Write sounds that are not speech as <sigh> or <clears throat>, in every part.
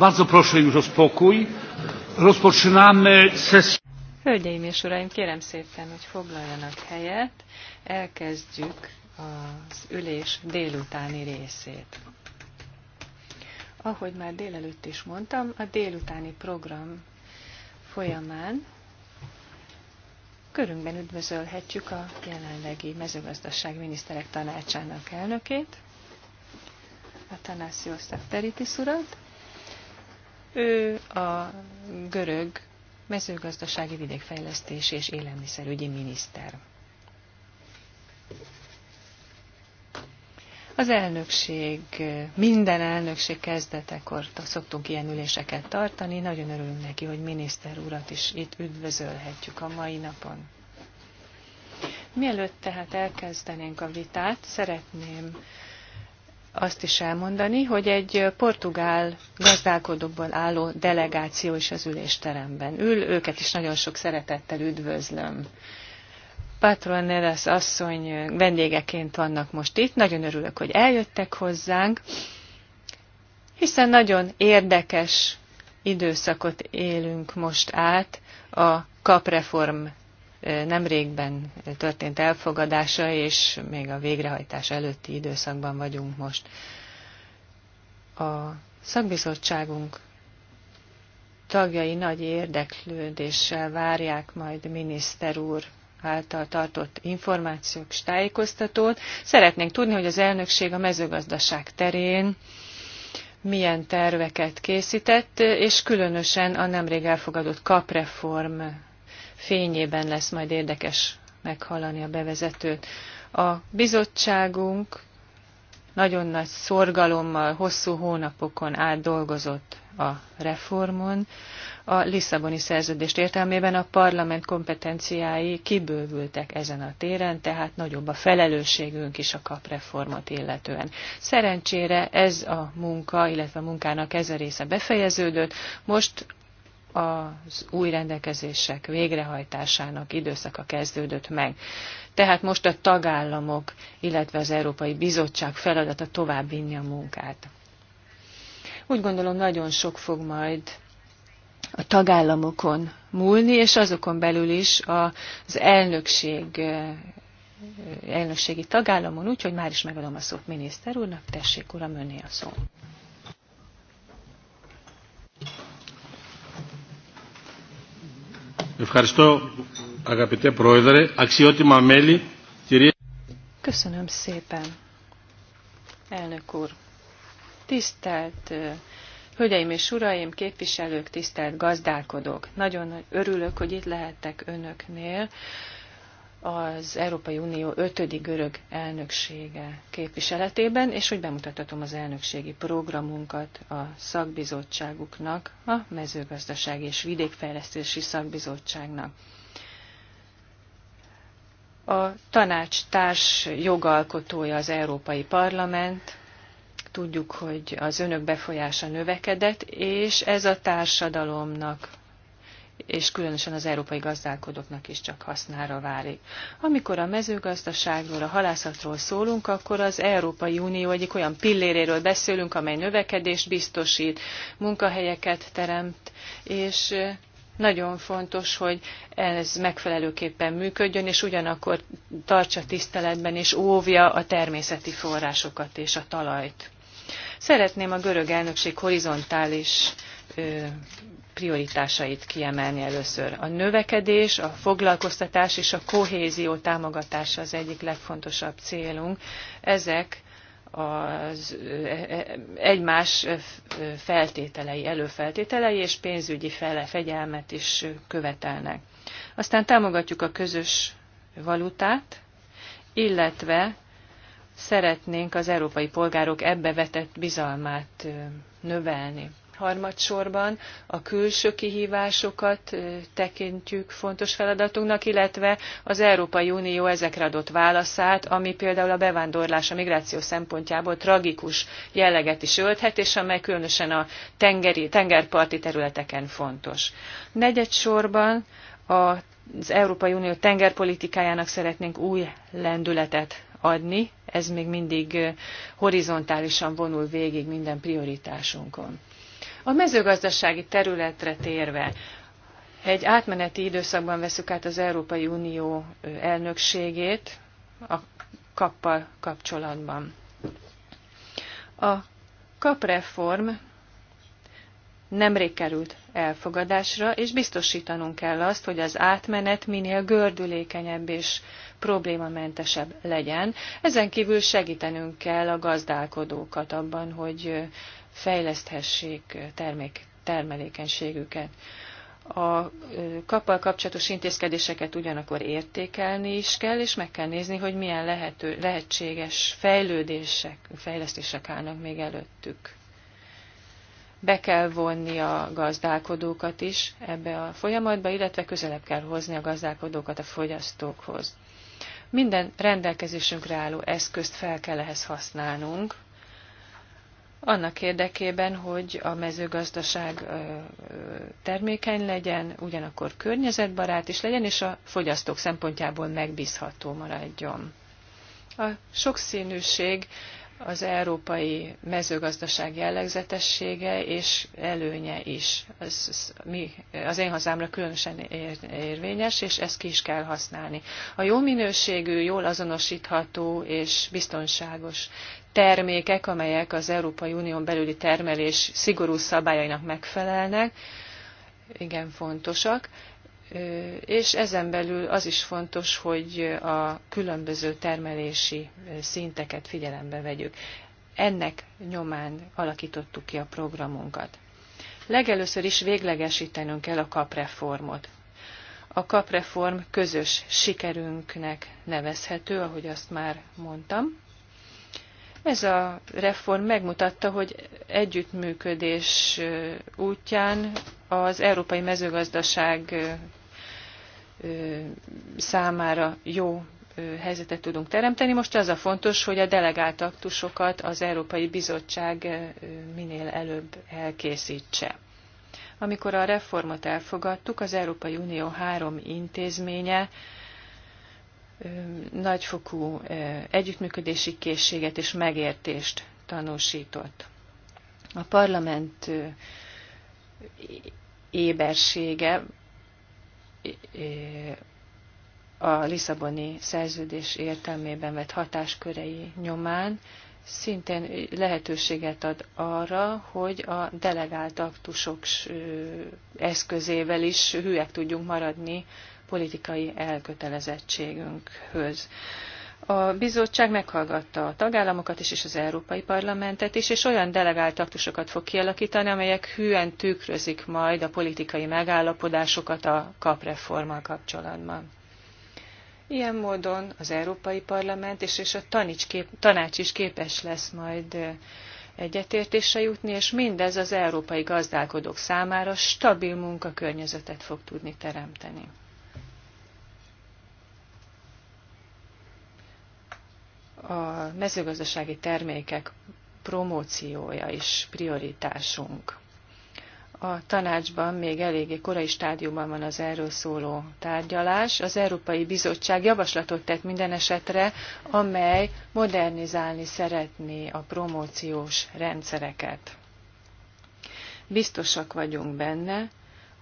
Bardzo proszę już o spokój. Rozpoczynamy sesję. Hölgyeim és uraim, kérem szépen, hogy foglaljanak helyet. Elkezdjük az ülés délutáni részét. Ahogy már délelőtt is mondtam, a délutáni program folyamán körünkben üdvözölhetjük a jelenlegi mezőgazdaság miniszterek tanácsának elnökét, a Atanásio Teritis urat, ő a görög mezőgazdasági vidékfejlesztés és élelmiszerügyi miniszter. Az elnökség, minden elnökség kezdetekor szoktunk ilyen üléseket tartani. Nagyon örülünk neki, hogy miniszter urat is itt üdvözölhetjük a mai napon. Mielőtt tehát elkezdenénk a vitát, szeretném azt is elmondani, hogy egy portugál gazdálkodókból álló delegáció is az ülésteremben ül, őket is nagyon sok szeretettel üdvözlöm. Patroneres asszony vendégeként vannak most itt, nagyon örülök, hogy eljöttek hozzánk, hiszen nagyon érdekes időszakot élünk most át a kapreform nemrégben történt elfogadása, és még a végrehajtás előtti időszakban vagyunk most. A szakbizottságunk tagjai nagy érdeklődéssel várják majd miniszter úr által tartott információk és tájékoztatót. Szeretnénk tudni, hogy az elnökség a mezőgazdaság terén milyen terveket készített, és különösen a nemrég elfogadott kapreform fényében lesz majd érdekes meghallani a bevezetőt. A bizottságunk nagyon nagy szorgalommal, hosszú hónapokon át dolgozott a reformon. A Lisszaboni szerződést értelmében a parlament kompetenciái kibővültek ezen a téren, tehát nagyobb a felelősségünk is a kapreformot illetően. Szerencsére ez a munka, illetve a munkának ez a része befejeződött. Most az új rendelkezések végrehajtásának időszaka kezdődött meg. Tehát most a tagállamok, illetve az Európai Bizottság feladata tovább vinni a munkát. Úgy gondolom, nagyon sok fog majd a tagállamokon múlni, és azokon belül is az elnökség, elnökségi tagállamon, úgyhogy már is megadom a szót miniszter úrnak, tessék uram, önné a szó. Ευχαριστώ αγαπητέ Πρόεδρε, αξιότιμα μέλη, κυρία... Köszönöm szépen, elnök úr. Tisztelt Hölgyeim és uraim, képviselők, tisztelt gazdálkodók! Nagyon örülök, hogy itt lehettek önöknél az Európai Unió ötödik görög elnöksége képviseletében, és hogy bemutathatom az elnökségi programunkat a szakbizottságuknak, a mezőgazdasági és vidékfejlesztési szakbizottságnak. A tanács társ jogalkotója az Európai Parlament, tudjuk, hogy az önök befolyása növekedett, és ez a társadalomnak és különösen az európai gazdálkodóknak is csak hasznára válik. Amikor a mezőgazdaságról, a halászatról szólunk, akkor az Európai Unió egyik olyan pilléréről beszélünk, amely növekedést biztosít, munkahelyeket teremt, és nagyon fontos, hogy ez megfelelőképpen működjön, és ugyanakkor tartsa tiszteletben és óvja a természeti forrásokat és a talajt. Szeretném a görög elnökség horizontális prioritásait kiemelni először. A növekedés, a foglalkoztatás és a kohézió támogatása az egyik legfontosabb célunk. Ezek az e, e, egymás feltételei, előfeltételei és pénzügyi fele, fegyelmet is követelnek. Aztán támogatjuk a közös valutát, illetve szeretnénk az európai polgárok ebbe vetett bizalmát növelni harmadsorban a külső kihívásokat tekintjük fontos feladatunknak, illetve az Európai Unió ezekre adott válaszát, ami például a bevándorlás a migráció szempontjából tragikus jelleget is ölthet, és amely különösen a tengeri, tengerparti területeken fontos. Negyedsorban az Európai Unió tengerpolitikájának szeretnénk új lendületet adni, ez még mindig horizontálisan vonul végig minden prioritásunkon. A mezőgazdasági területre térve, egy átmeneti időszakban veszük át az Európai Unió elnökségét a kappal kapcsolatban. A kapreform nemrég került elfogadásra, és biztosítanunk kell azt, hogy az átmenet minél gördülékenyebb és problémamentesebb legyen. Ezen kívül segítenünk kell a gazdálkodókat abban, hogy fejleszthessék termék, termelékenységüket. A kappal kapcsolatos intézkedéseket ugyanakkor értékelni is kell, és meg kell nézni, hogy milyen lehető, lehetséges fejlődések, fejlesztések állnak még előttük. Be kell vonni a gazdálkodókat is ebbe a folyamatba, illetve közelebb kell hozni a gazdálkodókat a fogyasztókhoz. Minden rendelkezésünkre álló eszközt fel kell ehhez használnunk, annak érdekében, hogy a mezőgazdaság termékeny legyen, ugyanakkor környezetbarát is legyen, és a fogyasztók szempontjából megbízható maradjon. A sokszínűség az európai mezőgazdaság jellegzetessége és előnye is. Ez, ez, mi, az én hazámra különösen ér, érvényes, és ezt ki is kell használni. A jó minőségű, jól azonosítható és biztonságos termékek, amelyek az Európai Unión belüli termelés szigorú szabályainak megfelelnek, igen fontosak. És ezen belül az is fontos, hogy a különböző termelési szinteket figyelembe vegyük. Ennek nyomán alakítottuk ki a programunkat. Legelőször is véglegesítenünk kell a kapreformot. A kapreform közös sikerünknek nevezhető, ahogy azt már mondtam. Ez a reform megmutatta, hogy együttműködés útján az európai mezőgazdaság számára jó helyzetet tudunk teremteni. Most az a fontos, hogy a delegált aktusokat az Európai Bizottság minél előbb elkészítse. Amikor a reformot elfogadtuk, az Európai Unió három intézménye nagyfokú együttműködési készséget és megértést tanúsított. A parlament ébersége a Lisszaboni szerződés értelmében vett hatáskörei nyomán szintén lehetőséget ad arra, hogy a delegált aktusok eszközével is hülyek tudjunk maradni politikai elkötelezettségünkhöz. A bizottság meghallgatta a tagállamokat is, és az Európai Parlamentet is, és olyan delegált aktusokat fog kialakítani, amelyek hűen tükrözik majd a politikai megállapodásokat a kapreformmal kapcsolatban. Ilyen módon az Európai Parlament és, és a tanács, kép, tanács is képes lesz majd egyetértésre jutni, és mindez az európai gazdálkodók számára stabil munkakörnyezetet fog tudni teremteni. a mezőgazdasági termékek promóciója is prioritásunk. A tanácsban még eléggé korai stádiumban van az erről szóló tárgyalás. Az Európai Bizottság javaslatot tett minden esetre, amely modernizálni szeretné a promóciós rendszereket. Biztosak vagyunk benne,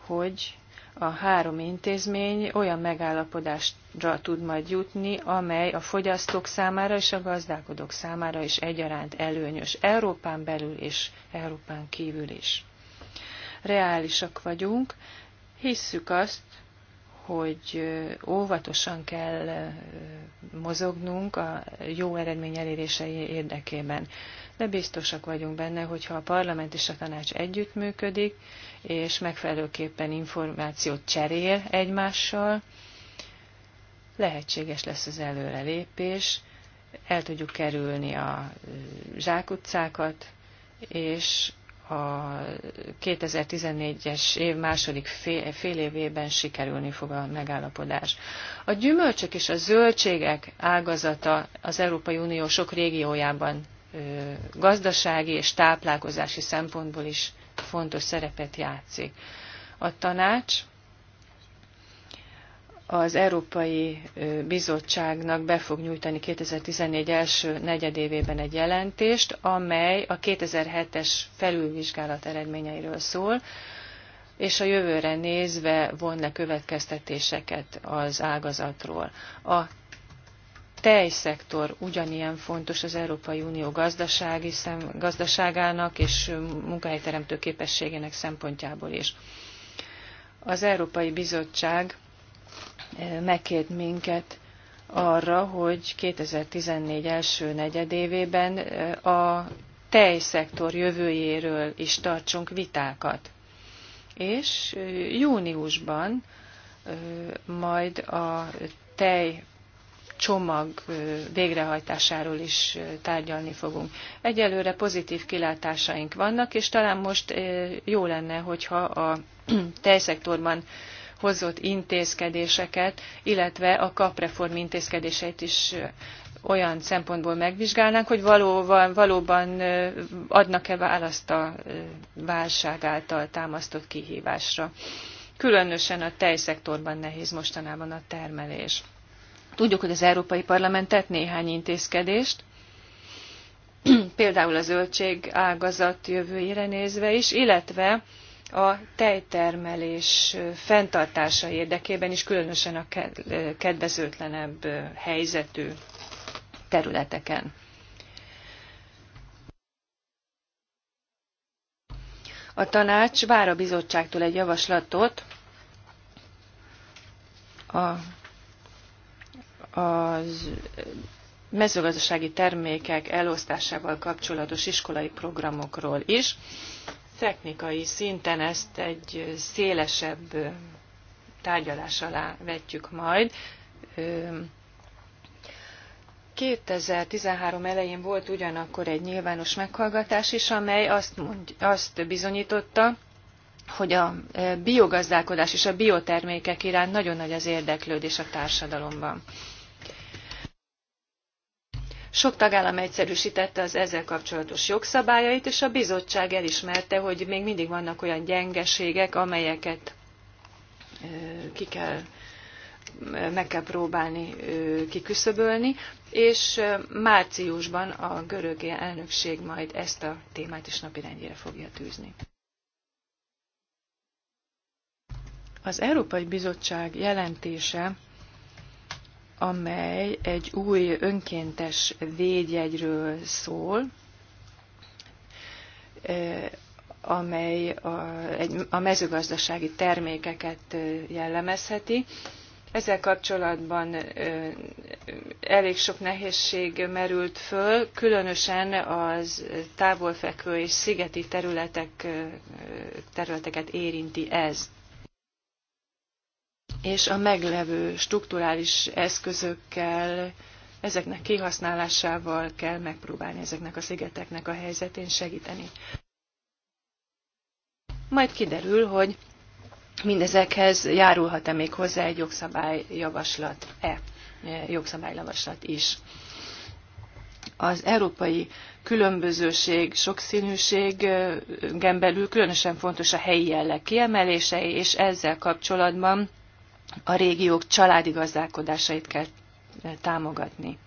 hogy a három intézmény olyan megállapodásra tud majd jutni, amely a fogyasztók számára és a gazdálkodók számára is egyaránt előnyös, Európán belül és Európán kívül is. Reálisak vagyunk, hisszük azt, hogy óvatosan kell mozognunk a jó eredmény elérése érdekében. De biztosak vagyunk benne, hogyha a parlament és a tanács együttműködik, és megfelelőképpen információt cserél egymással, lehetséges lesz az előrelépés, el tudjuk kerülni a zsákutcákat, és a 2014-es év második fél, fél évében sikerülni fog a megállapodás. A gyümölcsök és a zöldségek ágazata az Európai Unió sok régiójában gazdasági és táplálkozási szempontból is fontos szerepet játszik. A tanács az Európai Bizottságnak be fog nyújtani 2014 első negyedévében egy jelentést, amely a 2007-es felülvizsgálat eredményeiről szól, és a jövőre nézve von le következtetéseket az ágazatról. A tejszektor ugyanilyen fontos az Európai Unió gazdasági szem, gazdaságának és munkahelyteremtő képességének szempontjából is. Az Európai Bizottság megkért minket arra, hogy 2014 első negyedévében a tejszektor jövőjéről is tartsunk vitákat. És júniusban majd a tej csomag végrehajtásáról is tárgyalni fogunk. Egyelőre pozitív kilátásaink vannak, és talán most jó lenne, hogyha a <clears throat> tejszektorban hozott intézkedéseket, illetve a kapreform intézkedéseit is olyan szempontból megvizsgálnánk, hogy valóban, valóban adnak-e választ a válság által támasztott kihívásra. Különösen a tejszektorban nehéz mostanában a termelés. Tudjuk, hogy az Európai Parlament tett néhány intézkedést, <clears throat> például a zöldség ágazat jövőjére nézve is, illetve a tejtermelés fenntartása érdekében is, különösen a kedvezőtlenebb helyzetű területeken. A tanács vár a bizottságtól egy javaslatot a, az mezőgazdasági termékek elosztásával kapcsolatos iskolai programokról is technikai szinten ezt egy szélesebb tárgyalás alá vetjük majd. 2013 elején volt ugyanakkor egy nyilvános meghallgatás is, amely azt, mond, azt bizonyította, hogy a biogazdálkodás és a biotermékek iránt nagyon nagy az érdeklődés a társadalomban. Sok tagállam egyszerűstette az ezzel kapcsolatos jogszabályait, és a bizottság elismerte, hogy még mindig vannak olyan gyengeségek, amelyeket ki kell, meg kell próbálni kiküszöbölni, és márciusban a görög elnökség majd ezt a témát is napirendjére fogja tűzni. Az Európai Bizottság jelentése amely egy új önkéntes védjegyről szól, amely a, mezőgazdasági termékeket jellemezheti. Ezzel kapcsolatban elég sok nehézség merült föl, különösen az távolfekvő és szigeti területek, területeket érinti ez és a meglevő strukturális eszközökkel, ezeknek kihasználásával kell megpróbálni ezeknek a szigeteknek a helyzetén segíteni. Majd kiderül, hogy mindezekhez járulhat-e még hozzá egy jogszabályjavaslat-e, e, jogszabályjavaslat is. Az európai különbözőség, sokszínűség belül különösen fontos a helyi jelleg kiemelései, és ezzel kapcsolatban a régiók családi gazdálkodásait kell eh, támogatni.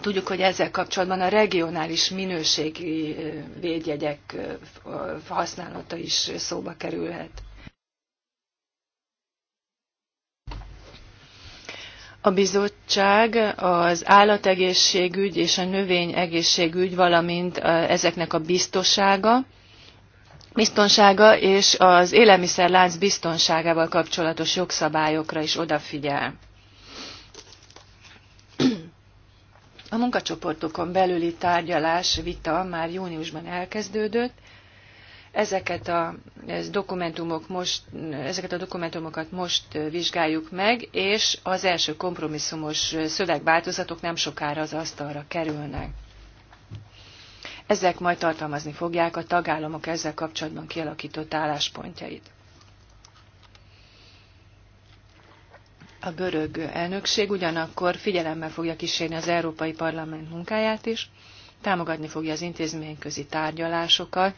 Tudjuk, hogy ezzel kapcsolatban a regionális minőségi eh, védjegyek eh, használata is szóba kerülhet. A bizottság az állategészségügy és a növényegészségügy, valamint ezeknek a biztosága, biztonsága és az élelmiszerlánc biztonságával kapcsolatos jogszabályokra is odafigyel. A munkacsoportokon belüli tárgyalás, vita már júniusban elkezdődött. Ezeket a, ez dokumentumok most, ezeket a dokumentumokat most vizsgáljuk meg, és az első kompromisszumos szövegváltozatok nem sokára az asztalra kerülnek. Ezek majd tartalmazni fogják a tagállamok ezzel kapcsolatban kialakított álláspontjait. A görög elnökség ugyanakkor figyelemmel fogja kísérni az Európai Parlament munkáját is, támogatni fogja az intézményközi tárgyalásokat,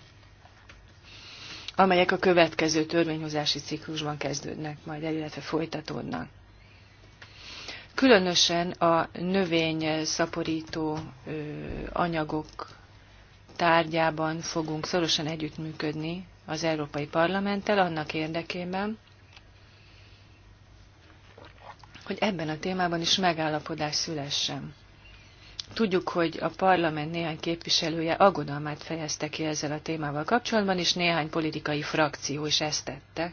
amelyek a következő törvényhozási ciklusban kezdődnek majd el, illetve folytatódnak. Különösen a növény szaporító anyagok tárgyában fogunk szorosan együttműködni az Európai Parlamenttel annak érdekében, hogy ebben a témában is megállapodás szülessen. Tudjuk, hogy a parlament néhány képviselője aggodalmát fejezte ki ezzel a témával kapcsolatban, és néhány politikai frakció is ezt tette.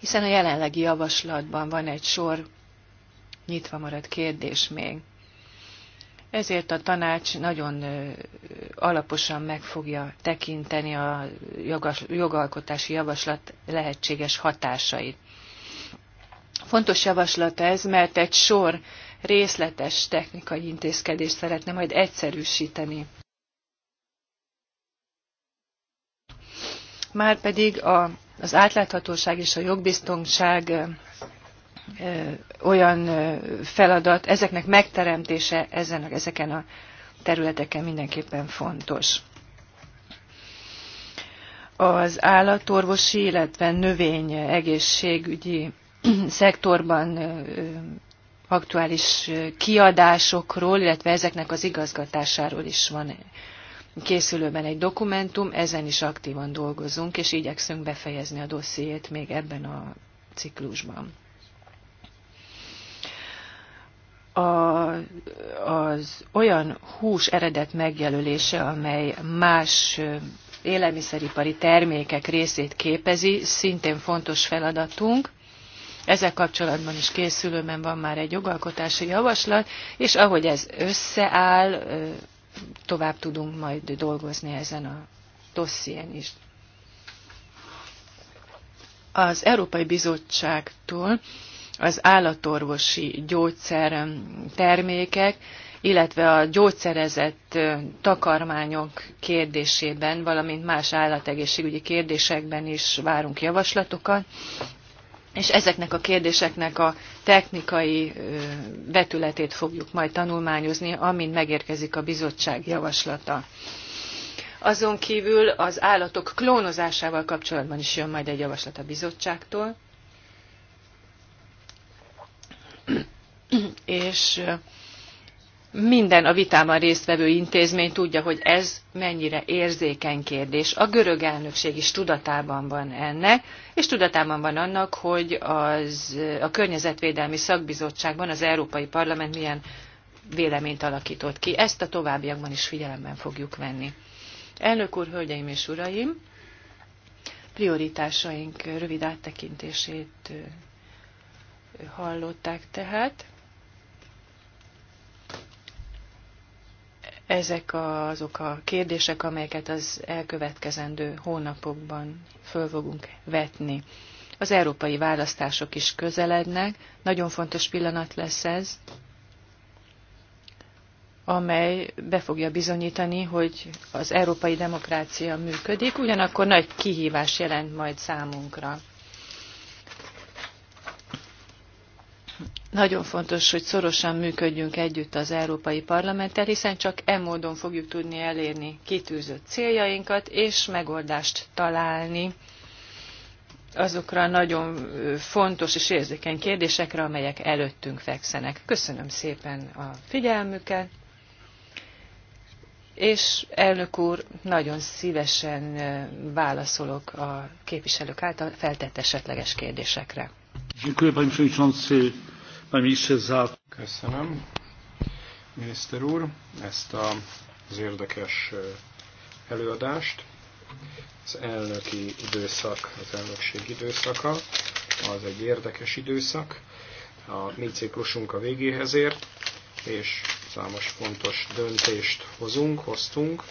Hiszen a jelenlegi javaslatban van egy sor nyitva maradt kérdés még. Ezért a tanács nagyon alaposan meg fogja tekinteni a jogalkotási javaslat lehetséges hatásait. Fontos javaslat ez, mert egy sor részletes technikai intézkedést szeretne majd egyszerűsíteni. Márpedig a, az átláthatóság és a jogbiztonság olyan feladat, ezeknek megteremtése ezen, ezeken a területeken mindenképpen fontos. Az állatorvosi, illetve növény egészségügyi <clears throat> szektorban aktuális kiadásokról, illetve ezeknek az igazgatásáról is van készülőben egy dokumentum, ezen is aktívan dolgozunk, és igyekszünk befejezni a dossziét még ebben a ciklusban. a, az olyan hús eredet megjelölése, amely más élelmiszeripari termékek részét képezi, szintén fontos feladatunk. Ezzel kapcsolatban is készülőben van már egy jogalkotási javaslat, és ahogy ez összeáll, tovább tudunk majd dolgozni ezen a dosszién is. Az Európai Bizottságtól az állatorvosi gyógyszer termékek, illetve a gyógyszerezett takarmányok kérdésében, valamint más állategészségügyi kérdésekben is várunk javaslatokat, és ezeknek a kérdéseknek a technikai vetületét fogjuk majd tanulmányozni, amint megérkezik a bizottság javaslata. Azon kívül az állatok klónozásával kapcsolatban is jön majd egy javaslat a bizottságtól, és minden a vitában résztvevő intézmény tudja, hogy ez mennyire érzékeny kérdés. A görög elnökség is tudatában van ennek, és tudatában van annak, hogy az, a Környezetvédelmi Szakbizottságban az Európai Parlament milyen véleményt alakított ki. Ezt a továbbiakban is figyelemben fogjuk venni. Elnök úr, hölgyeim és uraim, prioritásaink rövid áttekintését hallották tehát. Ezek azok a kérdések, amelyeket az elkövetkezendő hónapokban föl fogunk vetni. Az európai választások is közelednek, nagyon fontos pillanat lesz ez, amely be fogja bizonyítani, hogy az európai demokrácia működik, ugyanakkor nagy kihívás jelent majd számunkra. Nagyon fontos, hogy szorosan működjünk együtt az Európai Parlamenttel, hiszen csak e módon fogjuk tudni elérni kitűzött céljainkat és megoldást találni azokra a nagyon fontos és érzékeny kérdésekre, amelyek előttünk fekszenek. Köszönöm szépen a figyelmüket, és elnök úr, nagyon szívesen válaszolok a képviselők által feltett esetleges kérdésekre. Dziękuję, panie przewodniczący. Köszönöm, miniszter úr, ezt a, az érdekes előadást. Az elnöki időszak, az elnökség időszaka, az egy érdekes időszak. A mi ciklusunk a végéhez ért, és számos fontos döntést hozunk, hoztunk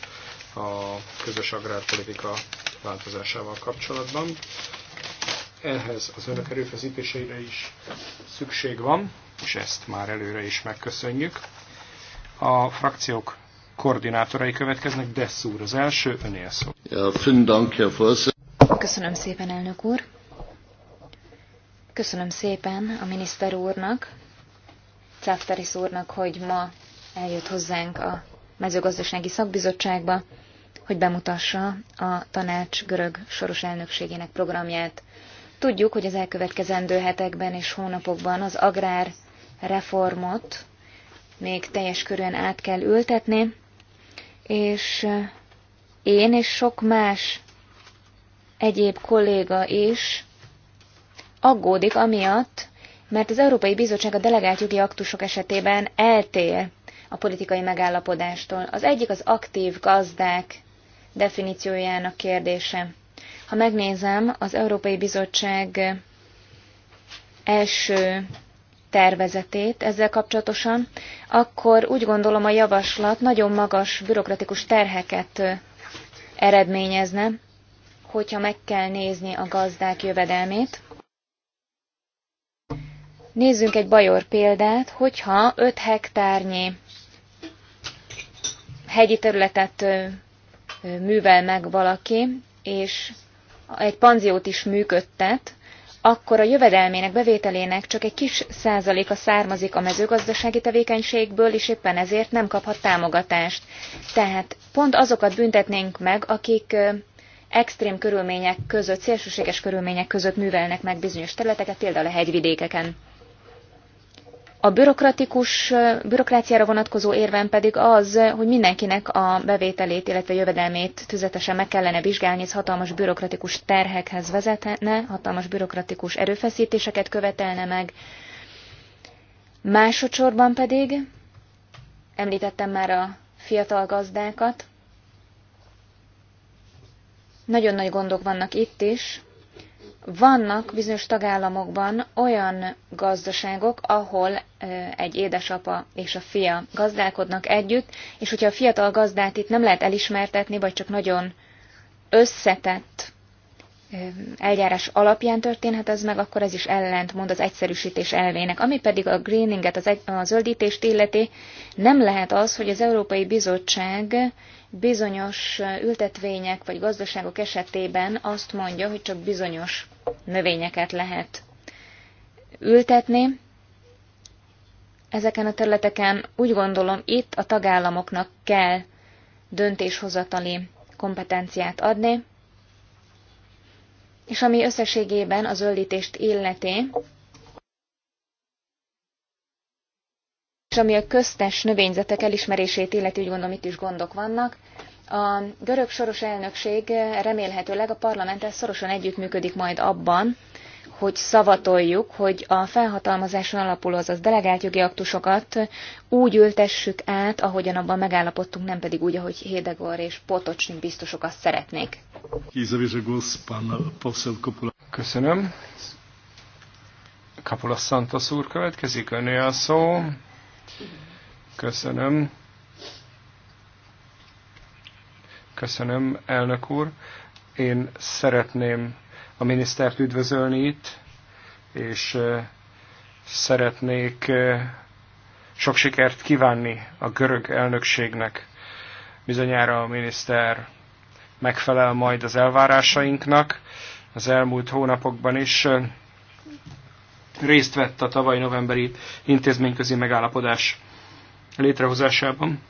a közös agrárpolitika változásával kapcsolatban ehhez az önök erőfeszítéseire is szükség van, és ezt már előre is megköszönjük. A frakciók koordinátorai következnek, Desszúr az első, önél szó. Köszönöm szépen, elnök úr. Köszönöm szépen a miniszter úrnak, Cáftaris úrnak, hogy ma eljött hozzánk a mezőgazdasági szakbizottságba, hogy bemutassa a tanács görög soros elnökségének programját. Tudjuk, hogy az elkövetkezendő hetekben és hónapokban az agrárreformot még teljes körűen át kell ültetni, és én és sok más egyéb kolléga is aggódik amiatt, mert az Európai Bizottság a delegált jogi aktusok esetében eltér a politikai megállapodástól. Az egyik az aktív gazdák definíciójának kérdése. Ha megnézem az Európai Bizottság első tervezetét ezzel kapcsolatosan, akkor úgy gondolom a javaslat nagyon magas bürokratikus terheket eredményezne, hogyha meg kell nézni a gazdák jövedelmét. Nézzünk egy bajor példát, hogyha 5 hektárnyi hegyi területet művel meg valaki, és egy panziót is működtet, akkor a jövedelmének, bevételének csak egy kis százaléka származik a mezőgazdasági tevékenységből, és éppen ezért nem kaphat támogatást. Tehát pont azokat büntetnénk meg, akik extrém körülmények között, szélsőséges körülmények között művelnek meg bizonyos területeket, például a hegyvidékeken. A bürokratikus, bürokráciára vonatkozó érvem pedig az, hogy mindenkinek a bevételét, illetve jövedelmét tüzetesen meg kellene vizsgálni, ez hatalmas bürokratikus terhekhez vezetne, hatalmas bürokratikus erőfeszítéseket követelne meg. Másodszorban pedig, említettem már a fiatal gazdákat, nagyon nagy gondok vannak itt is, vannak bizonyos tagállamokban olyan gazdaságok, ahol egy édesapa és a fia gazdálkodnak együtt, és hogyha a fiatal gazdát itt nem lehet elismertetni, vagy csak nagyon összetett eljárás alapján történhet ez meg, akkor ez is ellent mond az egyszerűsítés elvének. Ami pedig a greeninget, az egy, a zöldítést illeti, nem lehet az, hogy az Európai Bizottság bizonyos ültetvények vagy gazdaságok esetében azt mondja, hogy csak bizonyos növényeket lehet ültetni. Ezeken a területeken úgy gondolom itt a tagállamoknak kell döntéshozatali kompetenciát adni, és ami összességében a zöldítést illeti, És ami a köztes növényzetek elismerését illeti, úgy gondolom itt is gondok vannak. A görög soros elnökség remélhetőleg a parlamenttel szorosan együttműködik majd abban, hogy szavatoljuk, hogy a felhatalmazáson alapuló, azaz delegált jogi aktusokat úgy ültessük át, ahogyan abban megállapodtunk, nem pedig úgy, ahogy Hédegor és Potocsnik biztosok azt szeretnék. Köszönöm. Kapula Santos úr következik, önő a szó. Köszönöm. Köszönöm, elnök úr. Én szeretném a minisztert üdvözölni itt, és szeretnék sok sikert kívánni a görög elnökségnek. Bizonyára a miniszter megfelel majd az elvárásainknak. Az elmúlt hónapokban is részt vett a tavaly novemberi intézményközi megállapodás létrehozásában.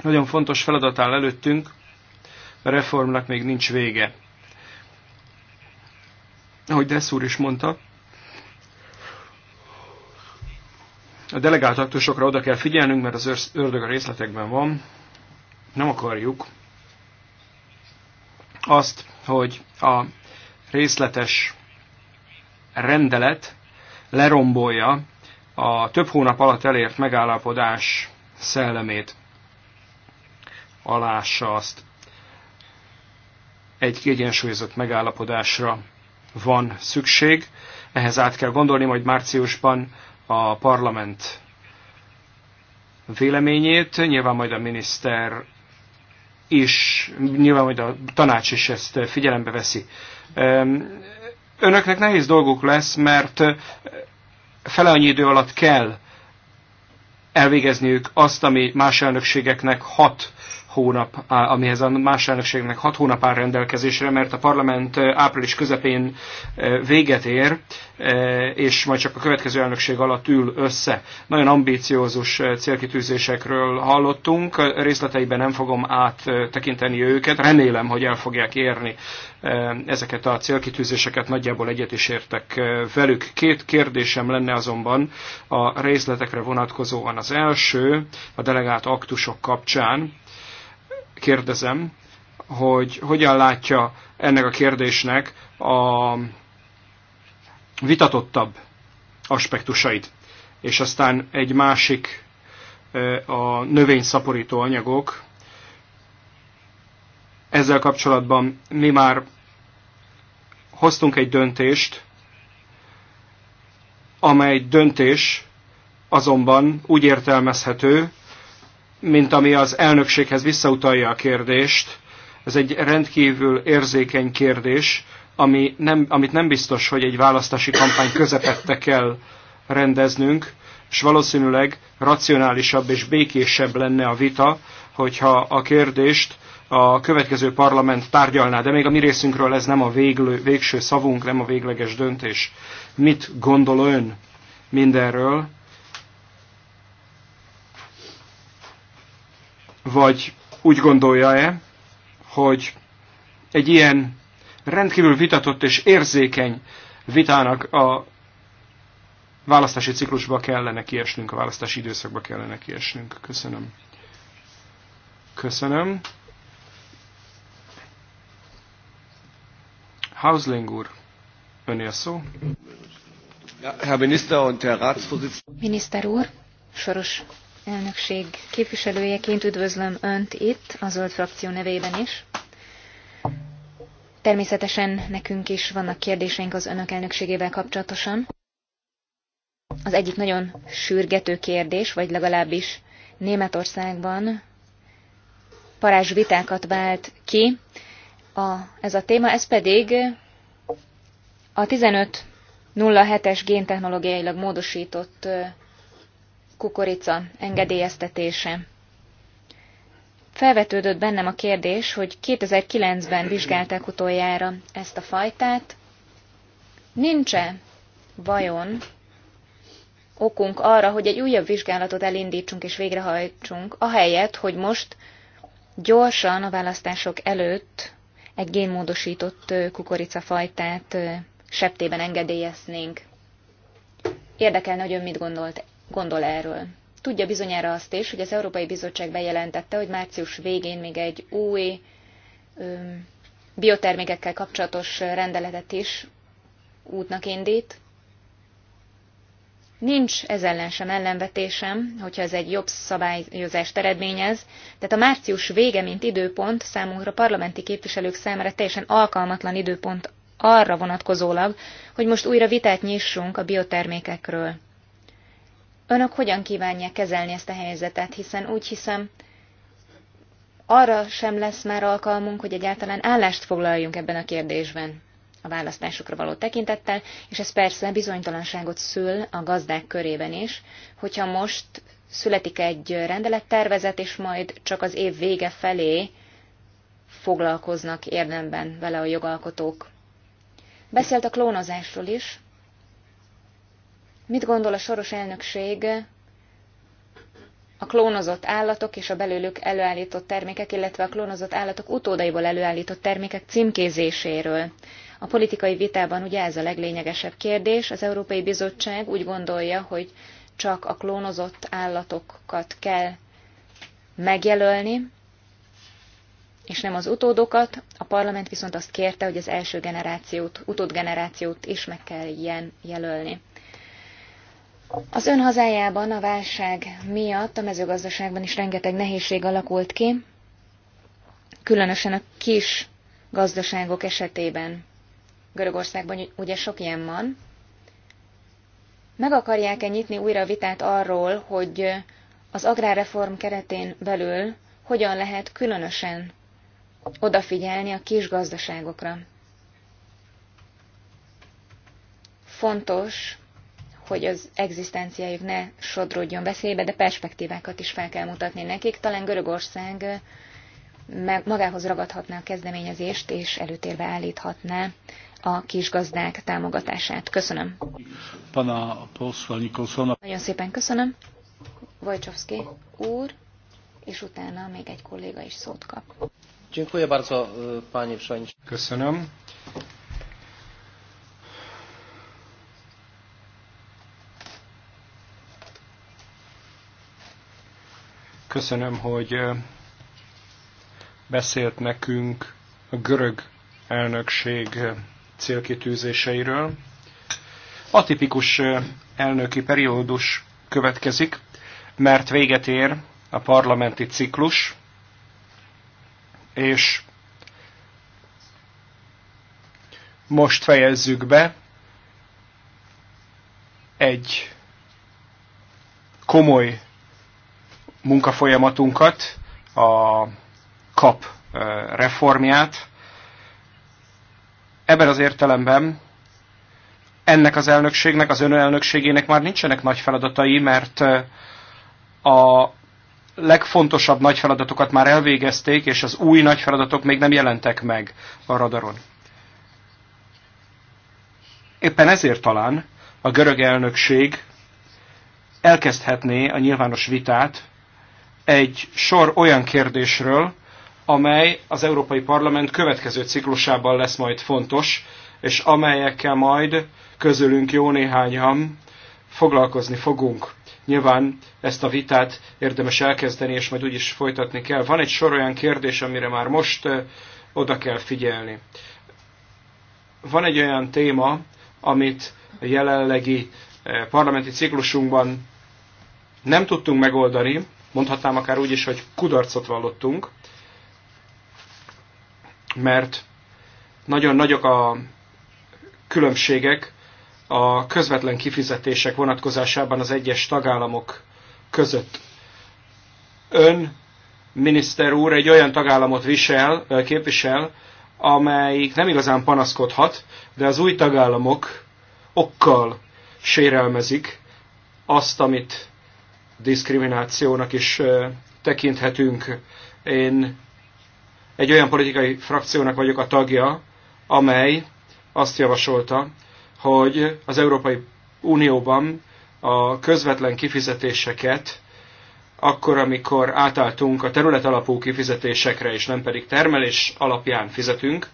Nagyon fontos feladat áll előttünk, a reformnak még nincs vége. Ahogy Dessz úr is mondta, a delegált aktusokra oda kell figyelnünk, mert az ördög a részletekben van. Nem akarjuk azt, hogy a részletes rendelet lerombolja a több hónap alatt elért megállapodás szellemét alássa azt. Egy kiegyensúlyozott megállapodásra van szükség. Ehhez át kell gondolni, hogy márciusban a parlament véleményét, nyilván majd a miniszter is, nyilván majd a tanács is ezt figyelembe veszi. Önöknek nehéz dolguk lesz, mert fele annyi idő alatt kell elvégezniük azt, ami más elnökségeknek hat hónap, amihez a más elnökségnek hat hónap áll rendelkezésre, mert a parlament április közepén véget ér, és majd csak a következő elnökség alatt ül össze. Nagyon ambíciózus célkitűzésekről hallottunk, részleteiben nem fogom áttekinteni őket, remélem, hogy el fogják érni ezeket a célkitűzéseket, nagyjából egyet is értek velük. Két kérdésem lenne azonban a részletekre vonatkozóan az első, a delegált aktusok kapcsán kérdezem, hogy hogyan látja ennek a kérdésnek a vitatottabb aspektusait. És aztán egy másik, a növényszaporító anyagok. Ezzel kapcsolatban mi már hoztunk egy döntést, amely döntés azonban úgy értelmezhető, mint ami az elnökséghez visszautalja a kérdést. Ez egy rendkívül érzékeny kérdés, ami nem, amit nem biztos, hogy egy választási kampány közepette kell rendeznünk, és valószínűleg racionálisabb és békésebb lenne a vita, hogyha a kérdést a következő parlament tárgyalná, de még a mi részünkről ez nem a véglő, végső szavunk, nem a végleges döntés. Mit gondol ön mindenről? Vagy úgy gondolja-e, hogy egy ilyen rendkívül vitatott és érzékeny vitának a választási ciklusba kellene kiesnünk, a választási időszakba kellene kiesnünk. Köszönöm. Köszönöm. Hausling úr, a szó. Herr Minister und Herr Ratsvorsitzender. Miniszter úr, soros elnökség képviselőjeként üdvözlöm Önt itt, a Zöld Frakció nevében is. Természetesen nekünk is vannak kérdéseink az Önök elnökségével kapcsolatosan. Az egyik nagyon sürgető kérdés, vagy legalábbis Németországban parázs vitákat vált ki a, ez a téma, ez pedig a 15.07-es géntechnológiailag módosított kukorica engedélyeztetése. Felvetődött bennem a kérdés, hogy 2009-ben vizsgálták utoljára ezt a fajtát. Nincs-e vajon okunk arra, hogy egy újabb vizsgálatot elindítsunk és végrehajtsunk, ahelyett, hogy most gyorsan a választások előtt egy génmódosított kukoricafajtát septében engedélyeznénk. Érdekelne, hogy ön mit gondolt gondol erről. Tudja bizonyára azt is, hogy az Európai Bizottság bejelentette, hogy március végén még egy új ö, biotermékekkel kapcsolatos rendeletet is útnak indít. Nincs ez ellen sem ellenvetésem, hogyha ez egy jobb szabályozást eredményez, tehát a március vége, mint időpont számunkra parlamenti képviselők számára teljesen alkalmatlan időpont arra vonatkozólag, hogy most újra vitát nyissunk a biotermékekről. Önök hogyan kívánják kezelni ezt a helyzetet, hiszen úgy hiszem, arra sem lesz már alkalmunk, hogy egyáltalán állást foglaljunk ebben a kérdésben a választásokra való tekintettel, és ez persze bizonytalanságot szül a gazdák körében is, hogyha most születik egy rendelettervezet, és majd csak az év vége felé foglalkoznak érdemben vele a jogalkotók. Beszélt a klónozásról is, Mit gondol a soros elnökség a klónozott állatok és a belőlük előállított termékek, illetve a klónozott állatok utódaiból előállított termékek címkézéséről? A politikai vitában ugye ez a leglényegesebb kérdés. Az Európai Bizottság úgy gondolja, hogy csak a klónozott állatokat kell megjelölni, és nem az utódokat. A parlament viszont azt kérte, hogy az első generációt, utódgenerációt is meg kell ilyen jelölni. Az ön hazájában a válság miatt a mezőgazdaságban is rengeteg nehézség alakult ki, különösen a kis gazdaságok esetében. Görögországban ugye sok ilyen van. Meg akarják-e nyitni újra a vitát arról, hogy az agrárreform keretén belül hogyan lehet különösen odafigyelni a kis gazdaságokra? Fontos, hogy az egzisztenciájuk ne sodródjon veszélybe, de perspektívákat is fel kell mutatni nekik. Talán Görögország magához ragadhatná a kezdeményezést, és előtérbe állíthatná a kisgazdák támogatását. Köszönöm. Pana Poszlanikoszona. Nagyon szépen köszönöm. Wojciechowski úr, és utána még egy kolléga is szót kap. Köszönöm. Köszönöm, hogy beszélt nekünk a görög elnökség célkitűzéseiről. Atipikus elnöki periódus következik, mert véget ér a parlamenti ciklus, és most fejezzük be egy komoly munkafolyamatunkat, a kap reformját. Ebben az értelemben ennek az elnökségnek, az önelnökségének már nincsenek nagy feladatai, mert a legfontosabb nagy feladatokat már elvégezték, és az új nagy feladatok még nem jelentek meg a radaron. Éppen ezért talán a görög elnökség elkezdhetné a nyilvános vitát egy sor olyan kérdésről, amely az Európai Parlament következő ciklusában lesz majd fontos, és amelyekkel majd közülünk jó néhányan foglalkozni fogunk. Nyilván ezt a vitát érdemes elkezdeni, és majd úgy is folytatni kell. Van egy sor olyan kérdés, amire már most oda kell figyelni. Van egy olyan téma, amit a jelenlegi parlamenti ciklusunkban nem tudtunk megoldani, mondhatnám akár úgy is, hogy kudarcot vallottunk, mert nagyon nagyok a különbségek a közvetlen kifizetések vonatkozásában az egyes tagállamok között. Ön, miniszter úr, egy olyan tagállamot visel, képvisel, amelyik nem igazán panaszkodhat, de az új tagállamok okkal sérelmezik azt, amit diszkriminációnak is tekinthetünk. Én egy olyan politikai frakciónak vagyok a tagja, amely azt javasolta, hogy az Európai Unióban a közvetlen kifizetéseket akkor, amikor átálltunk a terület alapú kifizetésekre, és nem pedig termelés alapján fizetünk.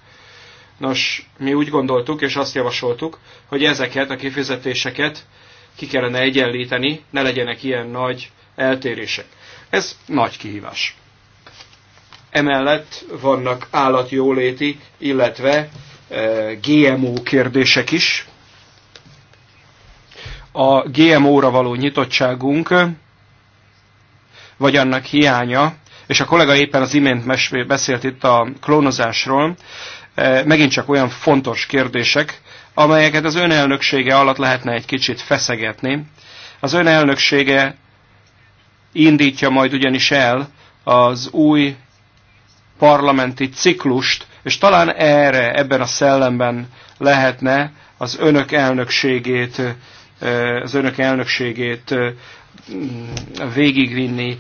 Nos, mi úgy gondoltuk, és azt javasoltuk, hogy ezeket a kifizetéseket ki kellene egyenlíteni, ne legyenek ilyen nagy eltérések. Ez nagy kihívás. Emellett vannak állatjóléti, illetve e, GMO kérdések is. A GMO-ra való nyitottságunk, vagy annak hiánya, és a kollega éppen az imént beszélt itt a klónozásról, e, megint csak olyan fontos kérdések, amelyeket az önelnöksége alatt lehetne egy kicsit feszegetni. Az önelnöksége indítja majd ugyanis el az új parlamenti ciklust, és talán erre, ebben a szellemben lehetne az önök elnökségét, az önök elnökségét végigvinni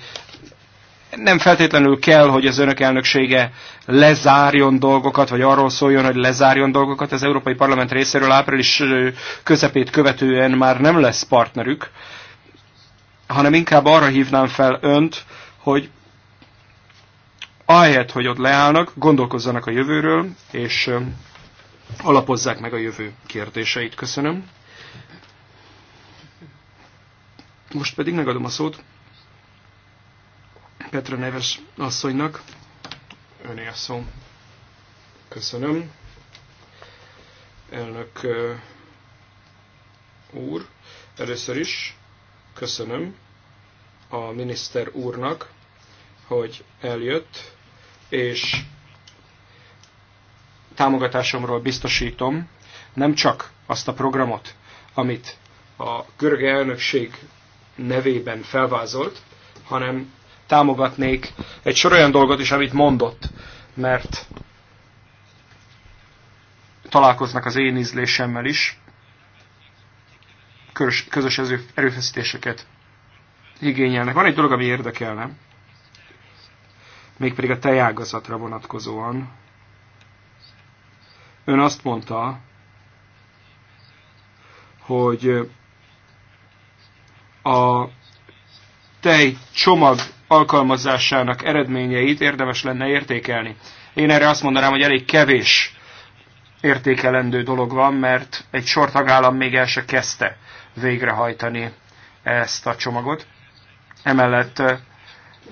nem feltétlenül kell, hogy az önök elnöksége lezárjon dolgokat, vagy arról szóljon, hogy lezárjon dolgokat. Az Európai Parlament részéről április közepét követően már nem lesz partnerük, hanem inkább arra hívnám fel önt, hogy ahelyett, hogy ott leállnak, gondolkozzanak a jövőről, és alapozzák meg a jövő kérdéseit. Köszönöm. Most pedig megadom a szót Petra Neves asszonynak. Öné a szó. Köszönöm. Elnök úr, először is köszönöm a miniszter úrnak, hogy eljött, és támogatásomról biztosítom nem csak azt a programot, amit a görög elnökség nevében felvázolt, hanem támogatnék egy sor olyan dolgot is, amit mondott, mert találkoznak az én ízlésemmel is, közös erőfeszítéseket igényelnek. Van egy dolog, ami érdekelne, mégpedig a tejágazatra vonatkozóan. Ön azt mondta, hogy a tej csomag alkalmazásának eredményeit érdemes lenne értékelni. Én erre azt mondanám, hogy elég kevés értékelendő dolog van, mert egy sor tagállam még el se kezdte végrehajtani ezt a csomagot. Emellett eh,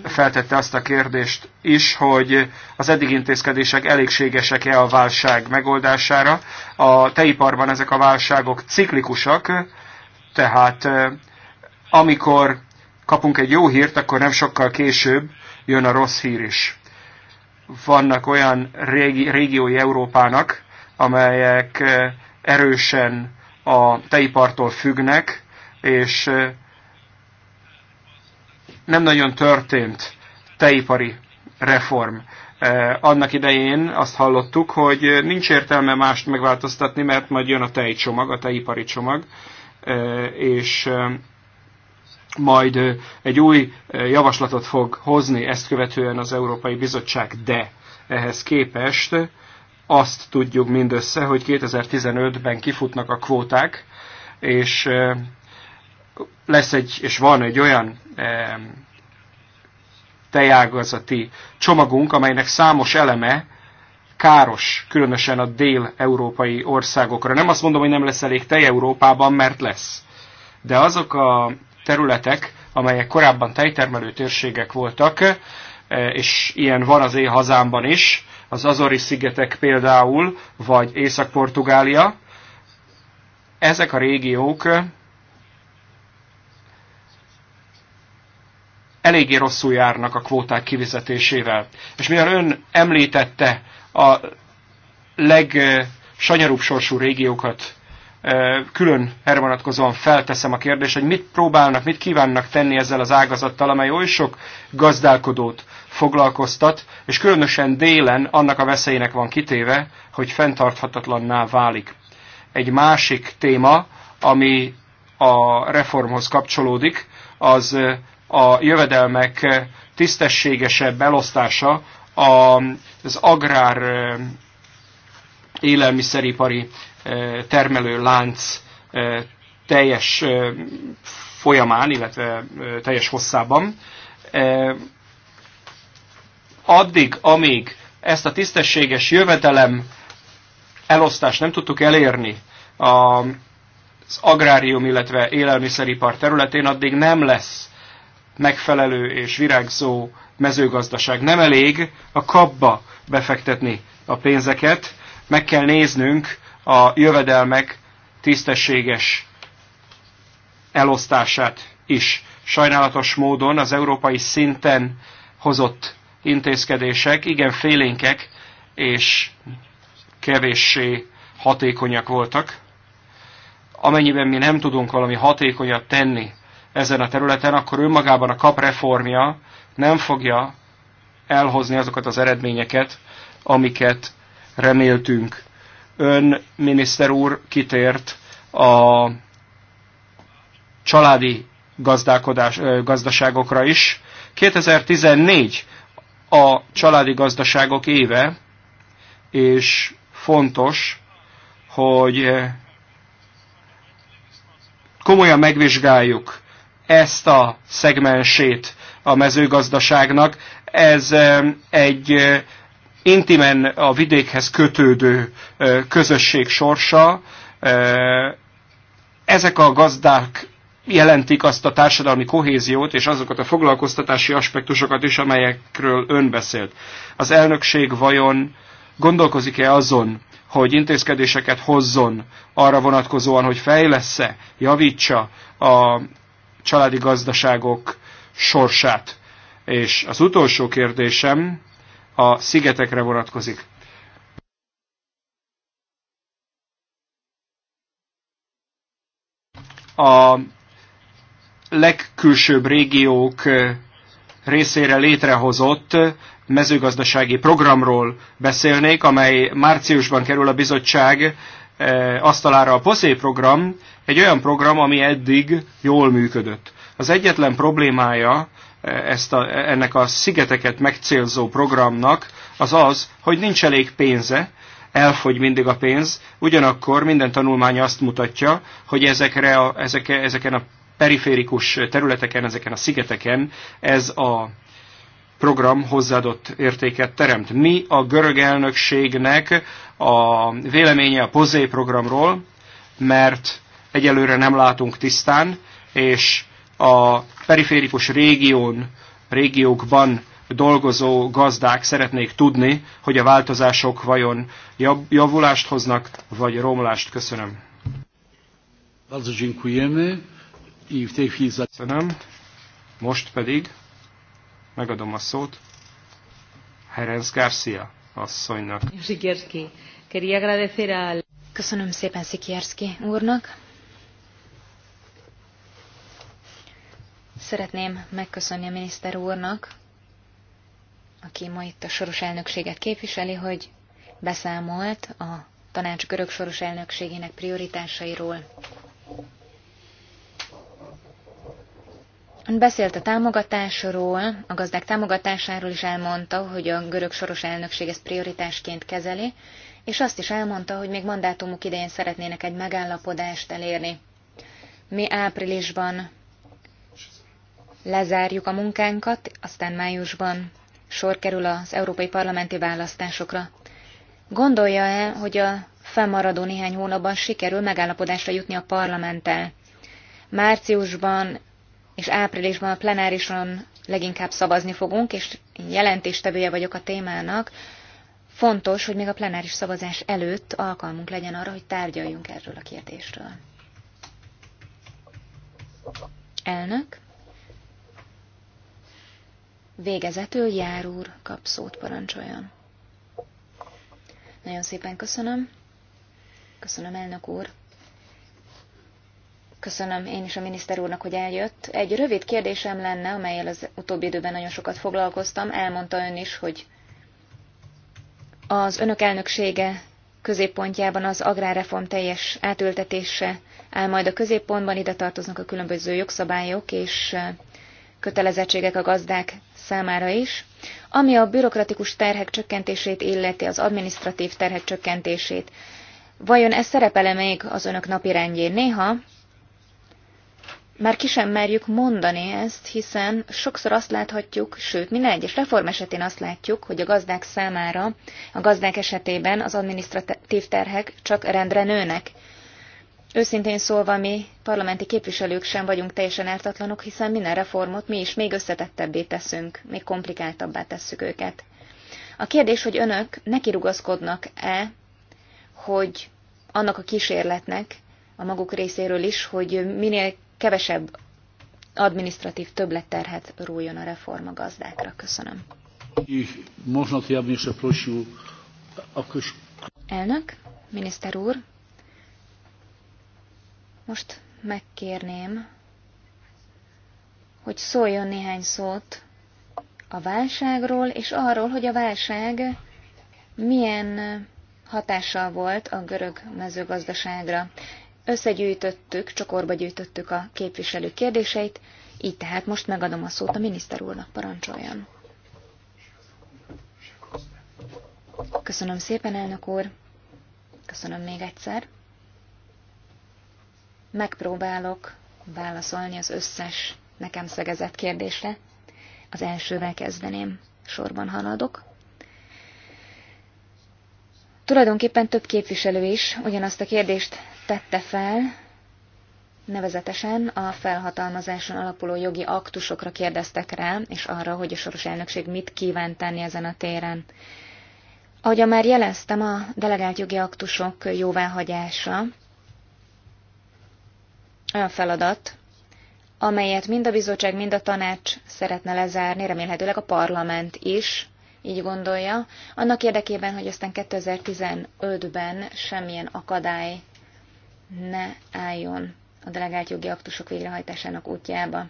feltette azt a kérdést is, hogy az eddig intézkedések elégségesek-e a válság megoldására. A teiparban ezek a válságok ciklikusak, tehát eh, amikor kapunk egy jó hírt, akkor nem sokkal később jön a rossz hír is. Vannak olyan régi, régiói Európának, amelyek erősen a teipartól függnek, és nem nagyon történt teipari reform. Annak idején azt hallottuk, hogy nincs értelme mást megváltoztatni, mert majd jön a tejcsomag, a tejipari csomag, és majd egy új javaslatot fog hozni ezt követően az Európai Bizottság, de ehhez képest azt tudjuk mindössze, hogy 2015-ben kifutnak a kvóták, és lesz egy, és van egy olyan tejágazati csomagunk, amelynek számos eleme káros, különösen a dél-európai országokra. Nem azt mondom, hogy nem lesz elég tej Európában, mert lesz. De azok a területek, amelyek korábban tejtermelő térségek voltak, e, és ilyen van az én hazámban is, az Azori-szigetek például, vagy Észak-Portugália, ezek a régiók eléggé rosszul járnak a kvóták kivizetésével. És mivel ön említette a legsanyarúbb sorsú régiókat külön erre vonatkozóan felteszem a kérdést, hogy mit próbálnak, mit kívánnak tenni ezzel az ágazattal, amely oly sok gazdálkodót foglalkoztat, és különösen délen annak a veszélynek van kitéve, hogy fenntarthatatlanná válik. Egy másik téma, ami a reformhoz kapcsolódik, az a jövedelmek tisztességesebb elosztása az agrár élelmiszeripari termelő lánc teljes folyamán, illetve teljes hosszában. Addig, amíg ezt a tisztességes jövedelem elosztást nem tudtuk elérni az agrárium, illetve élelmiszeripar területén, addig nem lesz megfelelő és virágzó mezőgazdaság. Nem elég a kapba befektetni a pénzeket, meg kell néznünk a jövedelmek tisztességes elosztását is. Sajnálatos módon az európai szinten hozott intézkedések igen félénkek és kevéssé hatékonyak voltak. Amennyiben mi nem tudunk valami hatékonyat tenni ezen a területen, akkor önmagában a kap reformja nem fogja elhozni azokat az eredményeket, amiket reméltünk. Ön, miniszter úr, kitért a családi gazdálkodás, gazdaságokra is. 2014 a családi gazdaságok éve, és fontos, hogy komolyan megvizsgáljuk ezt a szegmensét a mezőgazdaságnak. Ez egy intimen a vidékhez kötődő közösség sorsa, ezek a gazdák jelentik azt a társadalmi kohéziót és azokat a foglalkoztatási aspektusokat is, amelyekről ön beszélt. Az elnökség vajon gondolkozik-e azon, hogy intézkedéseket hozzon arra vonatkozóan, hogy fejlessze, javítsa a családi gazdaságok sorsát? És az utolsó kérdésem, a szigetekre vonatkozik. A legkülsőbb régiók eh, részére létrehozott mezőgazdasági programról beszélnék, amely márciusban kerül a bizottság eh, asztalára. A POSZÉ program egy olyan program, ami eddig jól működött. Az egyetlen problémája ezt a, ennek a szigeteket megcélzó programnak, az az, hogy nincs elég pénze, elfogy mindig a pénz, ugyanakkor minden tanulmány azt mutatja, hogy ezekre a, ezeke, ezeken a periférikus területeken, ezeken a szigeteken ez a program hozzáadott értéket teremt. Mi a görög elnökségnek a véleménye a POZÉ programról, mert egyelőre nem látunk tisztán, és a periférikus régión, régiókban dolgozó gazdák szeretnék tudni, hogy a változások vajon javulást hoznak, vagy romlást. Köszönöm. Bardzo dziękujemy. I w tej chwili... Köszönöm. Most pedig megadom a szót Herenc Garcia asszonynak. Köszönöm szépen Szikierszki úrnak. Szeretném megköszönni a miniszter úrnak, aki ma itt a soros elnökséget képviseli, hogy beszámolt a tanács görög soros elnökségének prioritásairól. Ön beszélt a támogatásról, a gazdák támogatásáról is elmondta, hogy a görög soros elnökség ezt prioritásként kezeli, és azt is elmondta, hogy még mandátumuk idején szeretnének egy megállapodást elérni. Mi áprilisban lezárjuk a munkánkat, aztán májusban sor kerül az európai parlamenti választásokra. Gondolja-e, hogy a fennmaradó néhány hónapban sikerül megállapodásra jutni a parlamenttel? Márciusban és áprilisban a plenárison leginkább szavazni fogunk, és jelentéstevője vagyok a témának. Fontos, hogy még a plenáris szavazás előtt alkalmunk legyen arra, hogy tárgyaljunk erről a kérdésről. Elnök. Végezetül jár úr kap szót parancsoljon. Nagyon szépen köszönöm. Köszönöm, elnök úr. Köszönöm én is a miniszter úrnak, hogy eljött. Egy rövid kérdésem lenne, amelyel az utóbbi időben nagyon sokat foglalkoztam. Elmondta ön is, hogy az önök elnöksége középpontjában az agrárreform teljes átültetése áll majd a középpontban, ide tartoznak a különböző jogszabályok és kötelezettségek a gazdák számára is. Ami a bürokratikus terhek csökkentését illeti, az administratív terhek csökkentését, vajon ez szerepele még az önök rendjén Néha már ki sem merjük mondani ezt, hiszen sokszor azt láthatjuk, sőt, minden egyes reform esetén azt látjuk, hogy a gazdák számára, a gazdák esetében az administratív terhek csak rendre nőnek. Őszintén szólva mi, parlamenti képviselők sem vagyunk teljesen ártatlanok, hiszen minden reformot mi is még összetettebbé teszünk, még komplikáltabbá tesszük őket. A kérdés, hogy önök nekirugaszkodnak-e, hogy annak a kísérletnek, a maguk részéről is, hogy minél kevesebb administratív többletterhet rójon a reform a gazdákra. Köszönöm. Elnök, miniszter úr, most megkérném, hogy szóljon néhány szót a válságról, és arról, hogy a válság milyen hatással volt a görög mezőgazdaságra. Összegyűjtöttük, csokorba gyűjtöttük a képviselők kérdéseit, így tehát most megadom a szót a miniszter úrnak, parancsoljon. Köszönöm szépen, elnök úr. Köszönöm még egyszer. Megpróbálok válaszolni az összes nekem szegezett kérdésre. Az elsővel kezdeném, sorban haladok. Tulajdonképpen több képviselő is ugyanazt a kérdést tette fel, nevezetesen a felhatalmazáson alapuló jogi aktusokra kérdeztek rá, és arra, hogy a soros elnökség mit kíván tenni ezen a téren. Ahogy már jeleztem, a delegált jogi aktusok jóváhagyása olyan feladat, amelyet mind a bizottság, mind a tanács szeretne lezárni, remélhetőleg a parlament is így gondolja, annak érdekében, hogy aztán 2015-ben semmilyen akadály ne álljon a delegált jogi aktusok végrehajtásának útjába.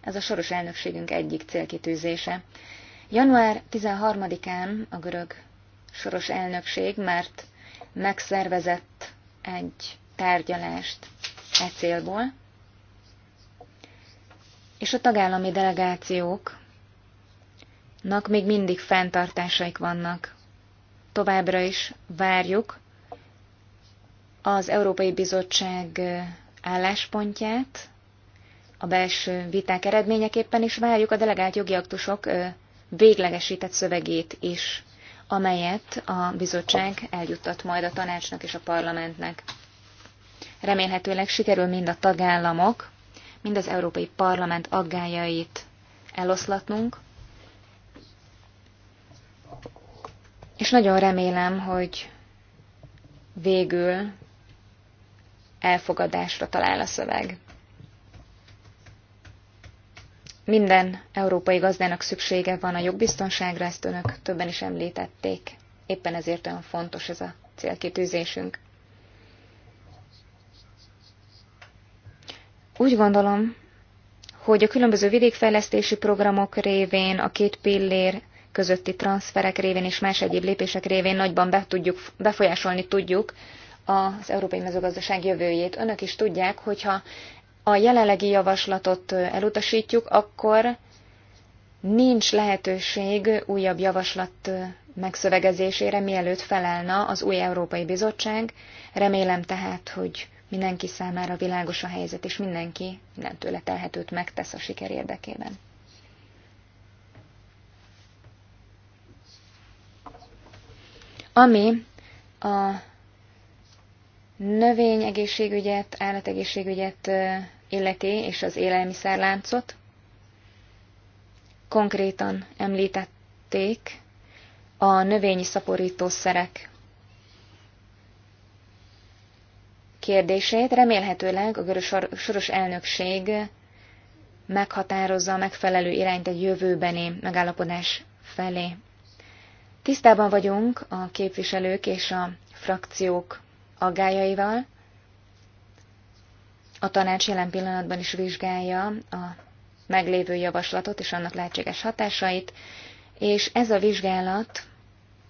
Ez a soros elnökségünk egyik célkitűzése. Január 13-án a görög soros elnökség, mert megszervezett egy tárgyalást e célból, és a tagállami delegációknak még mindig fenntartásaik vannak. Továbbra is várjuk az Európai Bizottság álláspontját, a belső viták eredményeképpen is várjuk a delegált jogi aktusok véglegesített szövegét is, amelyet a bizottság eljuttat majd a tanácsnak és a parlamentnek. Remélhetőleg sikerül mind a tagállamok, mind az Európai Parlament aggájait eloszlatnunk. És nagyon remélem, hogy végül elfogadásra talál a szöveg. Minden európai gazdának szüksége van a jogbiztonságra, ezt önök többen is említették. Éppen ezért olyan fontos ez a célkitűzésünk. Úgy gondolom, hogy a különböző vidékfejlesztési programok révén, a két pillér közötti transferek révén és más egyéb lépések révén nagyban be tudjuk, befolyásolni tudjuk az európai mezőgazdaság jövőjét. Önök is tudják, hogyha a jelenlegi javaslatot elutasítjuk, akkor nincs lehetőség újabb javaslat megszövegezésére, mielőtt felelna az új Európai Bizottság. Remélem tehát, hogy mindenki számára világos a helyzet, és mindenki mindentőle telhetőt megtesz a siker érdekében. Ami a növényegészségügyet, állategészségügyet illeti, és az élelmiszerláncot, konkrétan említették a növényi szaporítószerek kérdését. Remélhetőleg a görög soros elnökség meghatározza a megfelelő irányt egy jövőbeni megállapodás felé. Tisztában vagyunk a képviselők és a frakciók aggájaival. A tanács jelen pillanatban is vizsgálja a meglévő javaslatot és annak lehetséges hatásait, és ez a vizsgálat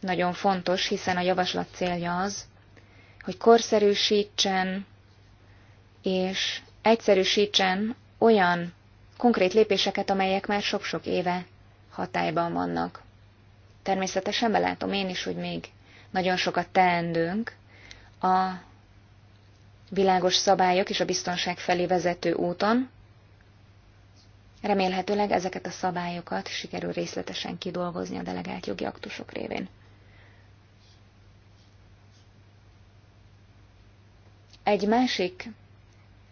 nagyon fontos, hiszen a javaslat célja az, hogy korszerűsítsen és egyszerűsítsen olyan konkrét lépéseket, amelyek már sok-sok éve hatályban vannak. Természetesen belátom én is, hogy még nagyon sokat teendőnk a világos szabályok és a biztonság felé vezető úton. Remélhetőleg ezeket a szabályokat sikerül részletesen kidolgozni a delegált jogi aktusok révén. Egy másik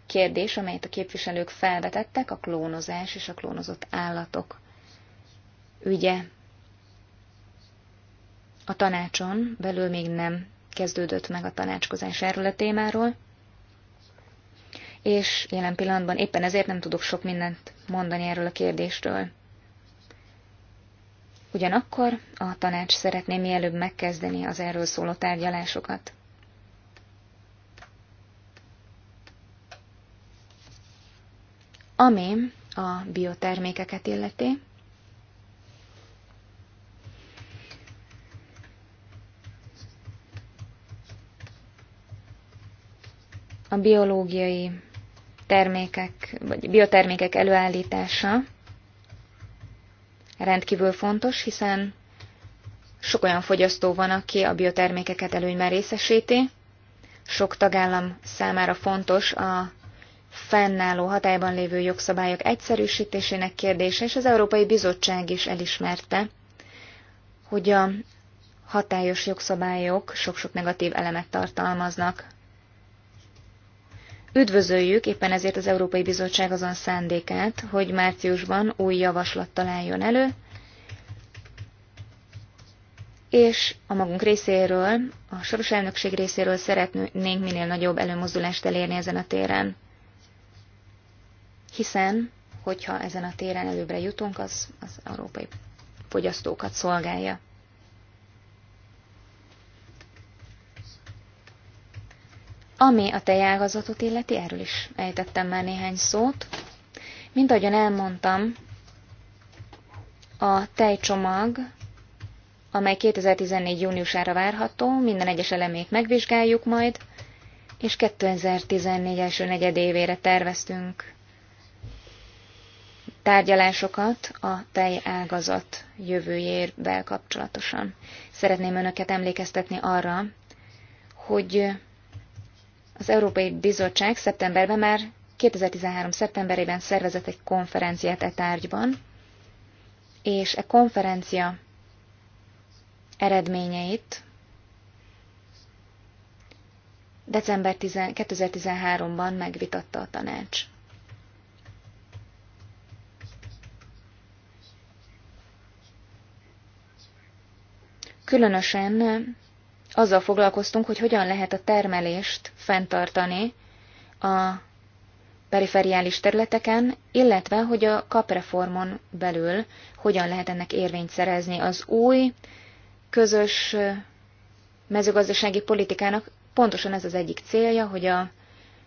kérdés, amelyet a képviselők felvetettek, a klónozás és a klónozott állatok ügye. A tanácson belül még nem kezdődött meg a tanácskozás erről a témáról, és jelen pillanatban éppen ezért nem tudok sok mindent mondani erről a kérdésről. Ugyanakkor a tanács szeretné mielőbb megkezdeni az erről szóló tárgyalásokat. Ami a biotermékeket illeti, a biológiai termékek, vagy biotermékek előállítása rendkívül fontos, hiszen sok olyan fogyasztó van, aki a biotermékeket előnyben részesíti, sok tagállam számára fontos a fennálló hatályban lévő jogszabályok egyszerűsítésének kérdése, és az Európai Bizottság is elismerte, hogy a hatályos jogszabályok sok-sok negatív elemet tartalmaznak. Üdvözöljük éppen ezért az Európai Bizottság azon szándékát, hogy márciusban új javaslat találjon elő, és a magunk részéről, a soros elnökség részéről szeretnénk minél nagyobb előmozdulást elérni ezen a téren hiszen, hogyha ezen a téren előbbre jutunk, az az európai fogyasztókat szolgálja. Ami a tejágazatot illeti, erről is ejtettem már néhány szót. Mint ahogyan elmondtam, a tejcsomag, amely 2014. júniusára várható, minden egyes elemét megvizsgáljuk majd, és 2014 első negyedévére terveztünk tárgyalásokat a tejágazat jövőjével kapcsolatosan. Szeretném önöket emlékeztetni arra, hogy az Európai Bizottság szeptemberben már 2013. szeptemberében szervezett egy konferenciát e tárgyban, és e konferencia eredményeit december 2013-ban megvitatta a tanács. Különösen azzal foglalkoztunk, hogy hogyan lehet a termelést fenntartani a periferiális területeken, illetve hogy a kapreformon belül hogyan lehet ennek érvényt szerezni. Az új közös mezőgazdasági politikának pontosan ez az egyik célja, hogy a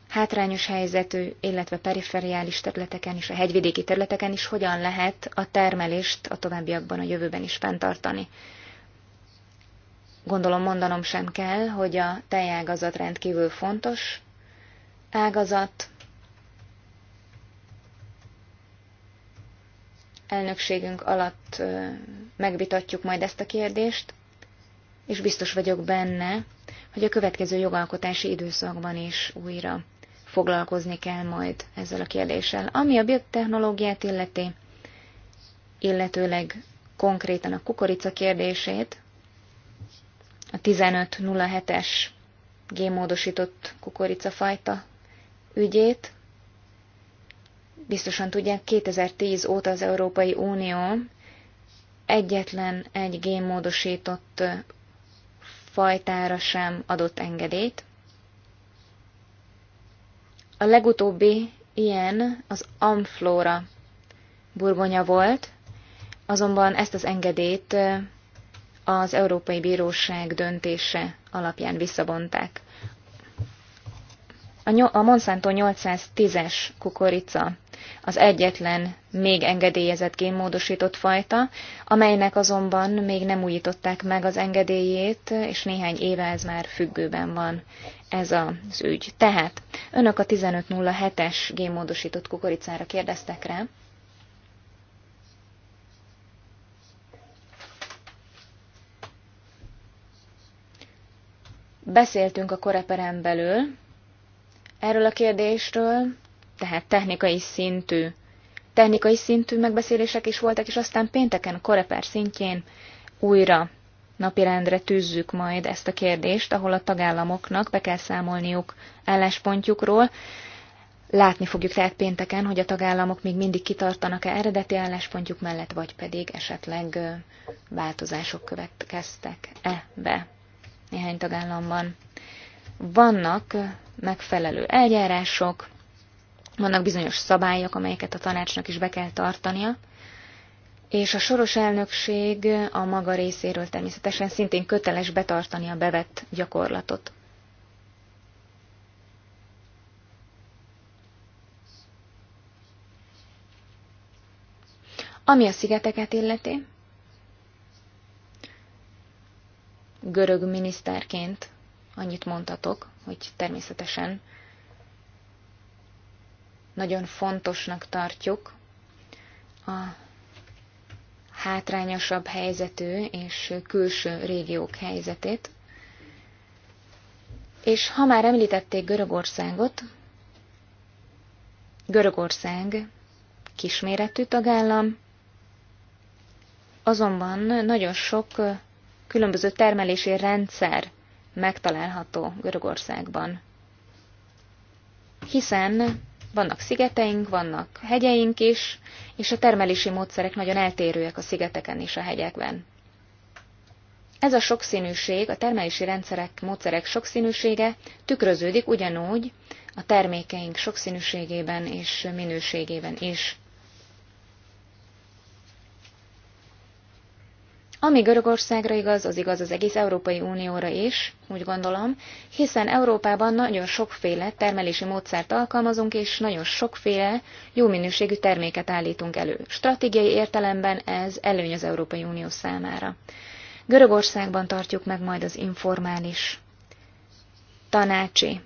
hátrányos helyzetű, illetve periferiális területeken és a hegyvidéki területeken is hogyan lehet a termelést a továbbiakban, a jövőben is fenntartani. Gondolom mondanom sem kell, hogy a tejágazat rendkívül fontos ágazat. Elnökségünk alatt megvitatjuk majd ezt a kérdést, és biztos vagyok benne, hogy a következő jogalkotási időszakban is újra foglalkozni kell majd ezzel a kérdéssel. Ami a biotechnológiát illeti, illetőleg konkrétan a kukorica kérdését, a 1507-es gémódosított kukoricafajta ügyét. Biztosan tudják, 2010 óta az Európai Unió egyetlen egy gémódosított fajtára sem adott engedélyt. A legutóbbi ilyen az Amflora burgonya volt, azonban ezt az engedélyt az Európai Bíróság döntése alapján visszavonták. A, Monsanto 810-es kukorica az egyetlen még engedélyezett génmódosított fajta, amelynek azonban még nem újították meg az engedélyét, és néhány éve ez már függőben van ez az ügy. Tehát önök a 1507-es génmódosított kukoricára kérdeztek rá, Beszéltünk a koreperen belül erről a kérdésről, tehát technikai szintű, technikai szintű megbeszélések is voltak, és aztán pénteken a koreper szintjén újra napirendre tűzzük majd ezt a kérdést, ahol a tagállamoknak be kell számolniuk álláspontjukról. Látni fogjuk tehát pénteken, hogy a tagállamok még mindig kitartanak-e eredeti álláspontjuk mellett, vagy pedig esetleg változások következtek-e be néhány tagállamban. Vannak megfelelő eljárások, vannak bizonyos szabályok, amelyeket a tanácsnak is be kell tartania, és a soros elnökség a maga részéről természetesen szintén köteles betartani a bevett gyakorlatot. Ami a szigeteket illeti, görög miniszterként annyit mondhatok, hogy természetesen nagyon fontosnak tartjuk a hátrányosabb helyzetű és külső régiók helyzetét. És ha már említették Görögországot, Görögország kisméretű tagállam, azonban nagyon sok különböző termelési rendszer megtalálható Görögországban. Hiszen vannak szigeteink, vannak hegyeink is, és a termelési módszerek nagyon eltérőek a szigeteken és a hegyekben. Ez a sokszínűség, a termelési rendszerek, módszerek sokszínűsége tükröződik ugyanúgy a termékeink sokszínűségében és minőségében is. Ami Görögországra igaz, az igaz az egész Európai Unióra is, úgy gondolom, hiszen Európában nagyon sokféle termelési módszert alkalmazunk, és nagyon sokféle jó minőségű terméket állítunk elő. Stratégiai értelemben ez előny az Európai Unió számára. Görögországban tartjuk meg majd az informális tanácsi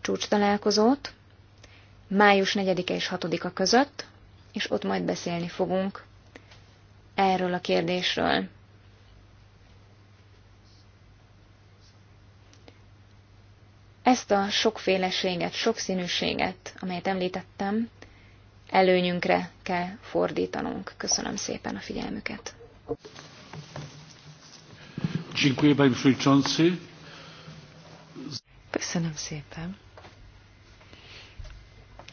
csúcstalálkozót, május 4-e és 6-a között, és ott majd beszélni fogunk erről a kérdésről. Ezt a sokféleséget, sokszínűséget, amelyet említettem, előnyünkre kell fordítanunk. Köszönöm szépen a figyelmüket. Köszönöm szépen.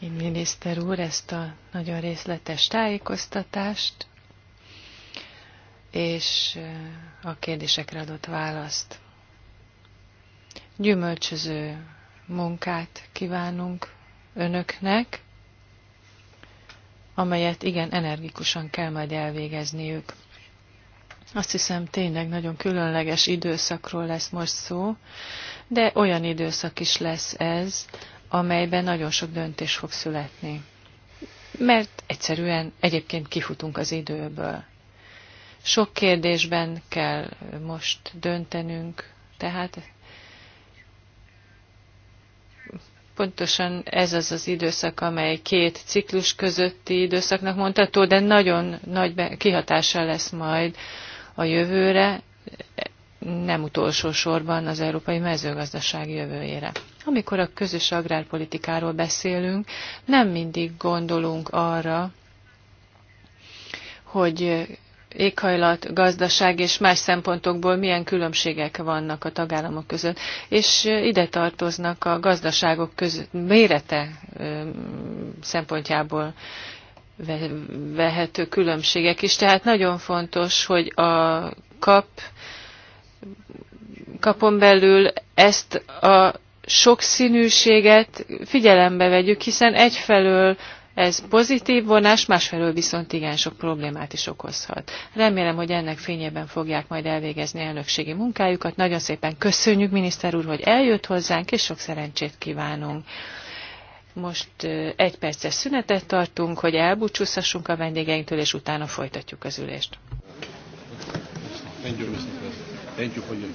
Én miniszter úr ezt a nagyon részletes tájékoztatást és a kérdésekre adott választ. Gyümölcsöző munkát kívánunk önöknek, amelyet igen energikusan kell majd elvégezniük. Azt hiszem tényleg nagyon különleges időszakról lesz most szó, de olyan időszak is lesz ez, amelyben nagyon sok döntés fog születni. Mert egyszerűen egyébként kifutunk az időből. Sok kérdésben kell most döntenünk, tehát pontosan ez az az időszak, amely két ciklus közötti időszaknak mondható, de nagyon nagy kihatása lesz majd a jövőre, nem utolsó sorban az európai mezőgazdaság jövőjére. Amikor a közös agrárpolitikáról beszélünk, nem mindig gondolunk arra, hogy éghajlat, gazdaság és más szempontokból milyen különbségek vannak a tagállamok között, és ide tartoznak a gazdaságok között mérete szempontjából vehető különbségek is. Tehát nagyon fontos, hogy a kap, kapon belül ezt a sokszínűséget figyelembe vegyük, hiszen egyfelől ez pozitív vonás, másfelől viszont igen sok problémát is okozhat. Remélem, hogy ennek fényében fogják majd elvégezni elnökségi munkájukat. Nagyon szépen köszönjük, miniszter úr, hogy eljött hozzánk, és sok szerencsét kívánunk. Most egy perces szünetet tartunk, hogy elbúcsúszhassunk a vendégeinktől, és utána folytatjuk az ülést. Thank you, Mr. President. Thank you for your...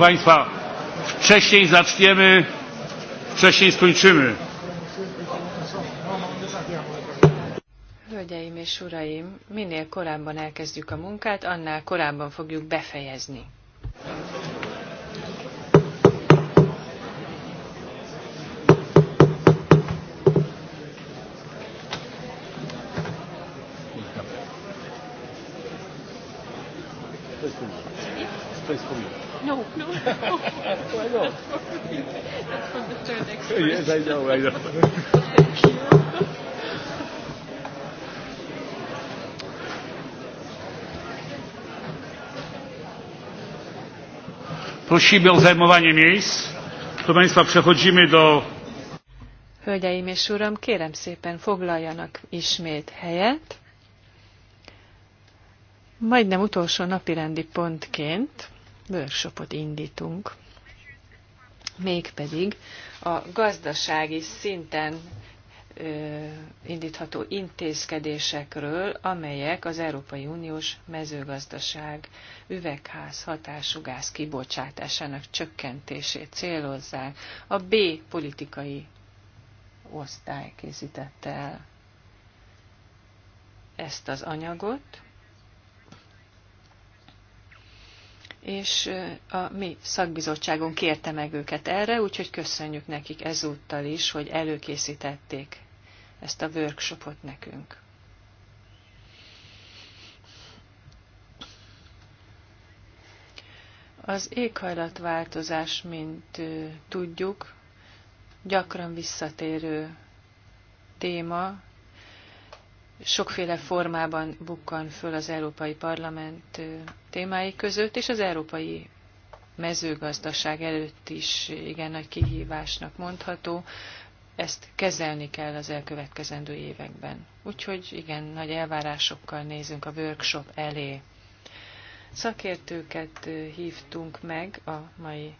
Państwa, wcześniej zaczniemy, wcześniej skończymy. Hölgyeim és uraim, minél korábban elkezdjük a munkát, annál korábban fogjuk befejezni. Köszönöm. Köszönöm. Köszönöm. No, no. <laughs> I know. That's from the third expert. <laughs> Yes, I know, I know. <laughs> Prosimy o zajmowanie miejsc. Proszę Państwa, przechodzimy do... Hölgyeim és Uram, kérem szépen foglaljanak ismét helyet. Majdnem utolsó napi rendi pontként workshopot indítunk, mégpedig a gazdasági szinten indítható intézkedésekről, amelyek az Európai Uniós mezőgazdaság üvegház hatású gáz kibocsátásának csökkentését célozzák. A B politikai osztály készítette el ezt az anyagot, és a mi szakbizottságon kérte meg őket erre, úgyhogy köszönjük nekik ezúttal is, hogy előkészítették ezt a workshopot nekünk. Az éghajlatváltozás, mint tudjuk, gyakran visszatérő téma, sokféle formában bukkan föl az Európai Parlament témái között, és az európai mezőgazdaság előtt is igen nagy kihívásnak mondható. Ezt kezelni kell az elkövetkezendő években. Úgyhogy igen, nagy elvárásokkal nézünk a workshop elé. Szakértőket hívtunk meg a mai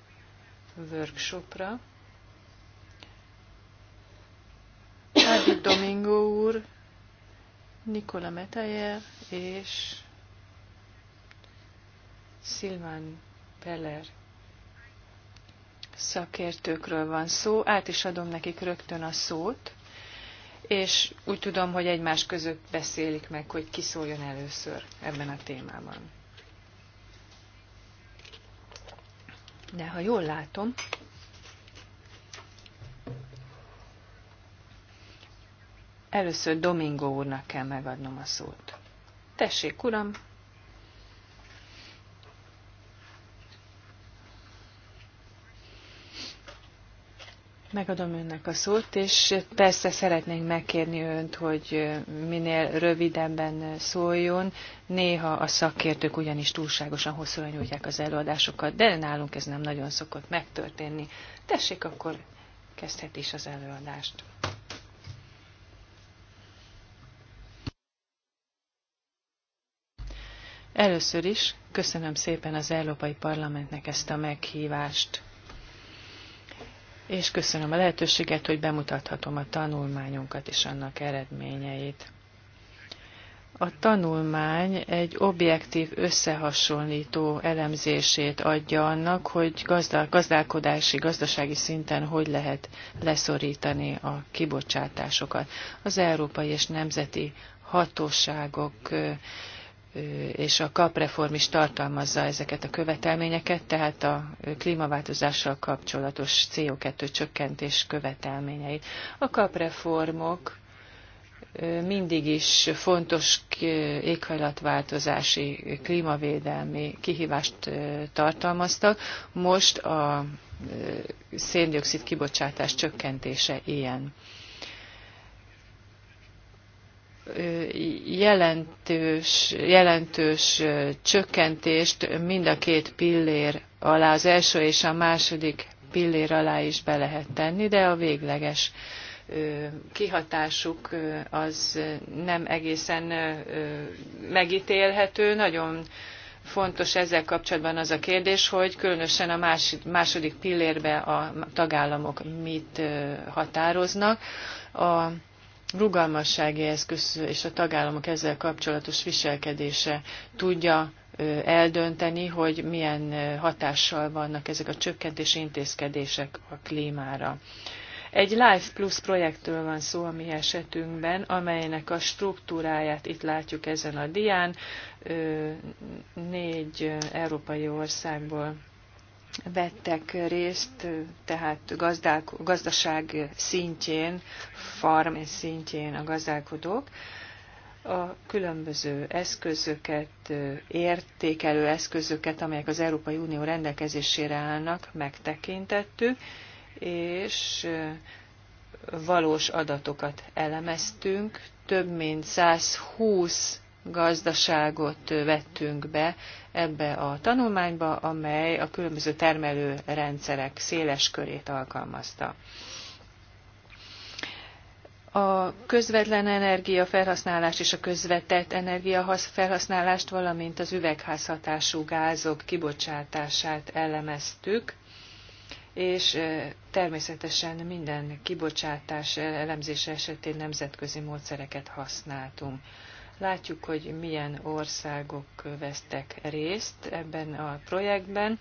workshopra. Ádi Domingo úr, Nikola Metayer és Szilván Peller szakértőkről van szó. Át is adom nekik rögtön a szót, és úgy tudom, hogy egymás között beszélik meg, hogy ki szóljon először ebben a témában. De ha jól látom, Először Domingo úrnak kell megadnom a szót. Tessék, uram! Megadom önnek a szót, és persze szeretnénk megkérni önt, hogy minél rövidebben szóljon. Néha a szakértők ugyanis túlságosan hosszúra nyújtják az előadásokat, de nálunk ez nem nagyon szokott megtörténni. Tessék, akkor kezdhet is az előadást. Először is köszönöm szépen az Európai Parlamentnek ezt a meghívást, és köszönöm a lehetőséget, hogy bemutathatom a tanulmányunkat és annak eredményeit. A tanulmány egy objektív összehasonlító elemzését adja annak, hogy gazdálkodási, gazdasági szinten hogy lehet leszorítani a kibocsátásokat. Az európai és nemzeti hatóságok és a kapreform is tartalmazza ezeket a követelményeket, tehát a klímaváltozással kapcsolatos CO2 csökkentés követelményeit. A kapreformok mindig is fontos éghajlatváltozási, klímavédelmi kihívást tartalmaztak. Most a széndiokszid kibocsátás csökkentése ilyen jelentős, jelentős csökkentést mind a két pillér alá, az első és a második pillér alá is be lehet tenni, de a végleges kihatásuk az nem egészen megítélhető. Nagyon fontos ezzel kapcsolatban az a kérdés, hogy különösen a második pillérbe a tagállamok mit határoznak. A rugalmassági eszköz és a tagállamok ezzel kapcsolatos viselkedése tudja eldönteni, hogy milyen hatással vannak ezek a csökkentési intézkedések a klímára. Egy Life Plus projektről van szó a mi esetünkben, amelynek a struktúráját itt látjuk ezen a dián. Négy európai országból vettek részt, tehát gazdaság szintjén, farm szintjén a gazdálkodók, a különböző eszközöket, értékelő eszközöket, amelyek az Európai Unió rendelkezésére állnak, megtekintettük, és valós adatokat elemeztünk. Több mint 120 gazdaságot vettünk be ebbe a tanulmányba, amely a különböző termelő rendszerek széles körét alkalmazta. A közvetlen energia felhasználás és a közvetett energia felhasználást, valamint az üvegházhatású gázok kibocsátását elemeztük, és természetesen minden kibocsátás elemzése esetén nemzetközi módszereket használtunk. Látjuk, hogy milyen országok vesztek részt ebben a projektben.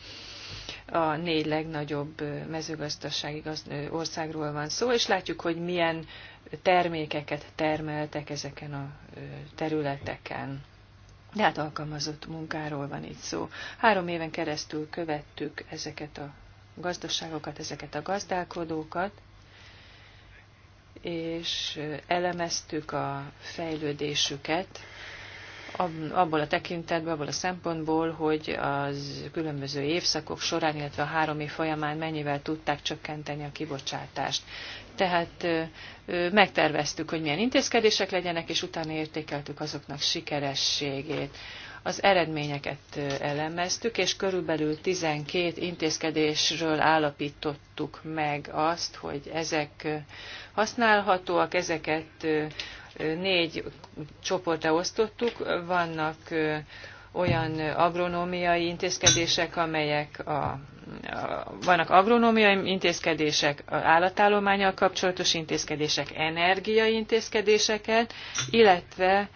A négy legnagyobb mezőgazdasági országról van szó, és látjuk, hogy milyen termékeket termeltek ezeken a területeken. De hát alkalmazott munkáról van itt szó. Három éven keresztül követtük ezeket a gazdaságokat, ezeket a gazdálkodókat, és elemeztük a fejlődésüket abból a tekintetben, abból a szempontból, hogy az különböző évszakok során, illetve a három év folyamán mennyivel tudták csökkenteni a kibocsátást. Tehát megterveztük, hogy milyen intézkedések legyenek, és utána értékeltük azoknak sikerességét. Az eredményeket elemeztük, és körülbelül 12 intézkedésről állapítottuk meg azt, hogy ezek használhatóak, ezeket négy csoportra osztottuk. Vannak olyan agronómiai intézkedések, amelyek a, a, vannak agronómiai intézkedések, állatállományal kapcsolatos intézkedések, energiai intézkedéseket, illetve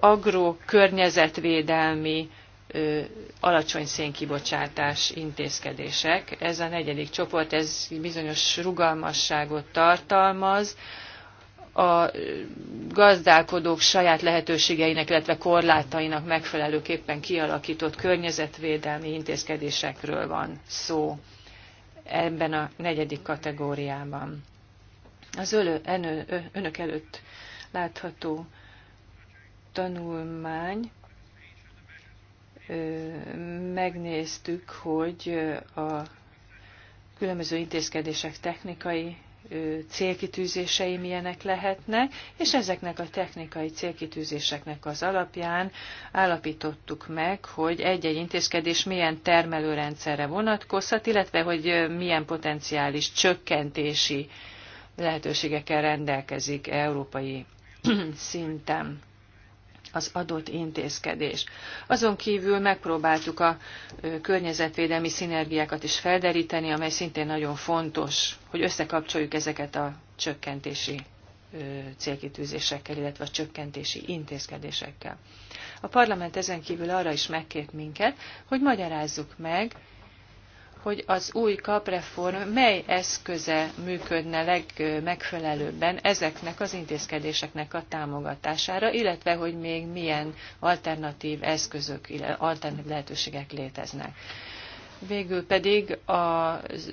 agro környezetvédelmi alacsony szénkibocsátás intézkedések. Ez a negyedik csoport, ez bizonyos rugalmasságot tartalmaz, a gazdálkodók saját lehetőségeinek, illetve korlátainak megfelelőképpen kialakított környezetvédelmi intézkedésekről van szó ebben a negyedik kategóriában. Az ölő, önök előtt látható tanulmány, megnéztük, hogy a különböző intézkedések technikai célkitűzései milyenek lehetnek, és ezeknek a technikai célkitűzéseknek az alapján állapítottuk meg, hogy egy-egy intézkedés milyen termelőrendszerre vonatkozhat, illetve hogy milyen potenciális csökkentési lehetőségekkel rendelkezik európai szinten az adott intézkedés. Azon kívül megpróbáltuk a környezetvédelmi szinergiákat is felderíteni, amely szintén nagyon fontos, hogy összekapcsoljuk ezeket a csökkentési célkitűzésekkel, illetve a csökkentési intézkedésekkel. A parlament ezen kívül arra is megkért minket, hogy magyarázzuk meg, hogy az új kapreform mely eszköze működne legmegfelelőbben ezeknek az intézkedéseknek a támogatására, illetve hogy még milyen alternatív eszközök, alternatív lehetőségek léteznek. Végül pedig az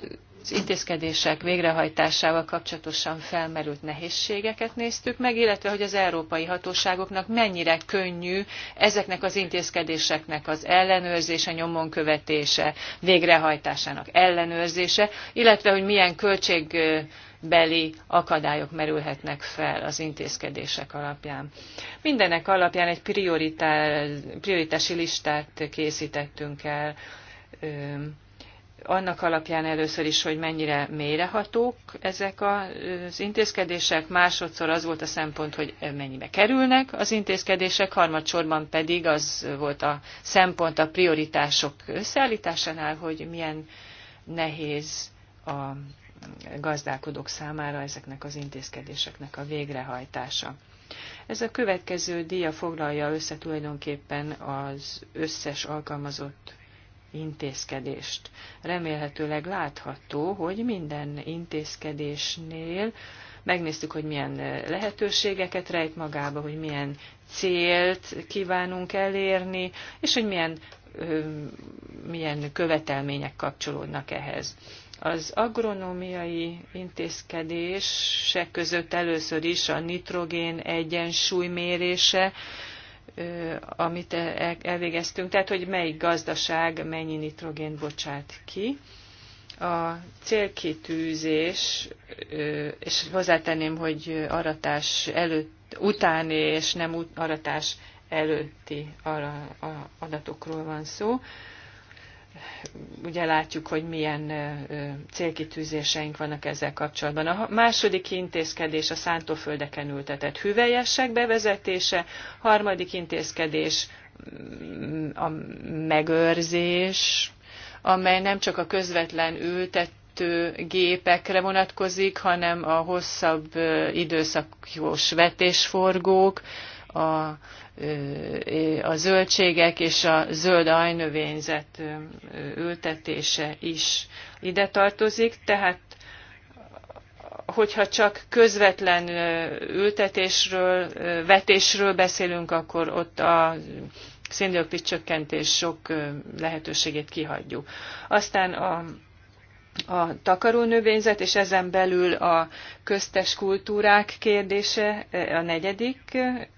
az intézkedések végrehajtásával kapcsolatosan felmerült nehézségeket néztük meg, illetve hogy az európai hatóságoknak mennyire könnyű ezeknek az intézkedéseknek az ellenőrzése, nyomon követése, végrehajtásának ellenőrzése, illetve hogy milyen költségbeli akadályok merülhetnek fel az intézkedések alapján. Mindenek alapján egy prioritási listát készítettünk el annak alapján először is, hogy mennyire mélyrehatók ezek az intézkedések, másodszor az volt a szempont, hogy mennyibe kerülnek az intézkedések, harmadsorban pedig az volt a szempont a prioritások összeállításánál, hogy milyen nehéz a gazdálkodók számára ezeknek az intézkedéseknek a végrehajtása. Ez a következő díja foglalja össze tulajdonképpen az összes alkalmazott intézkedést. Remélhetőleg látható, hogy minden intézkedésnél megnéztük, hogy milyen eh, lehetőségeket rejt magába, hogy milyen célt kívánunk elérni, és hogy milyen, milyen követelmények kapcsolódnak ehhez. Az agronómiai intézkedések között először is a nitrogén egyensúly mérése, amit e, e, elvégeztünk, tehát hogy melyik gazdaság mennyi nitrogén bocsát ki. A célkitűzés, és hozzátenném, hogy aratás előtt, utáni és nem aratás előtti adatokról van szó, ugye látjuk, hogy milyen célkitűzéseink vannak ezzel kapcsolatban. A második intézkedés a szántóföldeken ültetett hüvelyesek bevezetése, harmadik intézkedés mm, a megőrzés, amely nem csak a közvetlen ültet, gépekre vonatkozik, hanem a hosszabb időszakos vetésforgók, a a zöldségek és a zöld ajnövényzet ültetése is ide tartozik, tehát hogyha csak közvetlen ültetésről, vetésről beszélünk, akkor ott a széndiokszid csökkentés sok lehetőségét kihagyjuk. Aztán a a takarónövényzet, és ezen belül a köztes kultúrák kérdése e, a negyedik. E,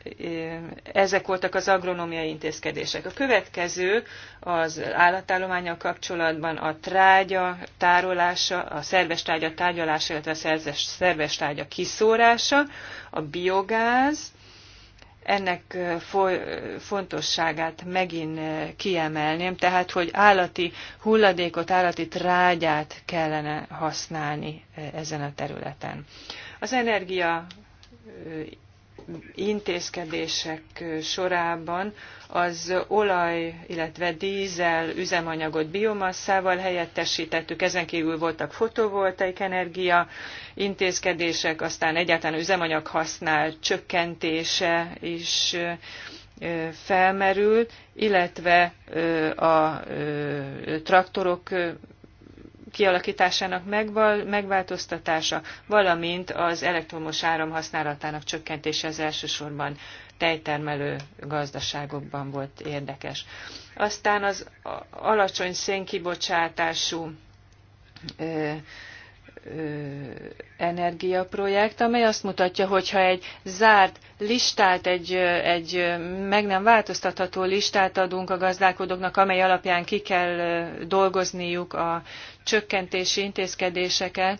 ezek voltak az agronómiai intézkedések. A következő az állatállományok kapcsolatban a trágya tárolása, a szerves trágya tárgyalása, illetve a szerves trágya kiszórása, a biogáz, ennek fontosságát megint kiemelném, tehát hogy állati hulladékot, állati trágyát kellene használni ezen a területen. Az energia intézkedések sorában az olaj, illetve dízel üzemanyagot biomasszával helyettesítettük, ezen kívül voltak fotovoltaik energia intézkedések, aztán egyáltalán üzemanyag használ csökkentése is felmerült, illetve a traktorok kialakításának megváltoztatása, valamint az elektromos áram használatának csökkentése az elsősorban tejtermelő gazdaságokban volt érdekes. Aztán az alacsony szénkibocsátású ö, energiaprojekt, amely azt mutatja, hogyha egy zárt listát, egy, egy meg nem változtatható listát adunk a gazdálkodóknak, amely alapján ki kell dolgozniuk a csökkentési intézkedéseket,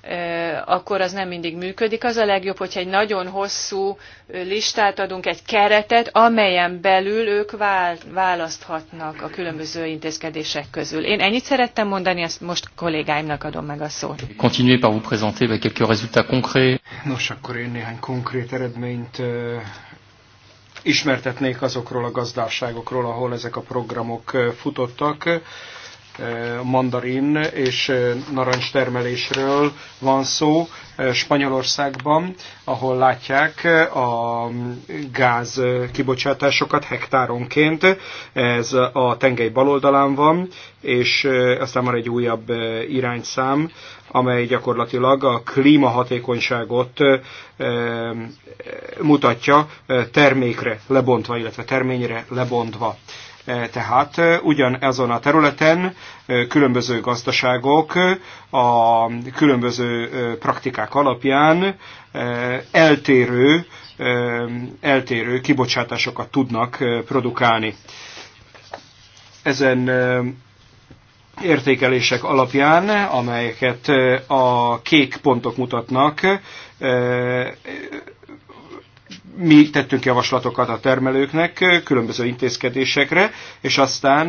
eh, akkor az nem mindig működik. Az a legjobb, hogyha egy nagyon hosszú listát adunk, egy keretet, amelyen belül ők választhatnak a különböző intézkedések közül. Én ennyit szerettem mondani, ezt most kollégáimnak adom meg a szót. Continuez par vous présenter quelques résultats concrets. Nos, akkor én néhány konkrét eredményt ismertetnék azokról a gazdaságokról, ahol ezek a programok futottak mandarin és narancs termelésről van szó Spanyolországban, ahol látják a gáz kibocsátásokat hektáronként. Ez a tengely baloldalán van, és aztán már egy újabb irányszám, amely gyakorlatilag a klímahatékonyságot mutatja termékre lebontva, illetve terményre lebontva. E, tehát e, ugyanezon a területen e, különböző gazdaságok a különböző praktikák alapján eltérő, eltérő kibocsátásokat tudnak produkálni. Ezen értékelések alapján, amelyeket a kék pontok mutatnak, mi tettünk javaslatokat a termelőknek különböző intézkedésekre, és aztán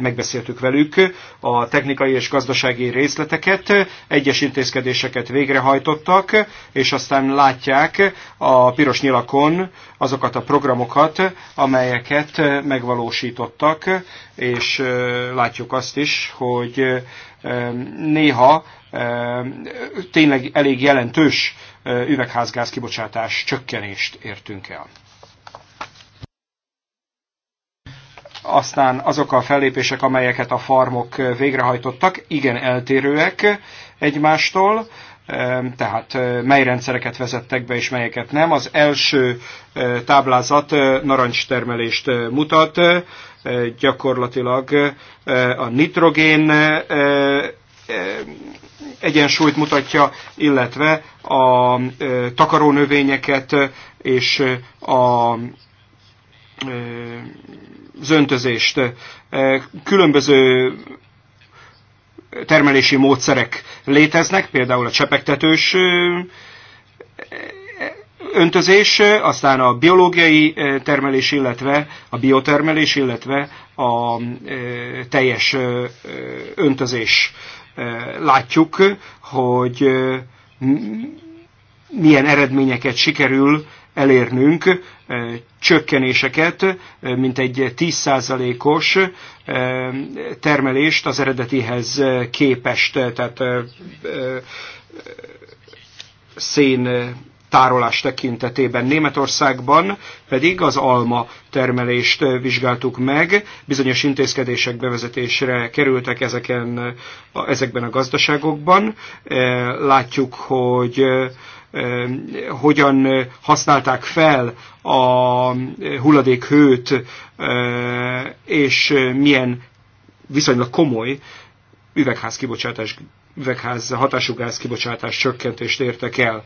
megbeszéltük velük a technikai és gazdasági részleteket, egyes intézkedéseket végrehajtottak, és aztán látják a piros nyilakon azokat a programokat, amelyeket megvalósítottak, és látjuk azt is, hogy néha tényleg elég jelentős üvegházgáz kibocsátás csökkenést értünk el. Aztán azok a fellépések, amelyeket a farmok végrehajtottak, igen eltérőek egymástól tehát mely rendszereket vezettek be és melyeket nem. Az első táblázat narancstermelést mutat, gyakorlatilag a nitrogén egyensúlyt mutatja, illetve a takarónövényeket és a zöntözést. Különböző termelési módszerek léteznek, például a csepegtetős öntözés, aztán a biológiai e, termelés, illetve a biotermelés, illetve a e, teljes e, öntözés. Látjuk, hogy milyen eredményeket sikerül elérnünk, csökkenéseket, mint egy 10%-os termelést az eredetihez képest, tehát szén tárolás tekintetében. Németországban pedig az alma termelést vizsgáltuk meg, bizonyos intézkedések bevezetésre kerültek ezeken, ezekben a gazdaságokban. Látjuk, hogy hogyan használták fel a hulladékhőt, és milyen viszonylag komoly üvegházkibocsátás üvegház hatásúgáz kibocsátás csökkentést értek el,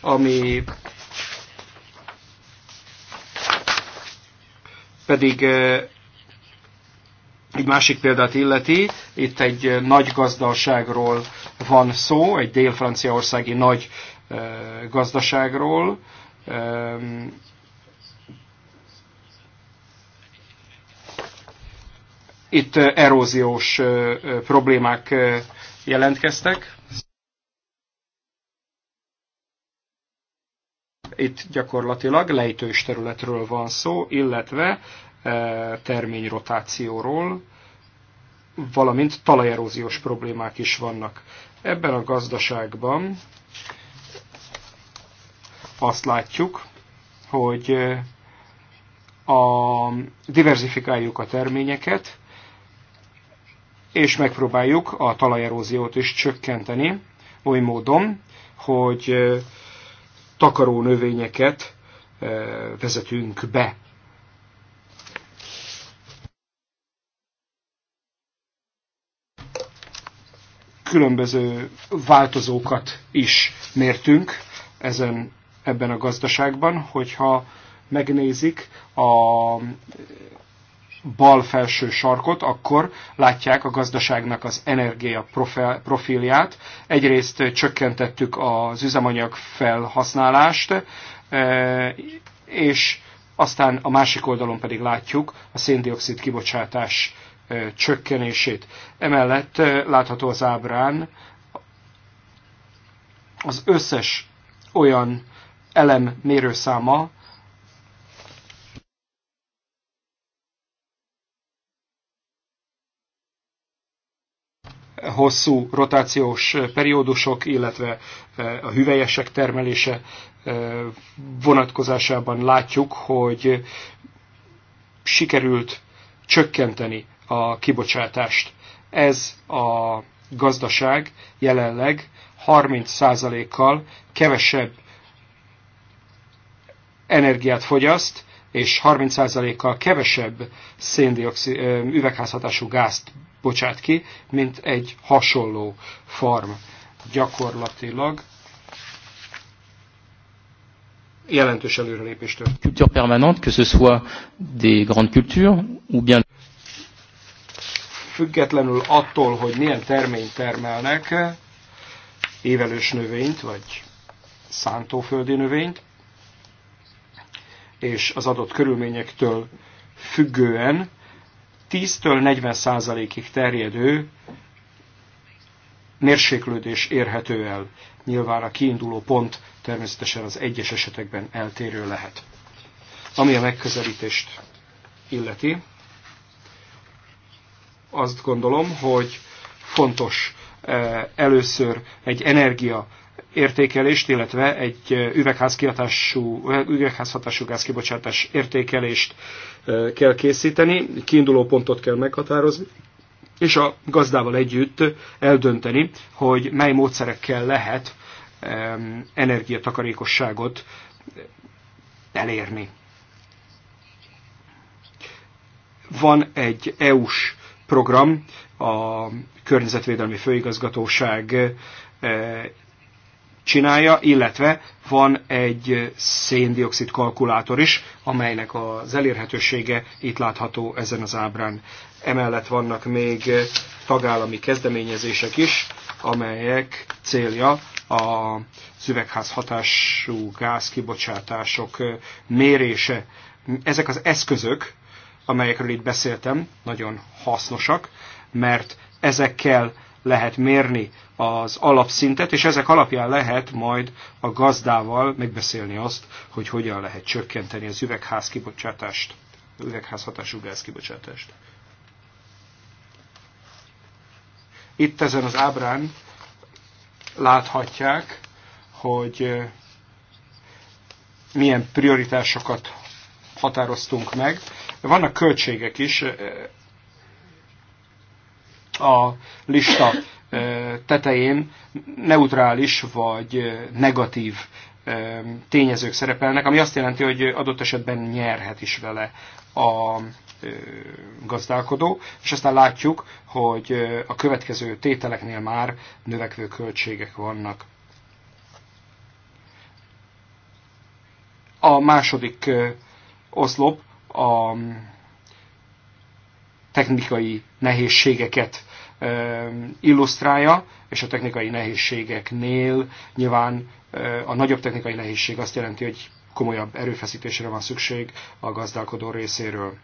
ami pedig eh, egy másik példát illeti, itt egy nagy gazdaságról van szó, egy dél-franciaországi nagy eh, gazdaságról, ehm, itt eróziós eh, problémák jelentkeztek. Itt gyakorlatilag lejtős területről van szó, illetve e, terményrotációról, valamint talajeróziós problémák is vannak. Ebben a gazdaságban azt látjuk, hogy e, a, diversifikáljuk a terményeket, és megpróbáljuk a talajeróziót is csökkenteni oly módon, hogy takaró növényeket vezetünk be. Különböző változókat is mértünk ezen, ebben a gazdaságban, hogyha megnézik a bal felső sarkot, akkor látják a gazdaságnak az energia profilját. Egyrészt csökkentettük az üzemanyag felhasználást, és aztán a másik oldalon pedig látjuk a széndiokszid kibocsátás csökkenését. Emellett látható az ábrán az összes olyan elem mérőszáma, hosszú rotációs eh, periódusok, illetve eh, a hüvelyesek termelése eh, vonatkozásában látjuk, hogy sikerült csökkenteni a kibocsátást. Ez a gazdaság jelenleg 30%-kal kevesebb energiát fogyaszt, és 30%-kal kevesebb széndiokszid, üvegházhatású gázt bocsát ki, mint egy hasonló farm. Gyakorlatilag jelentős előrelépéstől. történt. Culture permanente, que ce soit des grandes cultures, ou bien függetlenül attól, hogy milyen terményt termelnek, évelős növényt, vagy szántóföldi növényt, és az adott körülményektől függően 10-től 40%-ig terjedő mérséklődés érhető el. Nyilván a kiinduló pont természetesen az egyes esetekben eltérő lehet. Ami a megközelítést illeti, azt gondolom, hogy fontos eh, először egy energia értékelést, illetve egy üvegházkihatású, üvegházhatású gázkibocsátás értékelést kell készíteni, kiinduló pontot kell meghatározni, és a gazdával együtt eldönteni, hogy mely módszerekkel lehet energiatakarékosságot elérni. Van egy EU-s program, a Környezetvédelmi Főigazgatóság csinálja, illetve van egy széndiokszid kalkulátor is, amelynek az elérhetősége itt látható ezen az ábrán. Emellett vannak még tagállami kezdeményezések is, amelyek célja a szüvegház hatású gázkibocsátások mérése. Ezek az eszközök, amelyekről itt beszéltem, nagyon hasznosak, mert ezekkel lehet mérni az alapszintet, és ezek alapján lehet majd a gazdával megbeszélni azt, hogy hogyan lehet csökkenteni az üvegház kibocsátást, üvegházhatású gáz kibocsátást. Itt ezen az ábrán láthatják, hogy milyen prioritásokat határoztunk meg. Vannak költségek is, a lista tetején neutrális vagy negatív tényezők szerepelnek, ami azt jelenti, hogy adott esetben nyerhet is vele a gazdálkodó, és aztán látjuk, hogy a következő tételeknél már növekvő költségek vannak. A második oszlop a technikai nehézségeket illusztrálja, és a technikai nehézségeknél nyilván a nagyobb technikai nehézség azt jelenti, hogy komolyabb erőfeszítésre van szükség a gazdálkodó részéről.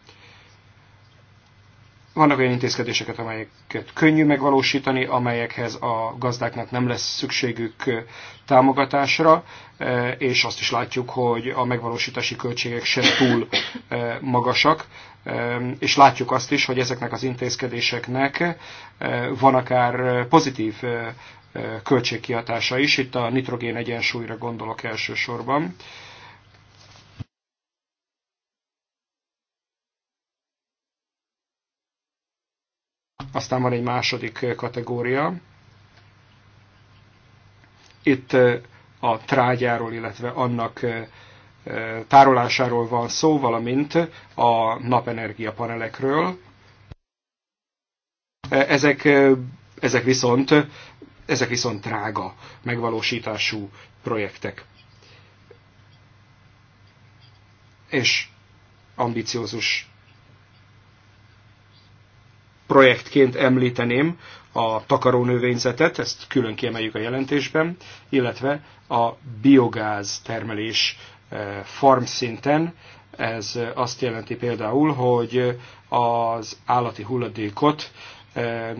Vannak olyan intézkedéseket, amelyeket könnyű megvalósítani, amelyekhez a gazdáknak nem lesz szükségük támogatásra, és azt is látjuk, hogy a megvalósítási költségek sem túl magasak, és látjuk azt is, hogy ezeknek az intézkedéseknek van akár pozitív költségkiatása is, itt a nitrogén egyensúlyra gondolok elsősorban. Aztán van egy második kategória. Itt a trágyáról, illetve annak tárolásáról van szó, valamint a napenergia panelekről. Ezek, ezek, viszont, ezek viszont drága megvalósítású projektek. És ambiciózus projektként említeném a takarónövényzetet, ezt külön kiemeljük a jelentésben, illetve a biogáz termelés eh, farm szinten. Ez azt jelenti például, hogy az állati hulladékot eh,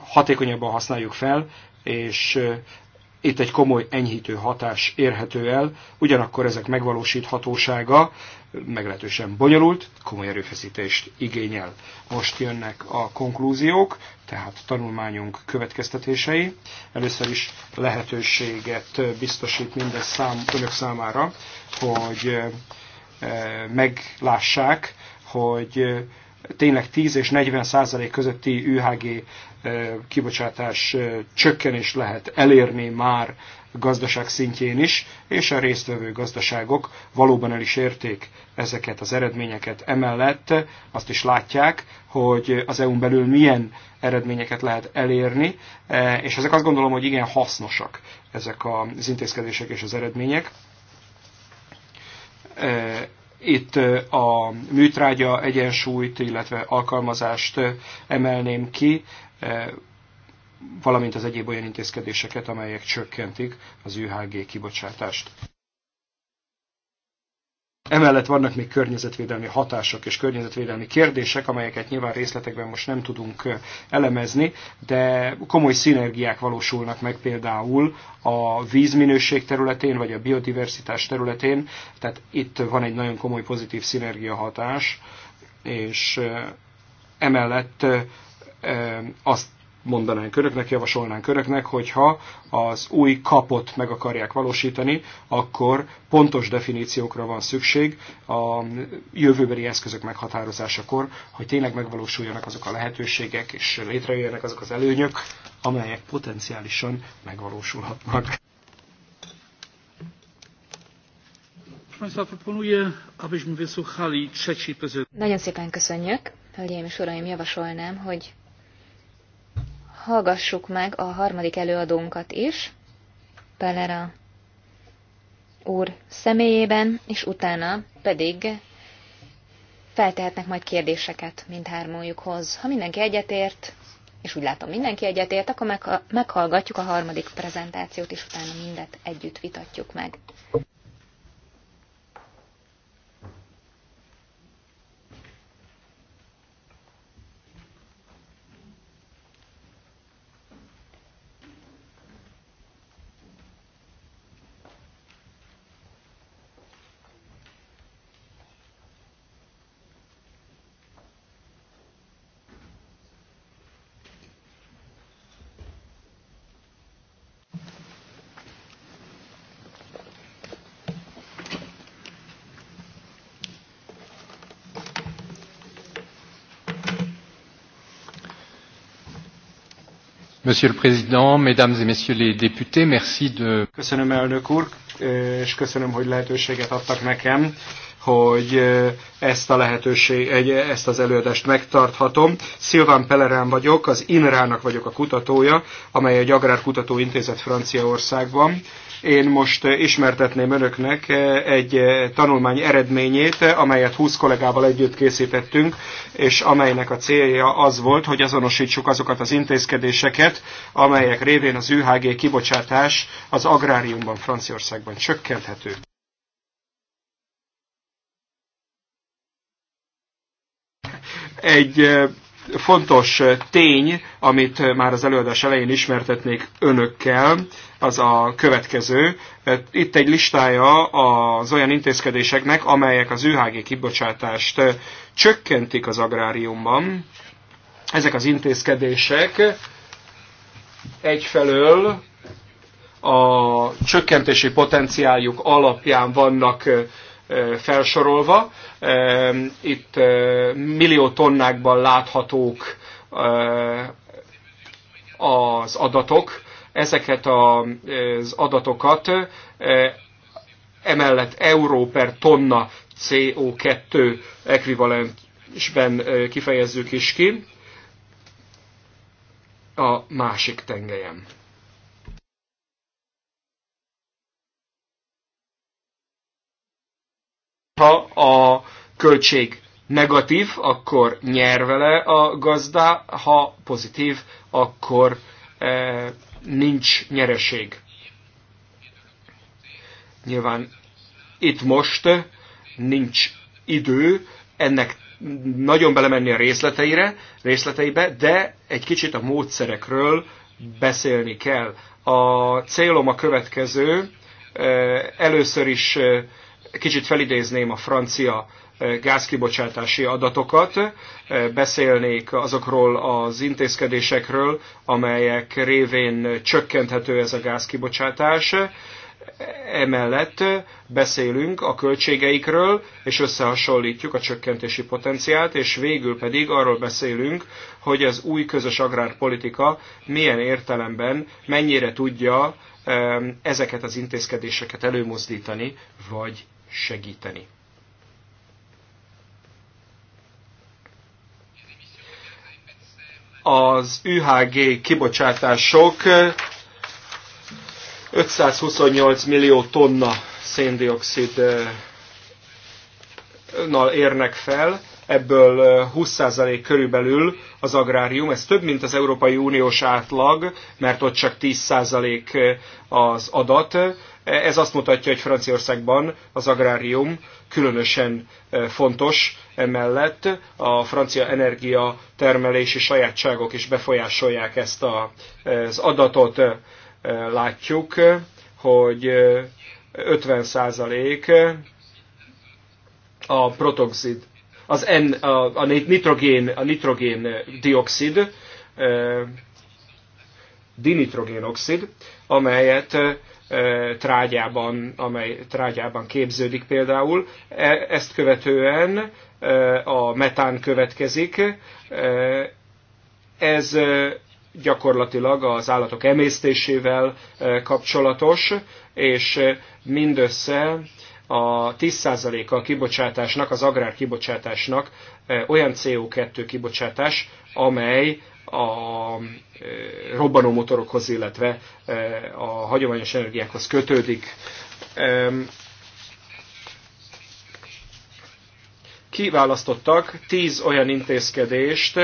hatékonyabban használjuk fel, és eh, itt egy komoly enyhítő hatás érhető el, ugyanakkor ezek megvalósíthatósága meglehetősen bonyolult, komoly erőfeszítést igényel. Most jönnek a konklúziók, tehát tanulmányunk következtetései. Először is lehetőséget biztosít minden szám, önök számára, hogy eh, meglássák, hogy eh, tényleg 10 és 40 százalék közötti UHG eh, kibocsátás eh, csökkenés lehet elérni már gazdaság szintjén is, és a résztvevő gazdaságok valóban el is érték ezeket az eredményeket. Emellett azt is látják, hogy az EU-n belül milyen eredményeket lehet elérni, eh, és ezek azt gondolom, hogy igen hasznosak ezek az intézkedések és az eredmények itt a műtrágya egyensúlyt, illetve alkalmazást emelném ki, valamint az egyéb olyan intézkedéseket, amelyek csökkentik az UHG kibocsátást. Emellett vannak még környezetvédelmi hatások és környezetvédelmi kérdések, amelyeket nyilván részletekben most nem tudunk elemezni, de komoly szinergiák valósulnak meg például a vízminőség területén, vagy a biodiversitás területén, tehát itt van egy nagyon komoly pozitív szinergia hatás, és emellett azt mondanánk köröknek, javasolnánk köröknek, hogyha az új kapot meg akarják valósítani, akkor pontos definíciókra van szükség a jövőbeli eszközök meghatározásakor, hogy tényleg megvalósuljanak azok a lehetőségek, és létrejöjjenek azok az előnyök, amelyek potenciálisan megvalósulhatnak. Nagyon szépen köszönjük. Hölgyeim és uraim, javasolnám, hogy hallgassuk meg a harmadik előadónkat is, Pelera úr személyében, és utána pedig feltehetnek majd kérdéseket mindhármójukhoz. Ha mindenki egyetért, és úgy látom mindenki egyetért, akkor meghallgatjuk a harmadik prezentációt, és utána mindet együtt vitatjuk meg. Monsieur le Président, Mesdames et Messieurs les députés, merci de... Köszönöm elnök úr, és köszönöm, hogy lehetőséget adtak nekem hogy ezt a lehetőség, ezt az előadást megtarthatom. Szilván Pelerán vagyok, az INRÁ-nak vagyok a kutatója, amely egy agrárkutató intézet Franciaországban. Én most ismertetném önöknek egy tanulmány eredményét, amelyet 20 kollégával együtt készítettünk, és amelynek a célja az volt, hogy azonosítsuk azokat az intézkedéseket, amelyek révén az UHG kibocsátás az agráriumban Franciaországban csökkenthető. Egy fontos tény, amit már az előadás elején ismertetnék önökkel, az a következő. Itt egy listája az olyan intézkedéseknek, amelyek az ÜHG kibocsátást csökkentik az agráriumban. Ezek az intézkedések egyfelől a csökkentési potenciáljuk alapján vannak felsorolva. Itt millió tonnákban láthatók az adatok. Ezeket az adatokat emellett euró per tonna CO2 ekvivalensben kifejezzük is ki a másik tengelyen. ha a költség negatív, akkor nyer vele a gazda, ha pozitív, akkor e, nincs nyereség. Nyilván itt most nincs idő ennek nagyon belemenni a részleteire, részleteibe, de egy kicsit a módszerekről beszélni kell. A célom a következő, e, először is e, kicsit felidézném a francia eh, gázkibocsátási adatokat, eh, beszélnék azokról az intézkedésekről, amelyek révén csökkenthető ez a gázkibocsátás. Emellett beszélünk a költségeikről, és összehasonlítjuk a csökkentési potenciált, és végül pedig arról beszélünk, hogy az új közös agrárpolitika milyen értelemben mennyire tudja eh, ezeket az intézkedéseket előmozdítani, vagy segíteni. Az UHG kibocsátások 528 millió tonna széndioxidnal érnek fel, ebből 20% körülbelül az agrárium. Ez több, mint az Európai Uniós átlag, mert ott csak 10% az adat. Ez azt mutatja, hogy Franciaországban az agrárium különösen e, fontos, emellett a francia energia termelési sajátságok is befolyásolják ezt a, az adatot. E, látjuk, hogy 50 e, a protoxid, az N, a, a nitrogén, a nitrogén dioxid, dinitrogénoxid, amelyet trágyában, amely trágyában képződik például. E, ezt követően a metán következik. Ez gyakorlatilag az állatok emésztésével kapcsolatos, és mindössze a 10%-a a kibocsátásnak, az agrár kibocsátásnak olyan CO2 kibocsátás, amely a robbanómotorokhoz, illetve a hagyományos energiákhoz kötődik. Kiválasztottak 10 olyan intézkedést,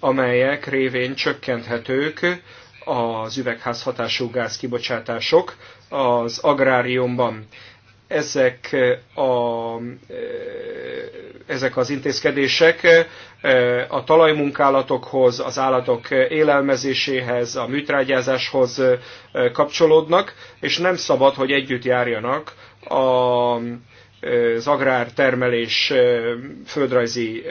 amelyek révén csökkenthetők az üvegházhatású gázkibocsátások az agráriumban ezek, a, ezek az intézkedések a talajmunkálatokhoz, az állatok élelmezéséhez, a műtrágyázáshoz kapcsolódnak, és nem szabad, hogy együtt járjanak a az agrártermelés földrajzi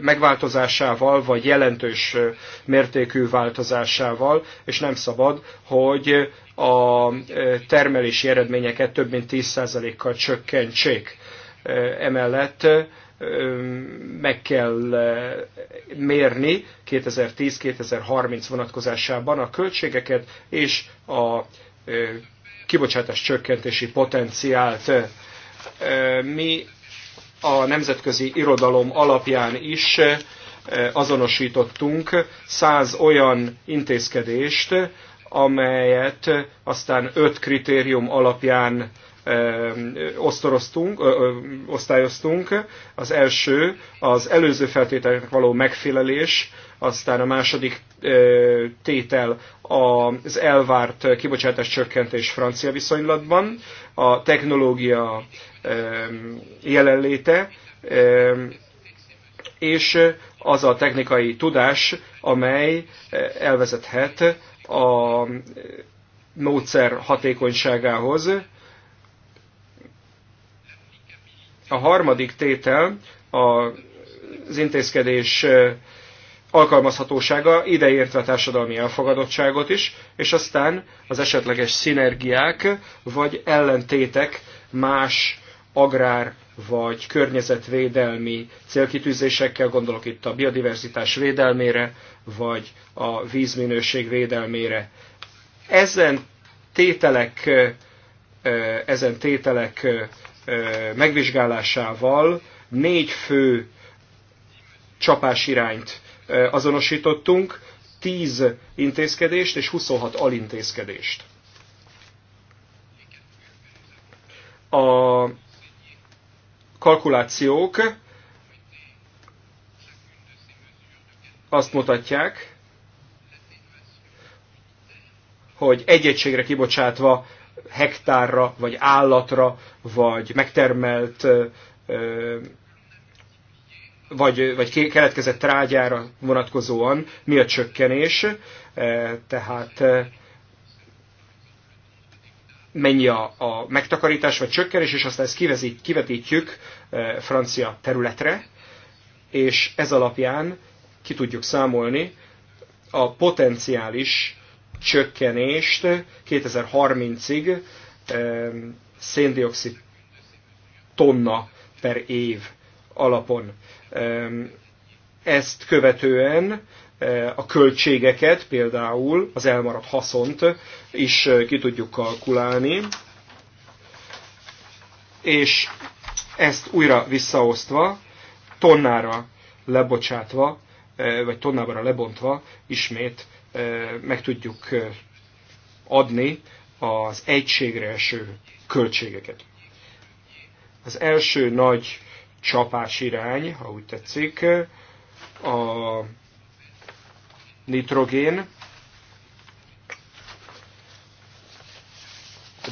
megváltozásával, vagy jelentős mértékű változásával, és nem szabad, hogy a termelési eredményeket több mint 10%-kal csökkentsék. Emellett meg kell mérni 2010-2030 vonatkozásában a költségeket és a kibocsátás csökkentési potenciált mi a nemzetközi irodalom alapján is azonosítottunk száz olyan intézkedést, amelyet aztán öt kritérium alapján osztoroztunk, ö, ö, osztályoztunk. Az első az előző feltételeknek való megfelelés, aztán a második tétel az elvárt kibocsátás csökkentés francia viszonylatban, a technológia jelenléte, és az a technikai tudás, amely elvezethet a módszer hatékonyságához. A harmadik tétel az intézkedés alkalmazhatósága, ideértve a társadalmi elfogadottságot is, és aztán az esetleges szinergiák vagy ellentétek más agrár vagy környezetvédelmi célkitűzésekkel, gondolok itt a biodiverzitás védelmére, vagy a vízminőség védelmére. Ezen tételek, ezen tételek megvizsgálásával négy fő csapásirányt Eh, azonosítottunk, 10 intézkedést és 26 alintézkedést. A kalkulációk azt mutatják, hogy egy egységre kibocsátva hektárra, vagy állatra, vagy megtermelt eh, vagy, vagy keletkezett rágyára vonatkozóan mi a csökkenés, e, tehát e, mennyi a, a megtakarítás vagy csökkenés, és aztán ezt kivezít, kivetítjük e, francia területre, és ez alapján ki tudjuk számolni a potenciális csökkenést 2030-ig széndiokszid tonna per év alapon. Ezt követően e, a költségeket, például az elmaradt haszont is e, ki tudjuk kalkulálni, és ezt újra visszaosztva, tonnára lebocsátva, e, vagy tonnára lebontva ismét meg tudjuk adni az egységre eső költségeket. Az első nagy csapás irány, ha úgy tetszik, a nitrogén,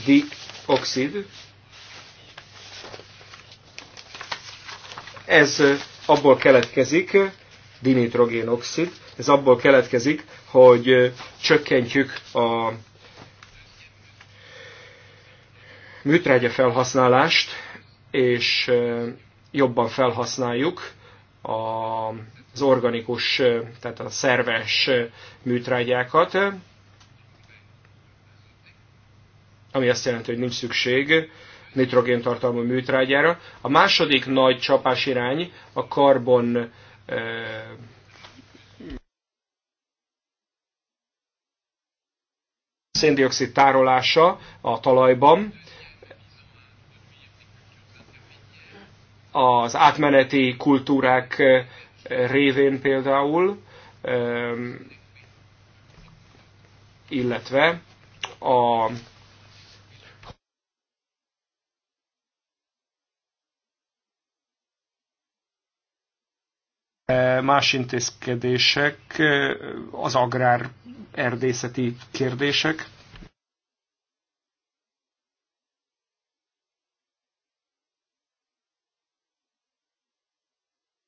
dioxid, ez abból keletkezik, dinitrogénoxid, ez abból keletkezik, hogy csökkentjük a műtrágya felhasználást, és jobban felhasználjuk az organikus, tehát a szerves műtrágyákat, ami azt jelenti, hogy nincs szükség nitrogéntartalmú műtrágyára. A második nagy csapásirány a karbon széndiokszid tárolása a talajban, az átmeneti kultúrák révén például, illetve a e, más intézkedések, az agrár erdészeti kérdések,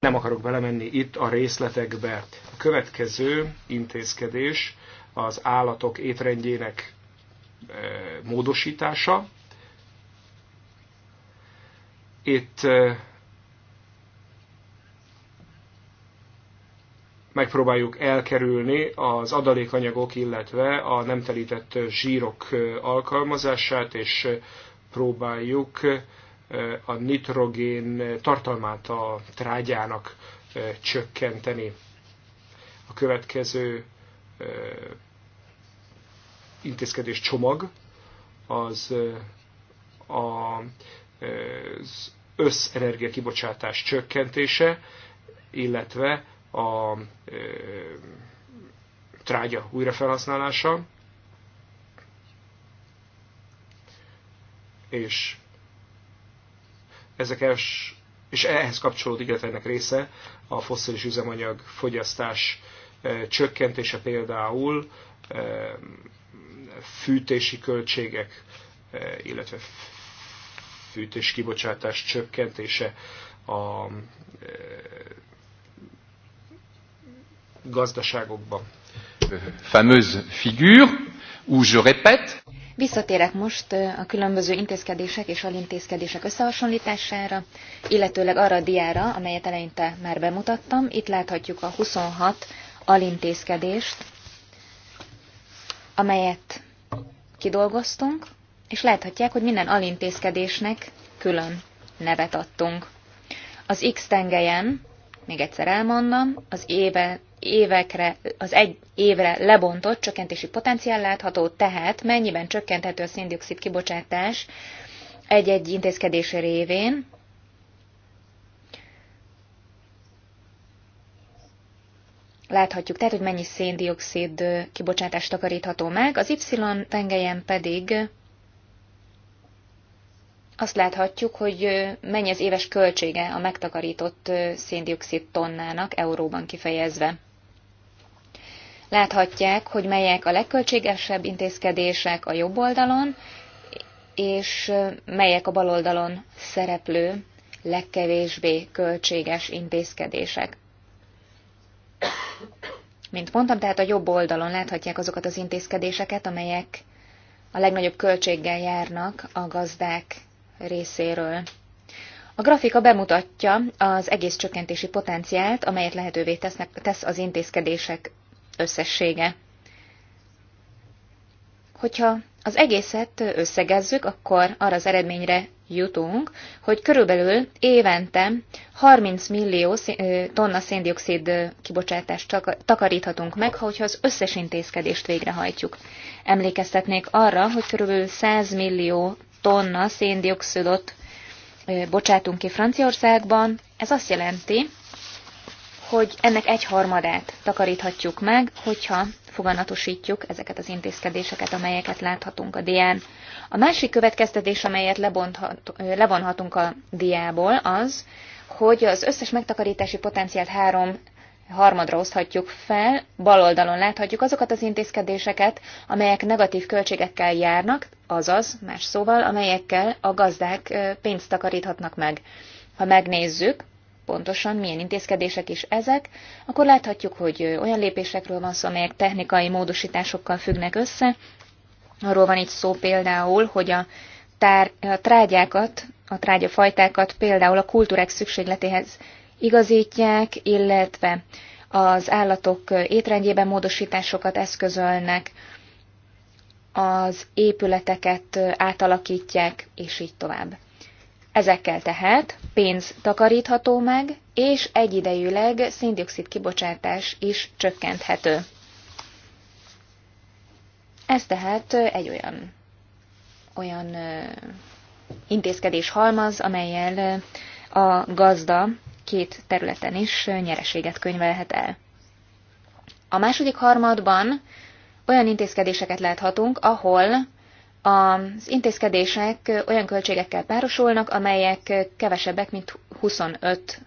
Nem akarok belemenni itt a részletekbe. A következő intézkedés az állatok étrendjének e, módosítása. Itt e, megpróbáljuk elkerülni az adalékanyagok, illetve a nem telített zsírok e, alkalmazását, és próbáljuk a nitrogén tartalmát a trágyának csökkenteni. A következő intézkedés csomag az az összenergia kibocsátás csökkentése, illetve a trágya újrafelhasználása, és ezek els, és ehhez kapcsolódik, illetve ennek része a fosszilis üzemanyag fogyasztás e, csökkentése például e, fűtési költségek, e, illetve fűtés kibocsátás csökkentése a gazdaságokban. Fameuse figure, où je répète. Visszatérek most a különböző intézkedések és alintézkedések összehasonlítására, illetőleg arra a diára, amelyet eleinte már bemutattam. Itt láthatjuk a 26 alintézkedést, amelyet kidolgoztunk, és láthatják, hogy minden alintézkedésnek külön nevet adtunk. Az X tengelyen, még egyszer elmondom, az éve, évekre, az egy évre lebontott csökkentési potenciál látható, tehát mennyiben csökkenthető a széndiokszid kibocsátás egy-egy intézkedés révén, láthatjuk, tehát, hogy mennyi széndiokszid kibocsátást takarítható meg, az Y tengelyen pedig azt láthatjuk, hogy mennyi az éves költsége a megtakarított széndiokszid tonnának euróban kifejezve. Láthatják, hogy melyek a legköltségesebb intézkedések a jobb oldalon, és melyek a bal oldalon szereplő legkevésbé költséges intézkedések. Mint mondtam, tehát a jobb oldalon láthatják azokat az intézkedéseket, amelyek a legnagyobb költséggel járnak a gazdák részéről. A grafika bemutatja az egész csökkentési potenciált, amelyet lehetővé tesznek, tesz az intézkedések összessége. Hogyha az egészet összegezzük, akkor arra az eredményre jutunk, hogy körülbelül évente 30 millió tonna széndiokszid kibocsátást takaríthatunk meg, ha hogyha az összes intézkedést végrehajtjuk. Emlékeztetnék arra, hogy körülbelül 100 millió tonna széndiokszidot bocsátunk ki Franciaországban. Ez azt jelenti, hogy ennek egyharmadát takaríthatjuk meg, hogyha foganatosítjuk ezeket az intézkedéseket, amelyeket láthatunk a dián. A másik következtetés, amelyet levonhatunk a diából, az, hogy az összes megtakarítási potenciált három harmadra oszthatjuk fel, bal oldalon láthatjuk azokat az intézkedéseket, amelyek negatív költségekkel járnak, azaz, más szóval, amelyekkel a gazdák pénzt takaríthatnak meg. Ha megnézzük, pontosan milyen intézkedések is ezek, akkor láthatjuk, hogy olyan lépésekről van szó, amelyek technikai módosításokkal függnek össze. Arról van itt szó például, hogy a, tár, a trágyákat, a trágyafajtákat például a kultúrák szükségletéhez igazítják, illetve az állatok étrendjében módosításokat eszközölnek, az épületeket átalakítják, és így tovább. Ezekkel tehát pénz takarítható meg, és egyidejűleg széndiokszid kibocsátás is csökkenthető. Ez tehát egy olyan, olyan intézkedés halmaz, amelyel a gazda két területen is nyereséget könyvelhet el. A második harmadban olyan intézkedéseket láthatunk, ahol az intézkedések olyan költségekkel párosulnak, amelyek kevesebbek, mint 25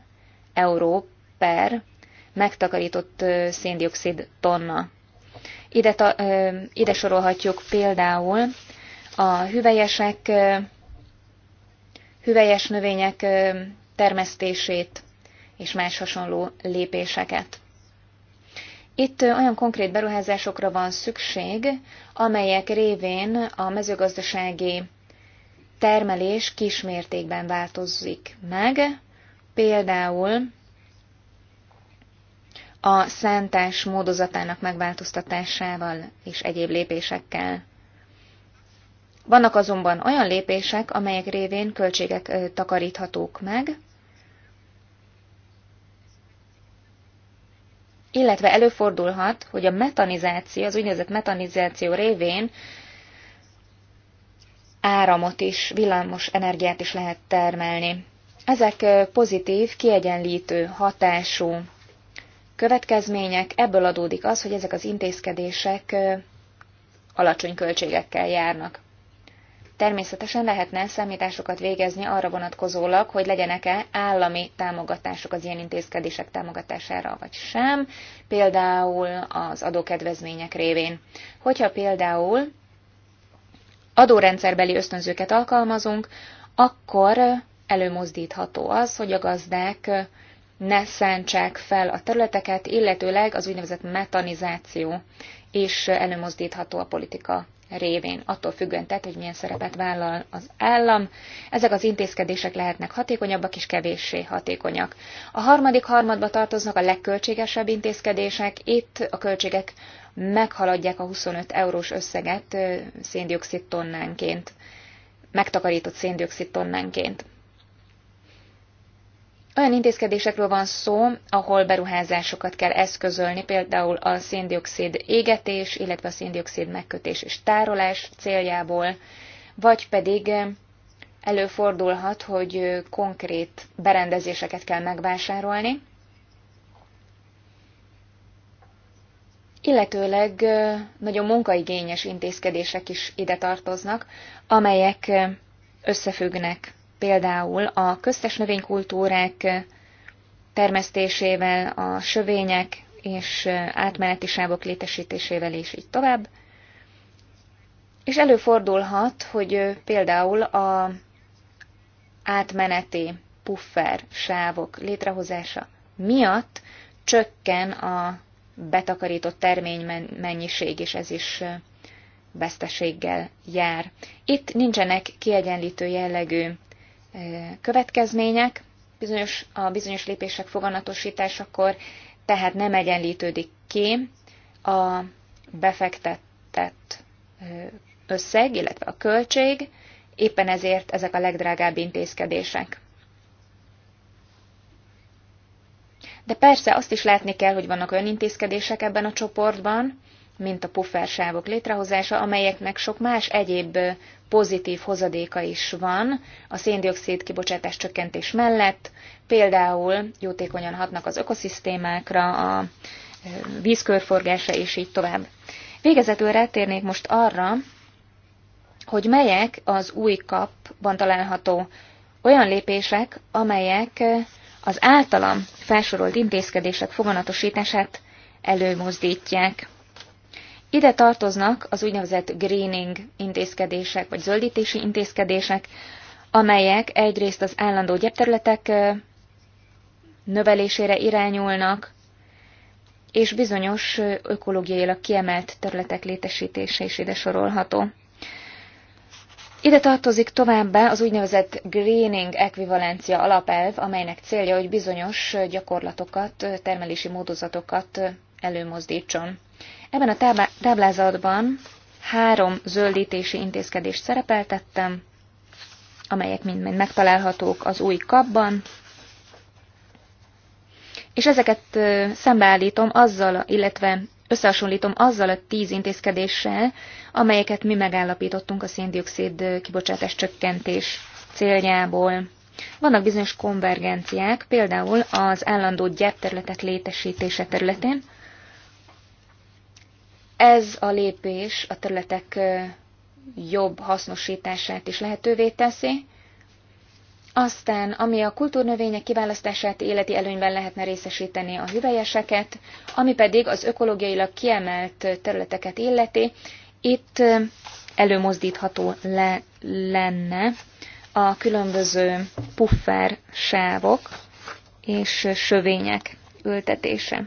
euró per megtakarított széndiokszid tonna. Ide, ta, ide sorolhatjuk például a hüvelyesek, hüvelyes növények termesztését és más hasonló lépéseket. Itt olyan konkrét beruházásokra van szükség, amelyek révén a mezőgazdasági termelés kismértékben változik meg, például a szántás módozatának megváltoztatásával és egyéb lépésekkel. Vannak azonban olyan lépések, amelyek révén költségek takaríthatók meg, illetve előfordulhat, hogy a metanizáció, az úgynevezett metanizáció révén áramot is, villamos energiát is lehet termelni. Ezek pozitív, kiegyenlítő hatású következmények, ebből adódik az, hogy ezek az intézkedések alacsony költségekkel járnak. Természetesen lehetne számításokat végezni arra vonatkozólag, hogy legyenek-e állami támogatások az ilyen intézkedések támogatására, vagy sem, például az adókedvezmények révén. Hogyha például adórendszerbeli ösztönzőket alkalmazunk, akkor előmozdítható az, hogy a gazdák ne szántsák fel a területeket, illetőleg az úgynevezett metanizáció is előmozdítható a politika révén, attól függően tehát, hogy milyen szerepet vállal az állam. Ezek az intézkedések lehetnek hatékonyabbak és kevéssé hatékonyak. A harmadik harmadba tartoznak a legköltségesebb intézkedések, itt a költségek meghaladják a 25 eurós összeget széndiokszid tonnánként, megtakarított széndiokszid tonnánként. Olyan intézkedésekről van szó, ahol beruházásokat kell eszközölni, például a széndiokszid égetés, illetve a széndiokszid megkötés és tárolás céljából, vagy pedig előfordulhat, hogy konkrét berendezéseket kell megvásárolni, illetőleg nagyon munkaigényes intézkedések is ide tartoznak, amelyek összefüggnek például a köztes növénykultúrák termesztésével, a sövények és átmeneti sávok létesítésével, és így tovább. És előfordulhat, hogy például a átmeneti puffer sávok létrehozása miatt csökken a betakarított terménymennyiség, és ez is veszteséggel jár. Itt nincsenek kiegyenlítő jellegű következmények bizonyos, a bizonyos lépések foganatosításakor, tehát nem egyenlítődik ki a befektetett összeg, illetve a költség, éppen ezért ezek a legdrágább intézkedések. De persze azt is látni kell, hogy vannak olyan intézkedések ebben a csoportban, mint a puffersávok létrehozása, amelyeknek sok más egyéb pozitív hozadéka is van a széndiokszid kibocsátás csökkentés mellett, például jótékonyan hatnak az ökoszisztémákra, a vízkörforgása és így tovább. Végezetül rátérnék most arra, hogy melyek az új kapban található olyan lépések, amelyek az általam felsorolt intézkedések foganatosítását előmozdítják. Ide tartoznak az úgynevezett greening intézkedések, vagy zöldítési intézkedések, amelyek egyrészt az állandó gyepterületek növelésére irányulnak, és bizonyos ökológiailag kiemelt területek létesítése is ide sorolható. Ide tartozik továbbá az úgynevezett greening ekvivalencia alapelv, amelynek célja, hogy bizonyos gyakorlatokat, termelési módozatokat előmozdítson. Ebben a táblázatban három zöldítési intézkedést szerepeltettem, amelyek mind-mind megtalálhatók az új kapban, és ezeket szembeállítom azzal, illetve összehasonlítom azzal a tíz intézkedéssel, amelyeket mi megállapítottunk a széndiokszid kibocsátás csökkentés céljából. Vannak bizonyos konvergenciák, például az állandó gyárterületek létesítése területén, ez a lépés a területek jobb hasznosítását is lehetővé teszi. Aztán, ami a kultúrnövények kiválasztását életi előnyben lehetne részesíteni a hüvelyeseket, ami pedig az ökológiailag kiemelt területeket illeti, itt előmozdítható le, lenne a különböző puffer sávok és sövények ültetése.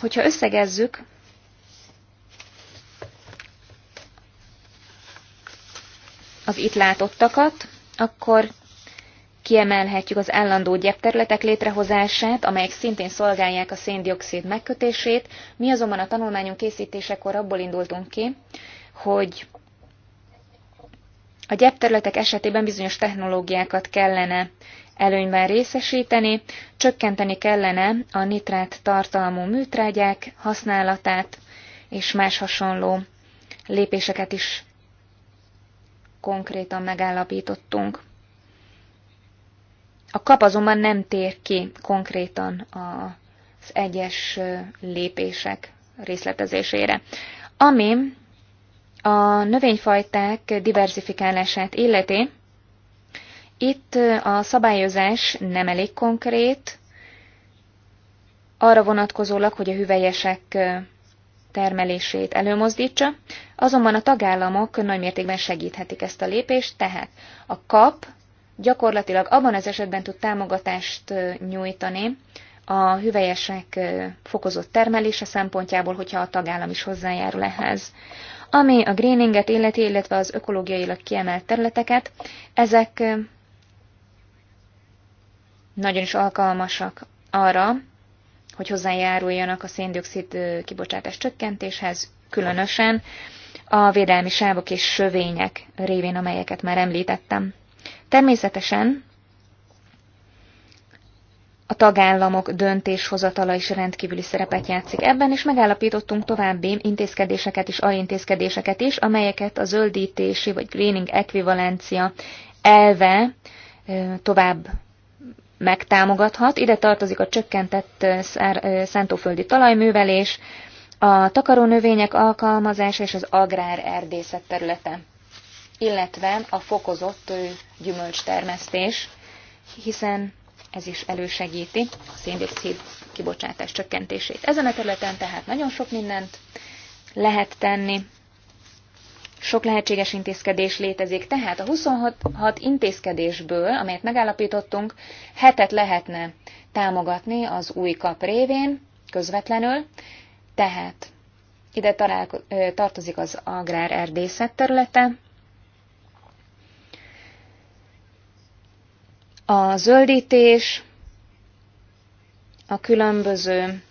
Hogyha összegezzük, az itt látottakat, akkor kiemelhetjük az állandó gyepterületek létrehozását, amelyek szintén szolgálják a széndiokszid megkötését. Mi azonban a tanulmányunk készítésekor abból indultunk ki, hogy a gyepterületek esetében bizonyos technológiákat kellene előnyben részesíteni, csökkenteni kellene a nitrát tartalmú műtrágyák használatát és más hasonló lépéseket is konkrétan megállapítottunk. A kap azonban nem tér ki konkrétan az egyes lépések részletezésére. Ami a növényfajták diversifikálását illeti, itt a szabályozás nem elég konkrét, arra vonatkozólag, hogy a hüvelyesek termelését előmozdítsa, azonban a tagállamok nagymértékben segíthetik ezt a lépést, tehát a kap gyakorlatilag abban az esetben tud támogatást nyújtani a hüvelyesek fokozott termelése szempontjából, hogyha a tagállam is hozzájárul ehhez. Ami a greeninget illeti, illetve az ökológiailag kiemelt területeket, ezek nagyon is alkalmasak arra, hogy hozzájáruljanak a széndiokszid kibocsátás csökkentéshez, különösen a védelmi sávok és sövények révén, amelyeket már említettem. Természetesen a tagállamok döntéshozatala is rendkívüli szerepet játszik ebben, és megállapítottunk további intézkedéseket és alintézkedéseket is, amelyeket a zöldítési vagy greening ekvivalencia elve tovább megtámogathat. Ide tartozik a csökkentett szántóföldi talajművelés, a takarónövények alkalmazása és az agrár erdészet területe, illetve a fokozott gyümölcstermesztés, hiszen ez is elősegíti a széndiokszid kibocsátás csökkentését. Ezen a területen tehát nagyon sok mindent lehet tenni, sok lehetséges intézkedés létezik, tehát a 26 intézkedésből, amelyet megállapítottunk, hetet lehetne támogatni az új kap révén, közvetlenül, tehát ide talál, tartozik az agrár erdészet területe, a zöldítés, a különböző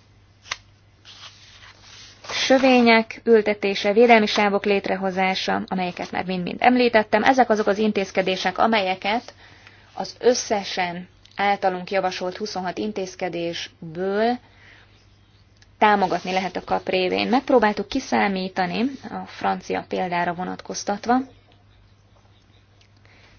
sövények ültetése, védelmi sávok létrehozása, amelyeket már mind-mind említettem, ezek azok az intézkedések, amelyeket az összesen általunk javasolt 26 intézkedésből támogatni lehet a kap révén. Megpróbáltuk kiszámítani, a francia példára vonatkoztatva,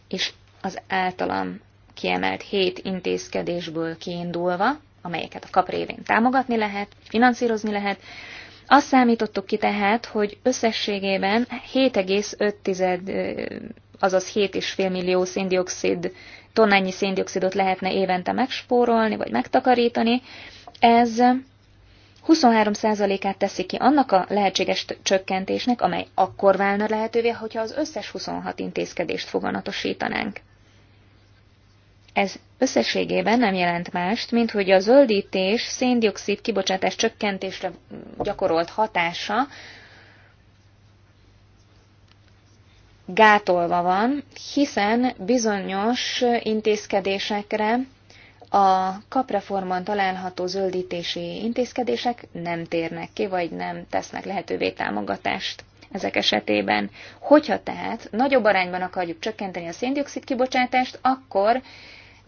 és az általam kiemelt 7 intézkedésből kiindulva, amelyeket a kap révén támogatni lehet, finanszírozni lehet, azt számítottuk ki tehát, hogy összességében 7,5, azaz 7,5 millió széndiokszid, tonnányi széndiokszidot lehetne évente megspórolni, vagy megtakarítani. Ez 23%-át teszi ki annak a lehetséges csökkentésnek, amely akkor válna lehetővé, hogyha az összes 26 intézkedést foganatosítanánk. Ez összességében nem jelent mást, mint hogy a zöldítés széndiokszid kibocsátás csökkentésre gyakorolt hatása gátolva van, hiszen bizonyos intézkedésekre a kapreformon található zöldítési intézkedések nem térnek ki, vagy nem tesznek lehetővé támogatást ezek esetében. Hogyha tehát nagyobb arányban akarjuk csökkenteni a széndiokszid kibocsátást, akkor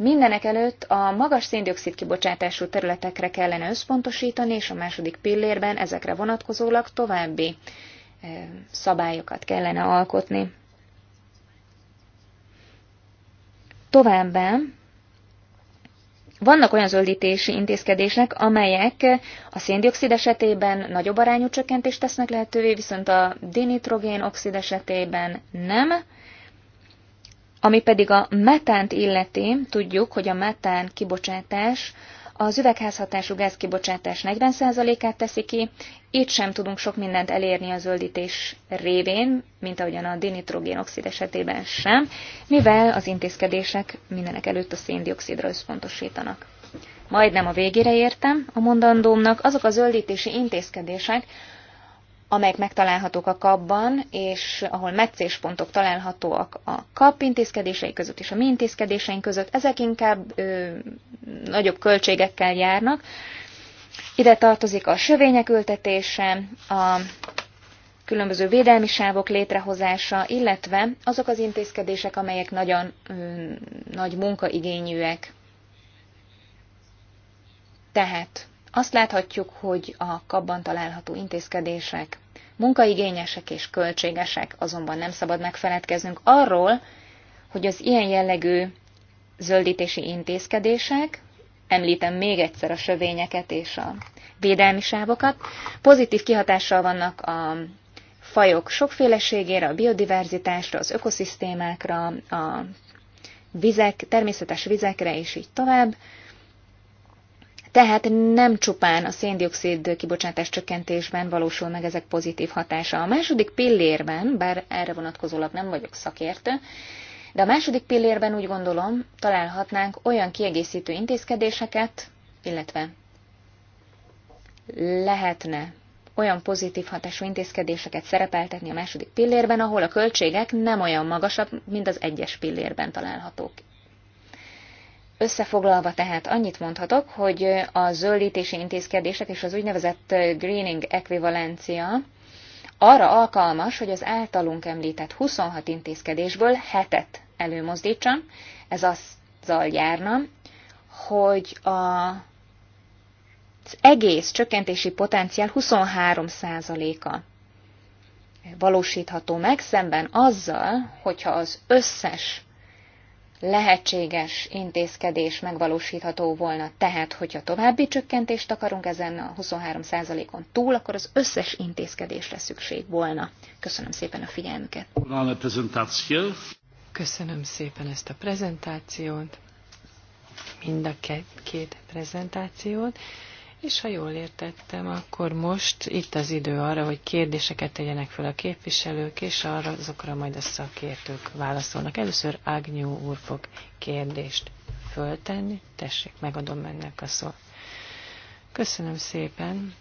Mindenek előtt a magas széndiokszid kibocsátású területekre kellene összpontosítani, és a második pillérben ezekre vonatkozólag további szabályokat kellene alkotni. Továbbá vannak olyan zöldítési intézkedések, amelyek a széndiokszid esetében nagyobb arányú csökkentést tesznek lehetővé, viszont a dinitrogén oxid esetében nem. Ami pedig a metánt illeti, tudjuk, hogy a metán kibocsátás az üvegházhatású gázkibocsátás 40%-át teszi ki, itt sem tudunk sok mindent elérni a zöldítés révén, mint ahogyan a dinitrogénoxid esetében sem, mivel az intézkedések mindenek előtt a széndiokszidra összpontosítanak. Majdnem a végére értem a mondandómnak, azok a zöldítési intézkedések, amelyek megtalálhatók a kapban, és ahol meccéspontok találhatóak a kap intézkedései között és a mi intézkedéseink között, ezek inkább ö, nagyobb költségekkel járnak. Ide tartozik a sövények ültetése, a különböző védelmi sávok létrehozása, illetve azok az intézkedések, amelyek nagyon ö, nagy munkaigényűek. Tehát azt láthatjuk, hogy a kabban található intézkedések munkaigényesek és költségesek, azonban nem szabad megfeledkeznünk arról, hogy az ilyen jellegű zöldítési intézkedések, említem még egyszer a sövényeket és a védelmi sávokat, pozitív kihatással vannak a fajok sokféleségére, a biodiverzitásra, az ökoszisztémákra, a vizek, természetes vizekre és így tovább. Tehát nem csupán a széndiokszid kibocsátás csökkentésben valósul meg ezek pozitív hatása. A második pillérben, bár erre vonatkozólag nem vagyok szakértő, de a második pillérben úgy gondolom, találhatnánk olyan kiegészítő intézkedéseket, illetve lehetne olyan pozitív hatású intézkedéseket szerepeltetni a második pillérben, ahol a költségek nem olyan magasabb, mint az egyes pillérben találhatók Összefoglalva tehát annyit mondhatok, hogy a zöldítési intézkedések és az úgynevezett greening ekvivalencia arra alkalmas, hogy az általunk említett 26 intézkedésből hetet előmozdítsam. Ez azzal járna, hogy a, az egész csökkentési potenciál 23%-a valósítható meg, szemben azzal, hogyha az összes lehetséges intézkedés megvalósítható volna. Tehát, hogyha további csökkentést akarunk ezen a 23%-on túl, akkor az összes intézkedésre szükség volna. Köszönöm szépen a figyelmüket. Köszönöm szépen ezt a prezentációt, mind a két prezentációt. És ha jól értettem, akkor most itt az idő arra, hogy kérdéseket tegyenek fel a képviselők, és arra azokra majd a szakértők válaszolnak. Először Ágnyú úr fog kérdést föltenni. Tessék, megadom ennek a szót. Köszönöm szépen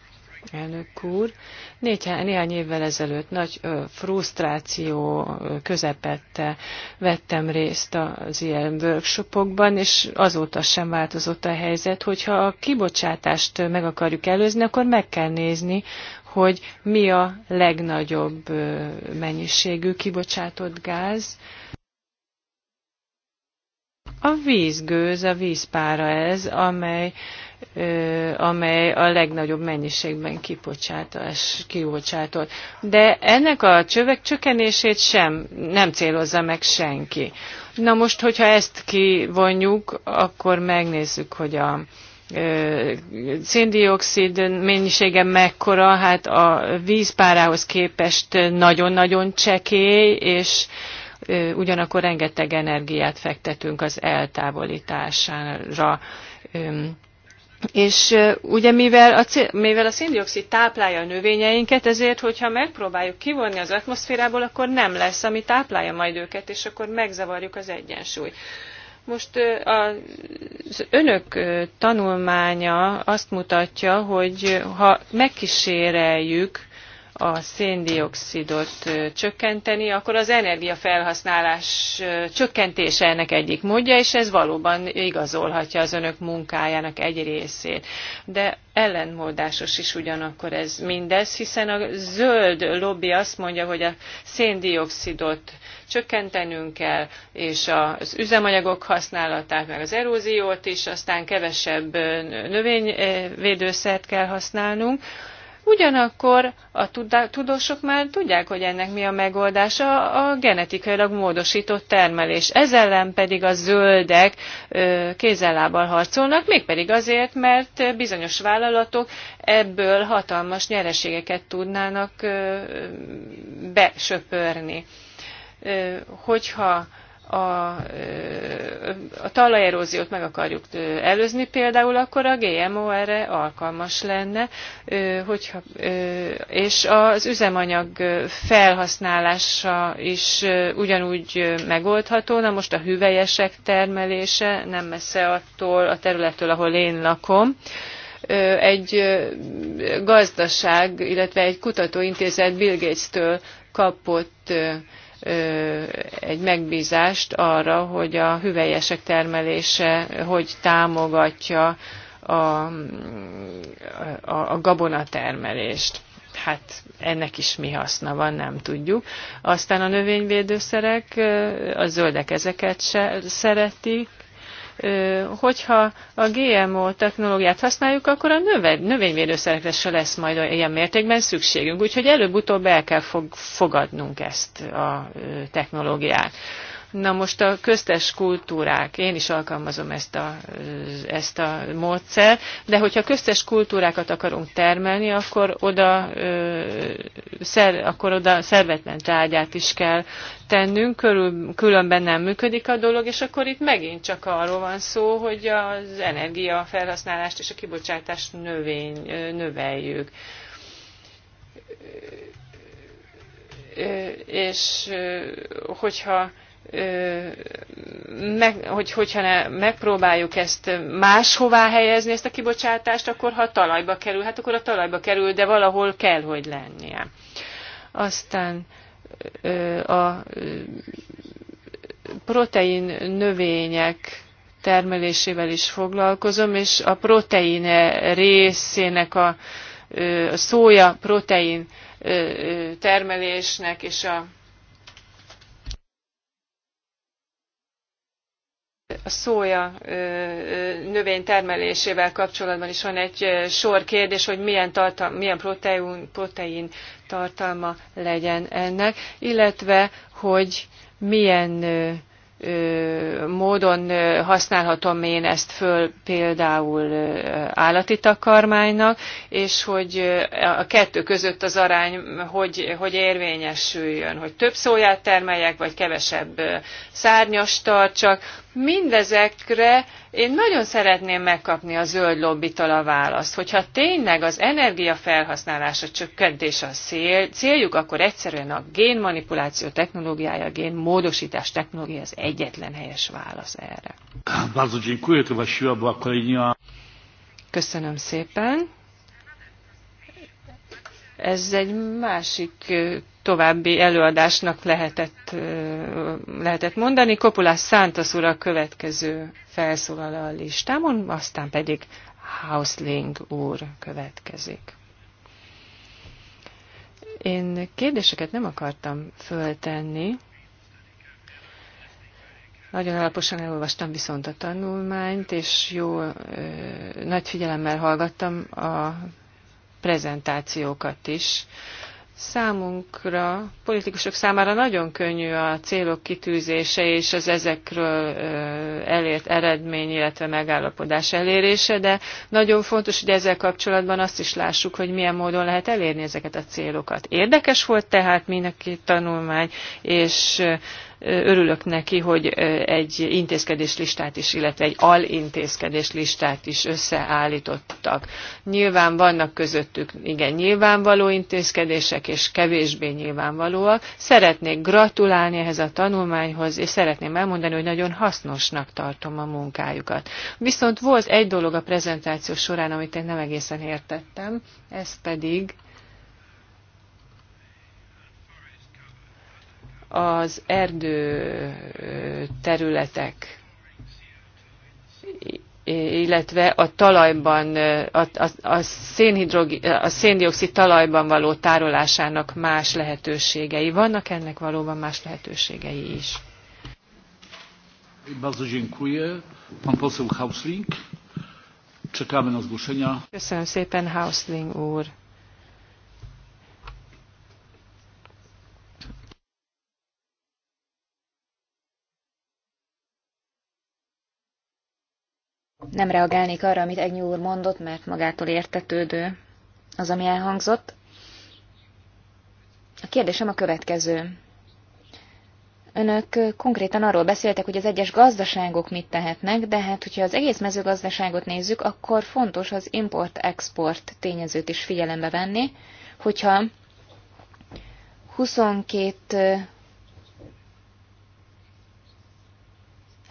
elnök úr. Néhány, néhány évvel ezelőtt nagy ö, frusztráció közepette vettem részt az ilyen workshopokban, és azóta sem változott a helyzet, hogyha a kibocsátást meg akarjuk előzni, akkor meg kell nézni, hogy mi a legnagyobb ö, mennyiségű kibocsátott gáz, a vízgőz, a vízpára ez, amely amely a legnagyobb mennyiségben kibocsátott. De ennek a csövek csökkenését sem nem célozza meg senki. Na most, hogyha ezt kivonjuk, akkor megnézzük, hogy a széndiokszid mennyisége mekkora, hát a vízpárához képest nagyon-nagyon csekély, és ugyanakkor rengeteg energiát fektetünk az eltávolítására és ugye mivel a, mivel a széndiokszid táplálja a növényeinket, ezért, hogyha megpróbáljuk kivonni az atmoszférából, akkor nem lesz, ami táplálja majd őket, és akkor megzavarjuk az egyensúlyt. Most az önök tanulmánya azt mutatja, hogy ha megkíséreljük a széndiokszidot csökkenteni, akkor az energiafelhasználás csökkentése ennek egyik módja, és ez valóban igazolhatja az önök munkájának egy részét. De ellenmódásos is ugyanakkor ez mindez, hiszen a zöld lobby azt mondja, hogy a széndiokszidot csökkentenünk kell, és az üzemanyagok használatát, meg az eróziót is, aztán kevesebb növényvédőszert kell használnunk Ugyanakkor a tudósok már tudják, hogy ennek mi a megoldása, a genetikailag módosított termelés. Ez ellen pedig a zöldek kézzel-lábbal harcolnak, mégpedig azért, mert bizonyos vállalatok ebből hatalmas nyereségeket tudnának besöpörni. Hogyha a, a talajeróziót meg akarjuk előzni például, akkor a GMO erre alkalmas lenne, hogyha, és az üzemanyag felhasználása is ugyanúgy megoldható. Na most a hüvelyesek termelése nem messze attól a területtől, ahol én lakom, egy gazdaság, illetve egy kutatóintézet Bill Gates-től kapott egy megbízást arra, hogy a hüvelyesek termelése hogy támogatja a, a, a gabonatermelést. Hát ennek is mi haszna van, nem tudjuk. Aztán a növényvédőszerek, a zöldek ezeket se szeretik, hogyha a GMO technológiát használjuk, akkor a növényvédőszerekre se lesz majd ilyen mértékben szükségünk, úgyhogy előbb-utóbb el kell fogadnunk ezt a technológiát. Na most a köztes kultúrák, én is alkalmazom ezt a, ezt a módszert, de hogyha köztes kultúrákat akarunk termelni, akkor oda, szer, akkor oda szervetlen tárgyát is kell tennünk, körül, különben nem működik a dolog, és akkor itt megint csak arról van szó, hogy az energiafelhasználást és a kibocsátást növény, növeljük és hogyha meg, hogy, hogyha ne, megpróbáljuk ezt máshová helyezni, ezt a kibocsátást, akkor ha talajba kerül, hát akkor a talajba kerül, de valahol kell, hogy lennie. Aztán a protein növények termelésével is foglalkozom, és a protein részének a, a szója protein termelésnek és a a szója növény termelésével kapcsolatban is van egy sor kérdés, hogy milyen, tartal, milyen protein, protein tartalma legyen ennek, illetve hogy milyen módon használhatom én ezt föl például állati takarmánynak, és hogy a kettő között az arány hogy, hogy érvényesüljön, hogy több szóját termeljek, vagy kevesebb szárnyas tartsak, mindezekre én nagyon szeretném megkapni a zöld lobbitól a választ, hogyha tényleg az energiafelhasználása csökkentés a szél, céljuk, akkor egyszerűen a génmanipuláció technológiája, a génmódosítás technológia az egyetlen helyes válasz erre. Köszönöm szépen. Ez egy másik további előadásnak lehetett, lehetett mondani. Kopulás Szántasz úr a következő felszólal a listámon, aztán pedig Hausling úr következik. Én kérdéseket nem akartam föltenni. Nagyon alaposan elolvastam viszont a tanulmányt, és jó, ö, nagy figyelemmel hallgattam a prezentációkat is. Számunkra, politikusok számára nagyon könnyű a célok kitűzése és az ezekről elért eredmény, illetve megállapodás elérése, de nagyon fontos, hogy ezzel kapcsolatban azt is lássuk, hogy milyen módon lehet elérni ezeket a célokat. Érdekes volt tehát mindenki tanulmány, és örülök neki, hogy egy intézkedéslistát is, illetve egy alintézkedéslistát is összeállítottak. Nyilván vannak közöttük igen nyilvánvaló intézkedések, és kevésbé nyilvánvalóak. Szeretnék gratulálni ehhez a tanulmányhoz, és szeretném elmondani, hogy nagyon hasznosnak tartom a munkájukat. Viszont volt egy dolog a prezentáció során, amit én nem egészen értettem, ez pedig az erdő területek, illetve a talajban, a, a, a, a széndiokszid talajban való tárolásának más lehetőségei. Vannak ennek valóban más lehetőségei is. Bardzo dziękuję. Pan poseł Hausling. Czekamy na zgłoszenia. Köszönöm szépen, Hausling úr. Nem reagálnék arra, amit Egnyi úr mondott, mert magától értetődő az, ami elhangzott. A kérdésem a következő. Önök konkrétan arról beszéltek, hogy az egyes gazdaságok mit tehetnek, de hát, hogyha az egész mezőgazdaságot nézzük, akkor fontos az import-export tényezőt is figyelembe venni, hogyha 22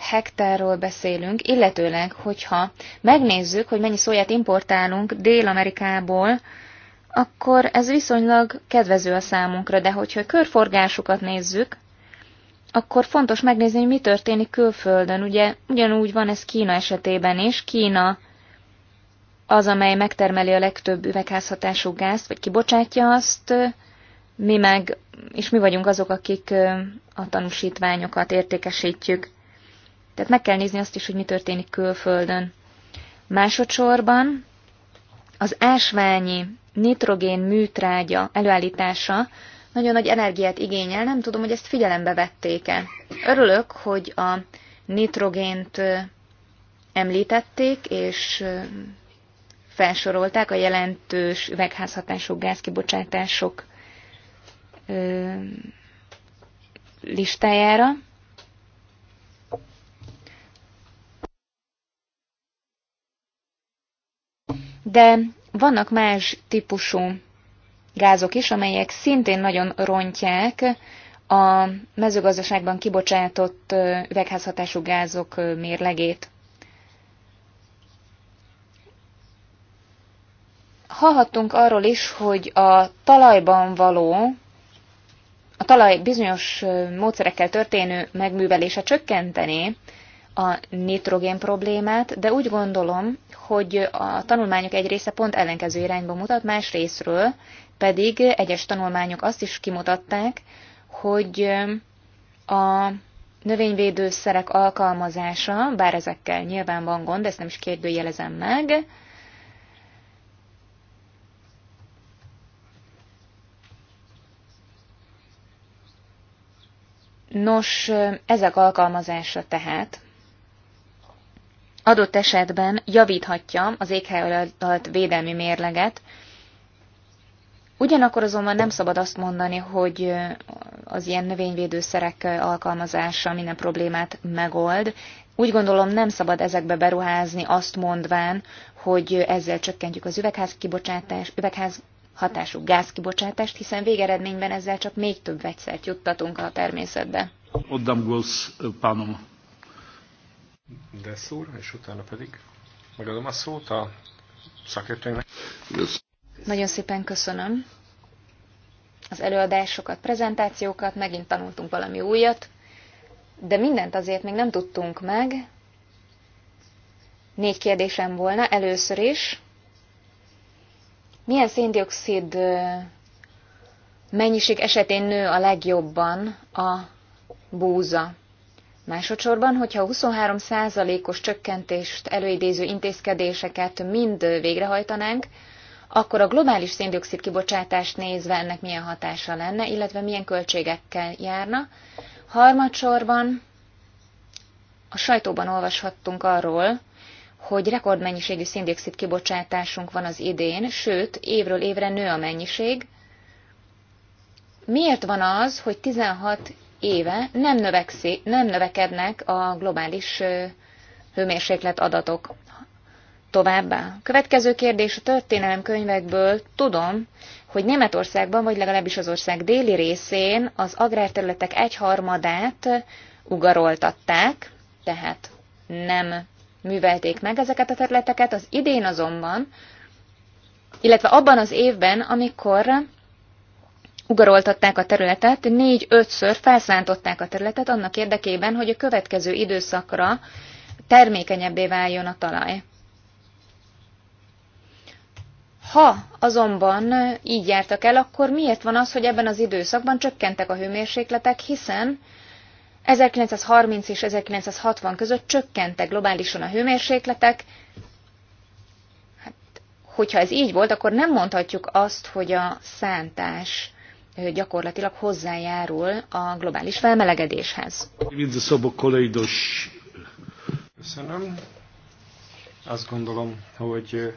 hektárról beszélünk, illetőleg, hogyha megnézzük, hogy mennyi szóját importálunk Dél-Amerikából, akkor ez viszonylag kedvező a számunkra, de hogyha körforgásukat nézzük, akkor fontos megnézni, hogy mi történik külföldön. Ugye ugyanúgy van ez Kína esetében is. Kína az, amely megtermeli a legtöbb üvegházhatású gázt, vagy kibocsátja azt, mi meg, és mi vagyunk azok, akik a tanúsítványokat értékesítjük. Tehát meg kell nézni azt is, hogy mi történik külföldön. Másodszorban az ásványi nitrogén műtrágya előállítása nagyon nagy energiát igényel, nem tudom, hogy ezt figyelembe vették-e. Örülök, hogy a nitrogént említették, és felsorolták a jelentős üvegházhatású gázkibocsátások listájára. de vannak más típusú gázok is, amelyek szintén nagyon rontják a mezőgazdaságban kibocsátott üvegházhatású gázok mérlegét. Hallhattunk arról is, hogy a talajban való, a talaj bizonyos módszerekkel történő megművelése csökkenteni a nitrogén problémát, de úgy gondolom, hogy a tanulmányok egy része pont ellenkező irányba mutat, más részről pedig egyes tanulmányok azt is kimutatták, hogy um, a növényvédőszerek alkalmazása, bár ezekkel nyilván van gond, ezt nem is kérdőjelezem meg, Nos, um, ezek alkalmazása tehát adott esetben javíthatja az éghajlat védelmi mérleget, Ugyanakkor azonban nem szabad azt mondani, hogy az ilyen növényvédőszerek alkalmazása minden problémát megold. Úgy gondolom nem szabad ezekbe beruházni azt mondván, hogy ezzel csökkentjük az üvegház, kibocsátás, üvegház hatású gázkibocsátást, hiszen végeredményben ezzel csak még több vegyszert juttatunk a természetbe. Oddam głos panom. Dessúr, és utána pedig megadom a szót a szakértőnek. Nagyon szépen köszönöm az előadásokat, prezentációkat, megint tanultunk valami újat, de mindent azért még nem tudtunk meg. Négy kérdésem volna először is. Milyen széndiokszid mennyiség esetén nő a legjobban a búza? Másodszorban, hogyha a 23 százalékos csökkentést előidéző intézkedéseket mind végrehajtanánk, akkor a globális széndiokszid kibocsátást nézve ennek milyen hatása lenne, illetve milyen költségekkel járna. Harmadsorban a sajtóban olvashattunk arról, hogy rekordmennyiségű széndiokszid kibocsátásunk van az idén, sőt, évről évre nő a mennyiség. Miért van az, hogy 16 éve nem, növekszi, nem növekednek a globális hőmérséklet adatok. Továbbá. Következő kérdés a könyvekből. Tudom, hogy Németországban, vagy legalábbis az ország déli részén az agrárterületek egyharmadát ugaroltatták, tehát nem művelték meg ezeket a területeket. Az idén azonban, illetve abban az évben, amikor ugaroltatták a területet, négy-ötször felszántották a területet annak érdekében, hogy a következő időszakra termékenyebbé váljon a talaj. Ha azonban így jártak el, akkor miért van az, hogy ebben az időszakban csökkentek a hőmérsékletek, hiszen 1930 és 1960 között csökkentek globálisan a hőmérsékletek. Hát, hogyha ez így volt, akkor nem mondhatjuk azt, hogy a szántás gyakorlatilag hozzájárul a globális felmelegedéshez. Köszönöm. Azt gondolom, hogy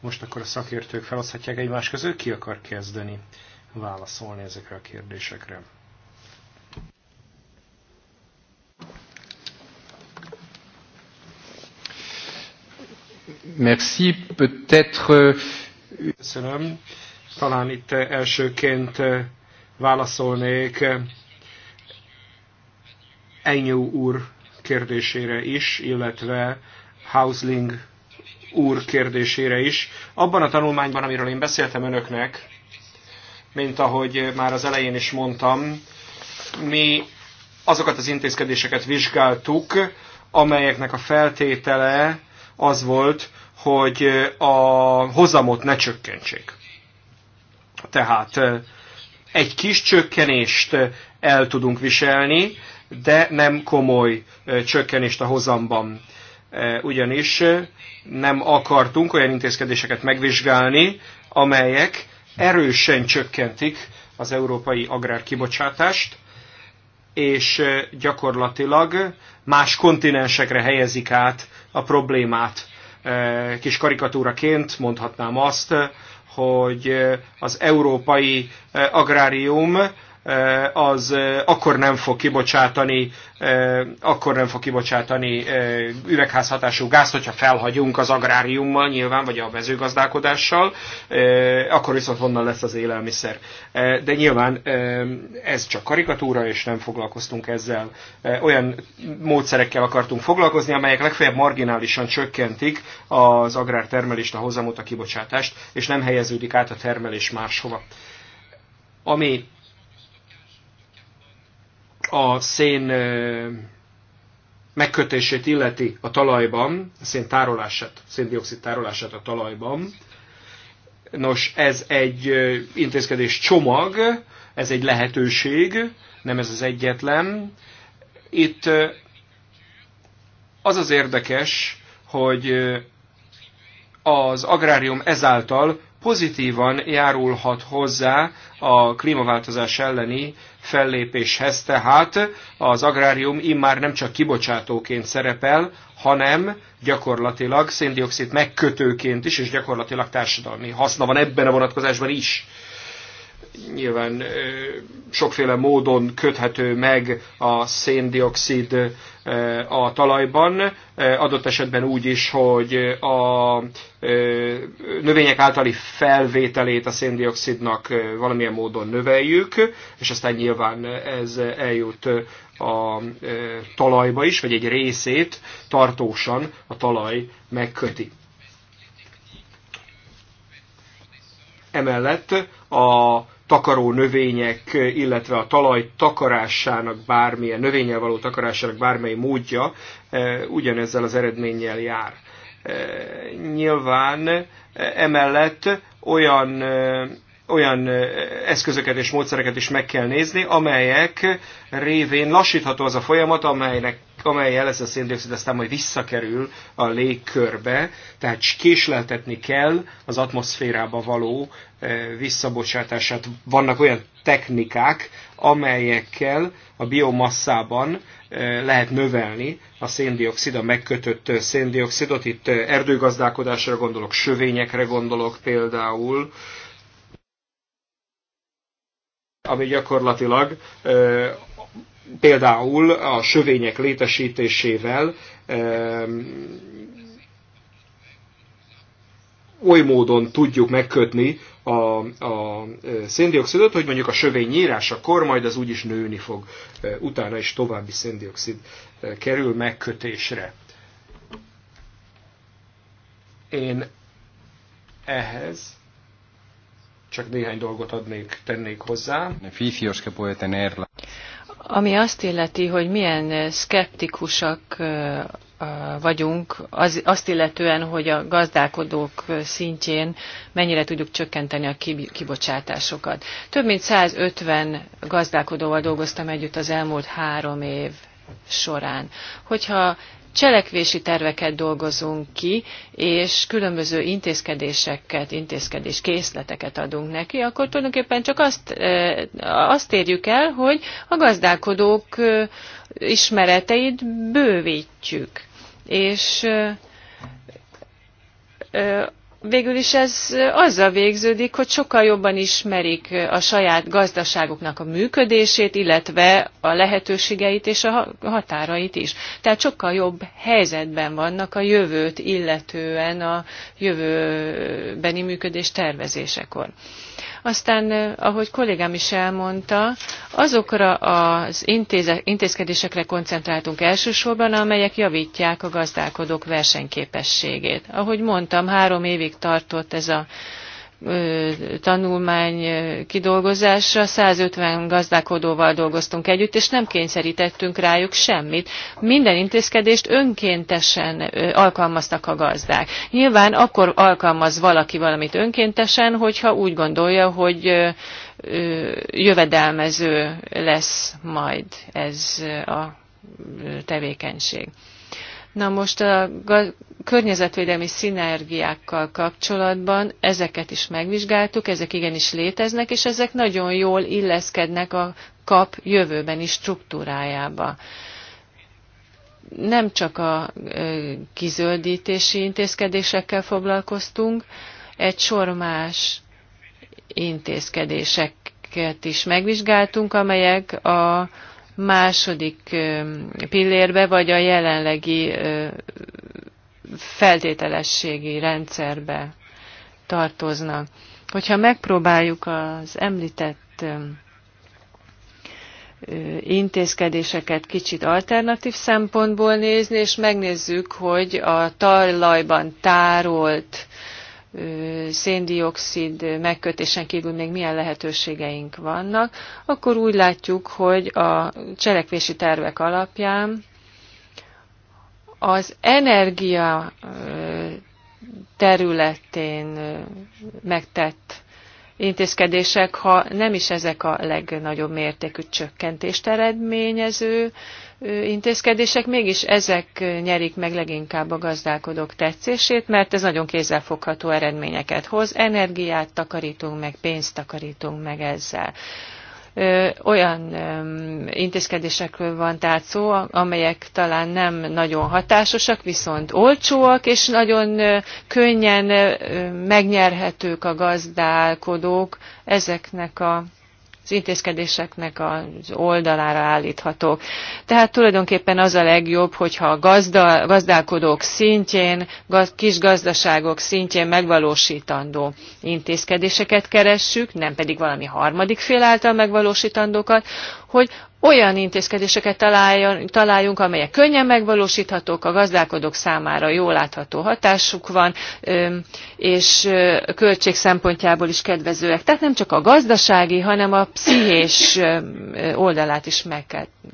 most akkor a szakértők feloszthatják egymás között, ki akar kezdeni válaszolni ezekre a kérdésekre. Merci, peut-être... Euh, Köszönöm. Talán itt elsőként eh, válaszolnék eh, Enyú úr kérdésére is, illetve Hausling úr kérdésére is. Abban a tanulmányban, amiről én beszéltem önöknek, mint ahogy már az elején is mondtam, mi azokat az intézkedéseket vizsgáltuk, amelyeknek a feltétele az volt, hogy a hozamot ne csökkentsék. Tehát egy kis csökkenést el tudunk viselni, de nem komoly csökkenést a hozamban. Ugyanis nem akartunk olyan intézkedéseket megvizsgálni, amelyek erősen csökkentik az európai agrárkibocsátást, és gyakorlatilag más kontinensekre helyezik át a problémát. Kis karikatúraként mondhatnám azt, hogy eh, az európai eh, agrárium Eh, az eh, akkor nem fog kibocsátani, eh, akkor nem fog kibocsátani üvegházhatású gázt, hogyha felhagyunk az agráriummal nyilván, vagy a mezőgazdálkodással, akkor viszont honnan lesz az élelmiszer. De nyilván ez csak karikatúra, és nem foglalkoztunk ezzel. Olyan módszerekkel akartunk foglalkozni, amelyek legfeljebb marginálisan csökkentik az agrártermelést, a hozamot, a kibocsátást, és nem helyeződik át a termelés máshova. Ami a szén megkötését illeti a talajban, a szén tárolását, széndiokszid tárolását a talajban. Nos, ez egy intézkedés csomag, ez egy lehetőség, nem ez az egyetlen. Itt az az érdekes, hogy az agrárium ezáltal pozitívan járulhat hozzá a klímaváltozás elleni fellépéshez, tehát az agrárium immár nem csak kibocsátóként szerepel, hanem gyakorlatilag széndiokszid megkötőként is, és gyakorlatilag társadalmi haszna van ebben a vonatkozásban is nyilván sokféle módon köthető meg a széndiokszid a talajban, eh, adott esetben úgy is, hogy a eh, növények általi felvételét a széndiokszidnak eh, valamilyen módon növeljük, és aztán nyilván ez eljut a talajba is, vagy egy részét tartósan a talaj megköti. Emellett a takaró növények, illetve a talaj takarásának bármilyen, növényel való takarásának bármely módja eh, ugyanezzel az eredménnyel jár. Eh, nyilván eh, emellett olyan olyan eszközöket és módszereket is meg kell nézni, amelyek révén lassítható az a folyamat, amelynek, amelyel ez a széndiokszid aztán majd visszakerül a légkörbe, tehát késleltetni kell az atmoszférába való visszabocsátását. Vannak olyan technikák, amelyekkel a biomasszában lehet növelni a széndiokszid, a megkötött széndiokszidot. Itt erdőgazdálkodásra gondolok, sövényekre gondolok például, ami gyakorlatilag például a sövények létesítésével oly módon tudjuk megkötni a, a széndiokszidot, hogy mondjuk a sövény nyírásakor majd az úgyis nőni fog, utána is további széndiokszid kerül megkötésre. Én ehhez csak néhány dolgot adnék, tennék hozzá. Ami azt illeti, hogy milyen szkeptikusak vagyunk, az, azt illetően, hogy a gazdálkodók szintjén mennyire tudjuk csökkenteni a kibocsátásokat. Több mint 150 gazdálkodóval dolgoztam együtt az elmúlt három év során. Hogyha Cselekvési terveket dolgozunk ki, és különböző intézkedéseket, intézkedés készleteket adunk neki, akkor tulajdonképpen csak azt, azt érjük el, hogy a gazdálkodók ismereteit bővítjük. És végül is ez azzal végződik, hogy sokkal jobban ismerik a saját gazdaságuknak a működését, illetve a lehetőségeit és a határait is. Tehát sokkal jobb helyzetben vannak a jövőt illetően a jövőbeni működés tervezésekor. Aztán, ahogy kollégám is elmondta, azokra az intéze, intézkedésekre koncentráltunk elsősorban, amelyek javítják a gazdálkodók versenyképességét. Ahogy mondtam, három évig tartott ez a tanulmány kidolgozásra 150 gazdálkodóval dolgoztunk együtt, és nem kényszerítettünk rájuk semmit. Minden intézkedést önkéntesen alkalmaztak a gazdák. Nyilván akkor alkalmaz valaki valamit önkéntesen, hogyha úgy gondolja, hogy jövedelmező lesz majd ez a tevékenység. Na most a környezetvédelmi szinergiákkal kapcsolatban ezeket is megvizsgáltuk, ezek igenis léteznek, és ezek nagyon jól illeszkednek a kap jövőbeni struktúrájába nem csak a kizöldítési intézkedésekkel foglalkoztunk, egy sor más intézkedéseket is megvizsgáltunk, amelyek a második pillérbe, vagy a jelenlegi feltételességi rendszerbe tartoznak. Hogyha megpróbáljuk az említett intézkedéseket kicsit alternatív szempontból nézni, és megnézzük, hogy a talajban tárolt széndiokszid megkötésen kívül még milyen lehetőségeink vannak, akkor úgy látjuk, hogy a cselekvési tervek alapján az energia területén megtett intézkedések, ha nem is ezek a legnagyobb mértékű csökkentést eredményező intézkedések, mégis ezek nyerik meg leginkább a gazdálkodók tetszését, mert ez nagyon kézzelfogható eredményeket hoz. Energiát takarítunk meg, pénzt takarítunk meg ezzel olyan intézkedésekről van tehát szó, amelyek talán nem nagyon hatásosak, viszont olcsóak, és nagyon könnyen megnyerhetők a gazdálkodók ezeknek a az intézkedéseknek az oldalára állíthatók. Tehát tulajdonképpen az a legjobb, hogyha a gazda, gazdálkodók szintjén, gaz, kis gazdaságok szintjén megvalósítandó intézkedéseket keressük, nem pedig valami harmadik fél által megvalósítandókat, hogy olyan intézkedéseket találjunk, amelyek könnyen megvalósíthatók, a gazdálkodók számára jól látható hatásuk van, és költség szempontjából is kedvezőek. Tehát nem csak a gazdasági, hanem a pszichés oldalát is meg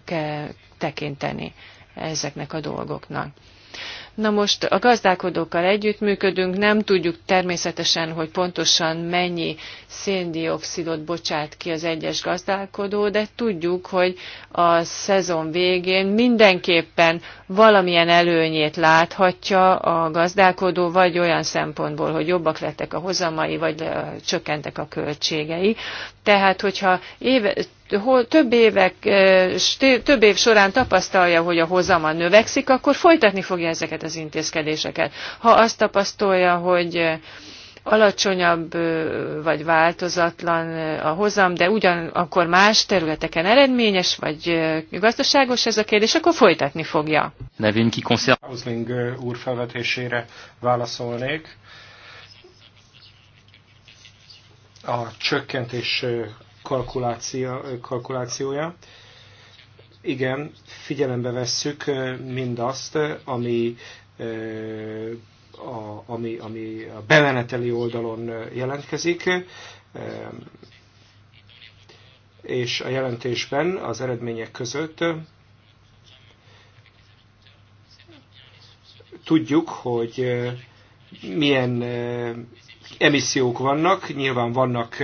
kell tekinteni ezeknek a dolgoknak. Na most a gazdálkodókkal együttműködünk, nem tudjuk természetesen, hogy pontosan mennyi széndiokszidot bocsát ki az egyes gazdálkodó, de tudjuk, hogy a szezon végén mindenképpen valamilyen előnyét láthatja a gazdálkodó, vagy olyan szempontból, hogy jobbak lettek a hozamai, vagy csökkentek a költségei. Tehát, hogyha éve, több, évek, több év során tapasztalja, hogy a hozama növekszik, akkor folytatni fogja ezeket az intézkedéseket. Ha azt tapasztalja, hogy alacsonyabb vagy változatlan a hozam, de ugyanakkor más területeken eredményes vagy gazdaságos ez a kérdés, akkor folytatni fogja. Nevén ki Housling úr felvetésére válaszolnék. A csökkentés kalkuláció, kalkulációja. Igen, figyelembe vesszük mindazt, ami a, ami, ami a bemeneteli oldalon jelentkezik, és a jelentésben az eredmények között tudjuk, hogy milyen emissziók vannak, nyilván vannak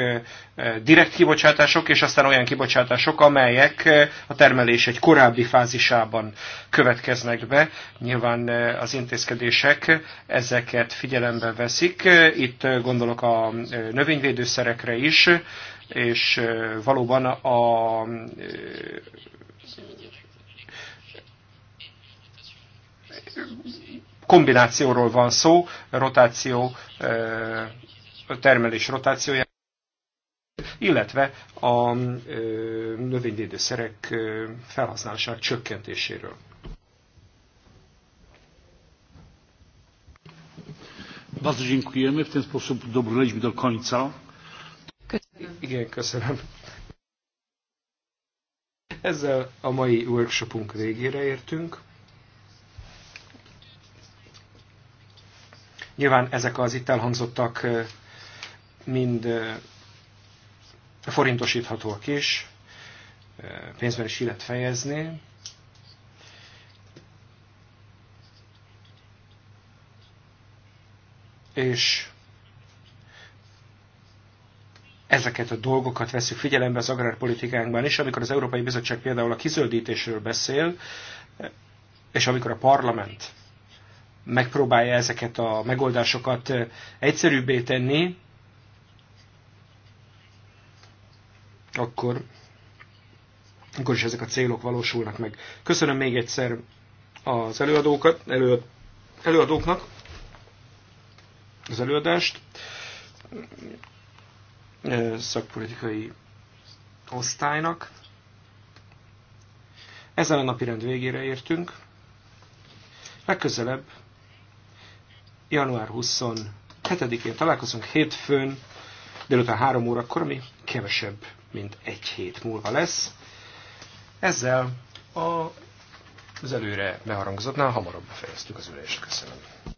direkt kibocsátások, és aztán olyan kibocsátások, amelyek a termelés egy korábbi fázisában következnek be. Nyilván az intézkedések ezeket figyelembe veszik. Itt gondolok a növényvédőszerekre is, és valóban a kombinációról van szó, rotáció, termelés rotációja, illetve a növényvédőszerek felhasználásának csökkentéséről. Bardzo dziękujemy. W ten sposób dobrnęliśmy do końca. Igen, köszönöm. Ezzel a mai workshopunk végére értünk. Nyilván ezek az itt elhangzottak mind forintosíthatóak is, pénzben is illet fejezni. És ezeket a dolgokat veszük figyelembe az agrárpolitikánkban is, amikor az Európai Bizottság például a kizöldítésről beszél, és amikor a parlament megpróbálja ezeket a megoldásokat egyszerűbbé tenni, akkor, akkor is ezek a célok valósulnak meg. Köszönöm még egyszer az előadókat, elő, előadóknak az előadást. Szakpolitikai osztálynak. Ezen a napi rend végére értünk. Legközelebb január 27-én találkozunk hétfőn, délután 3 órakor, ami kevesebb, mint egy hét múlva lesz. Ezzel a, az előre beharangozottnál hamarabb befejeztük az ülést. Köszönöm.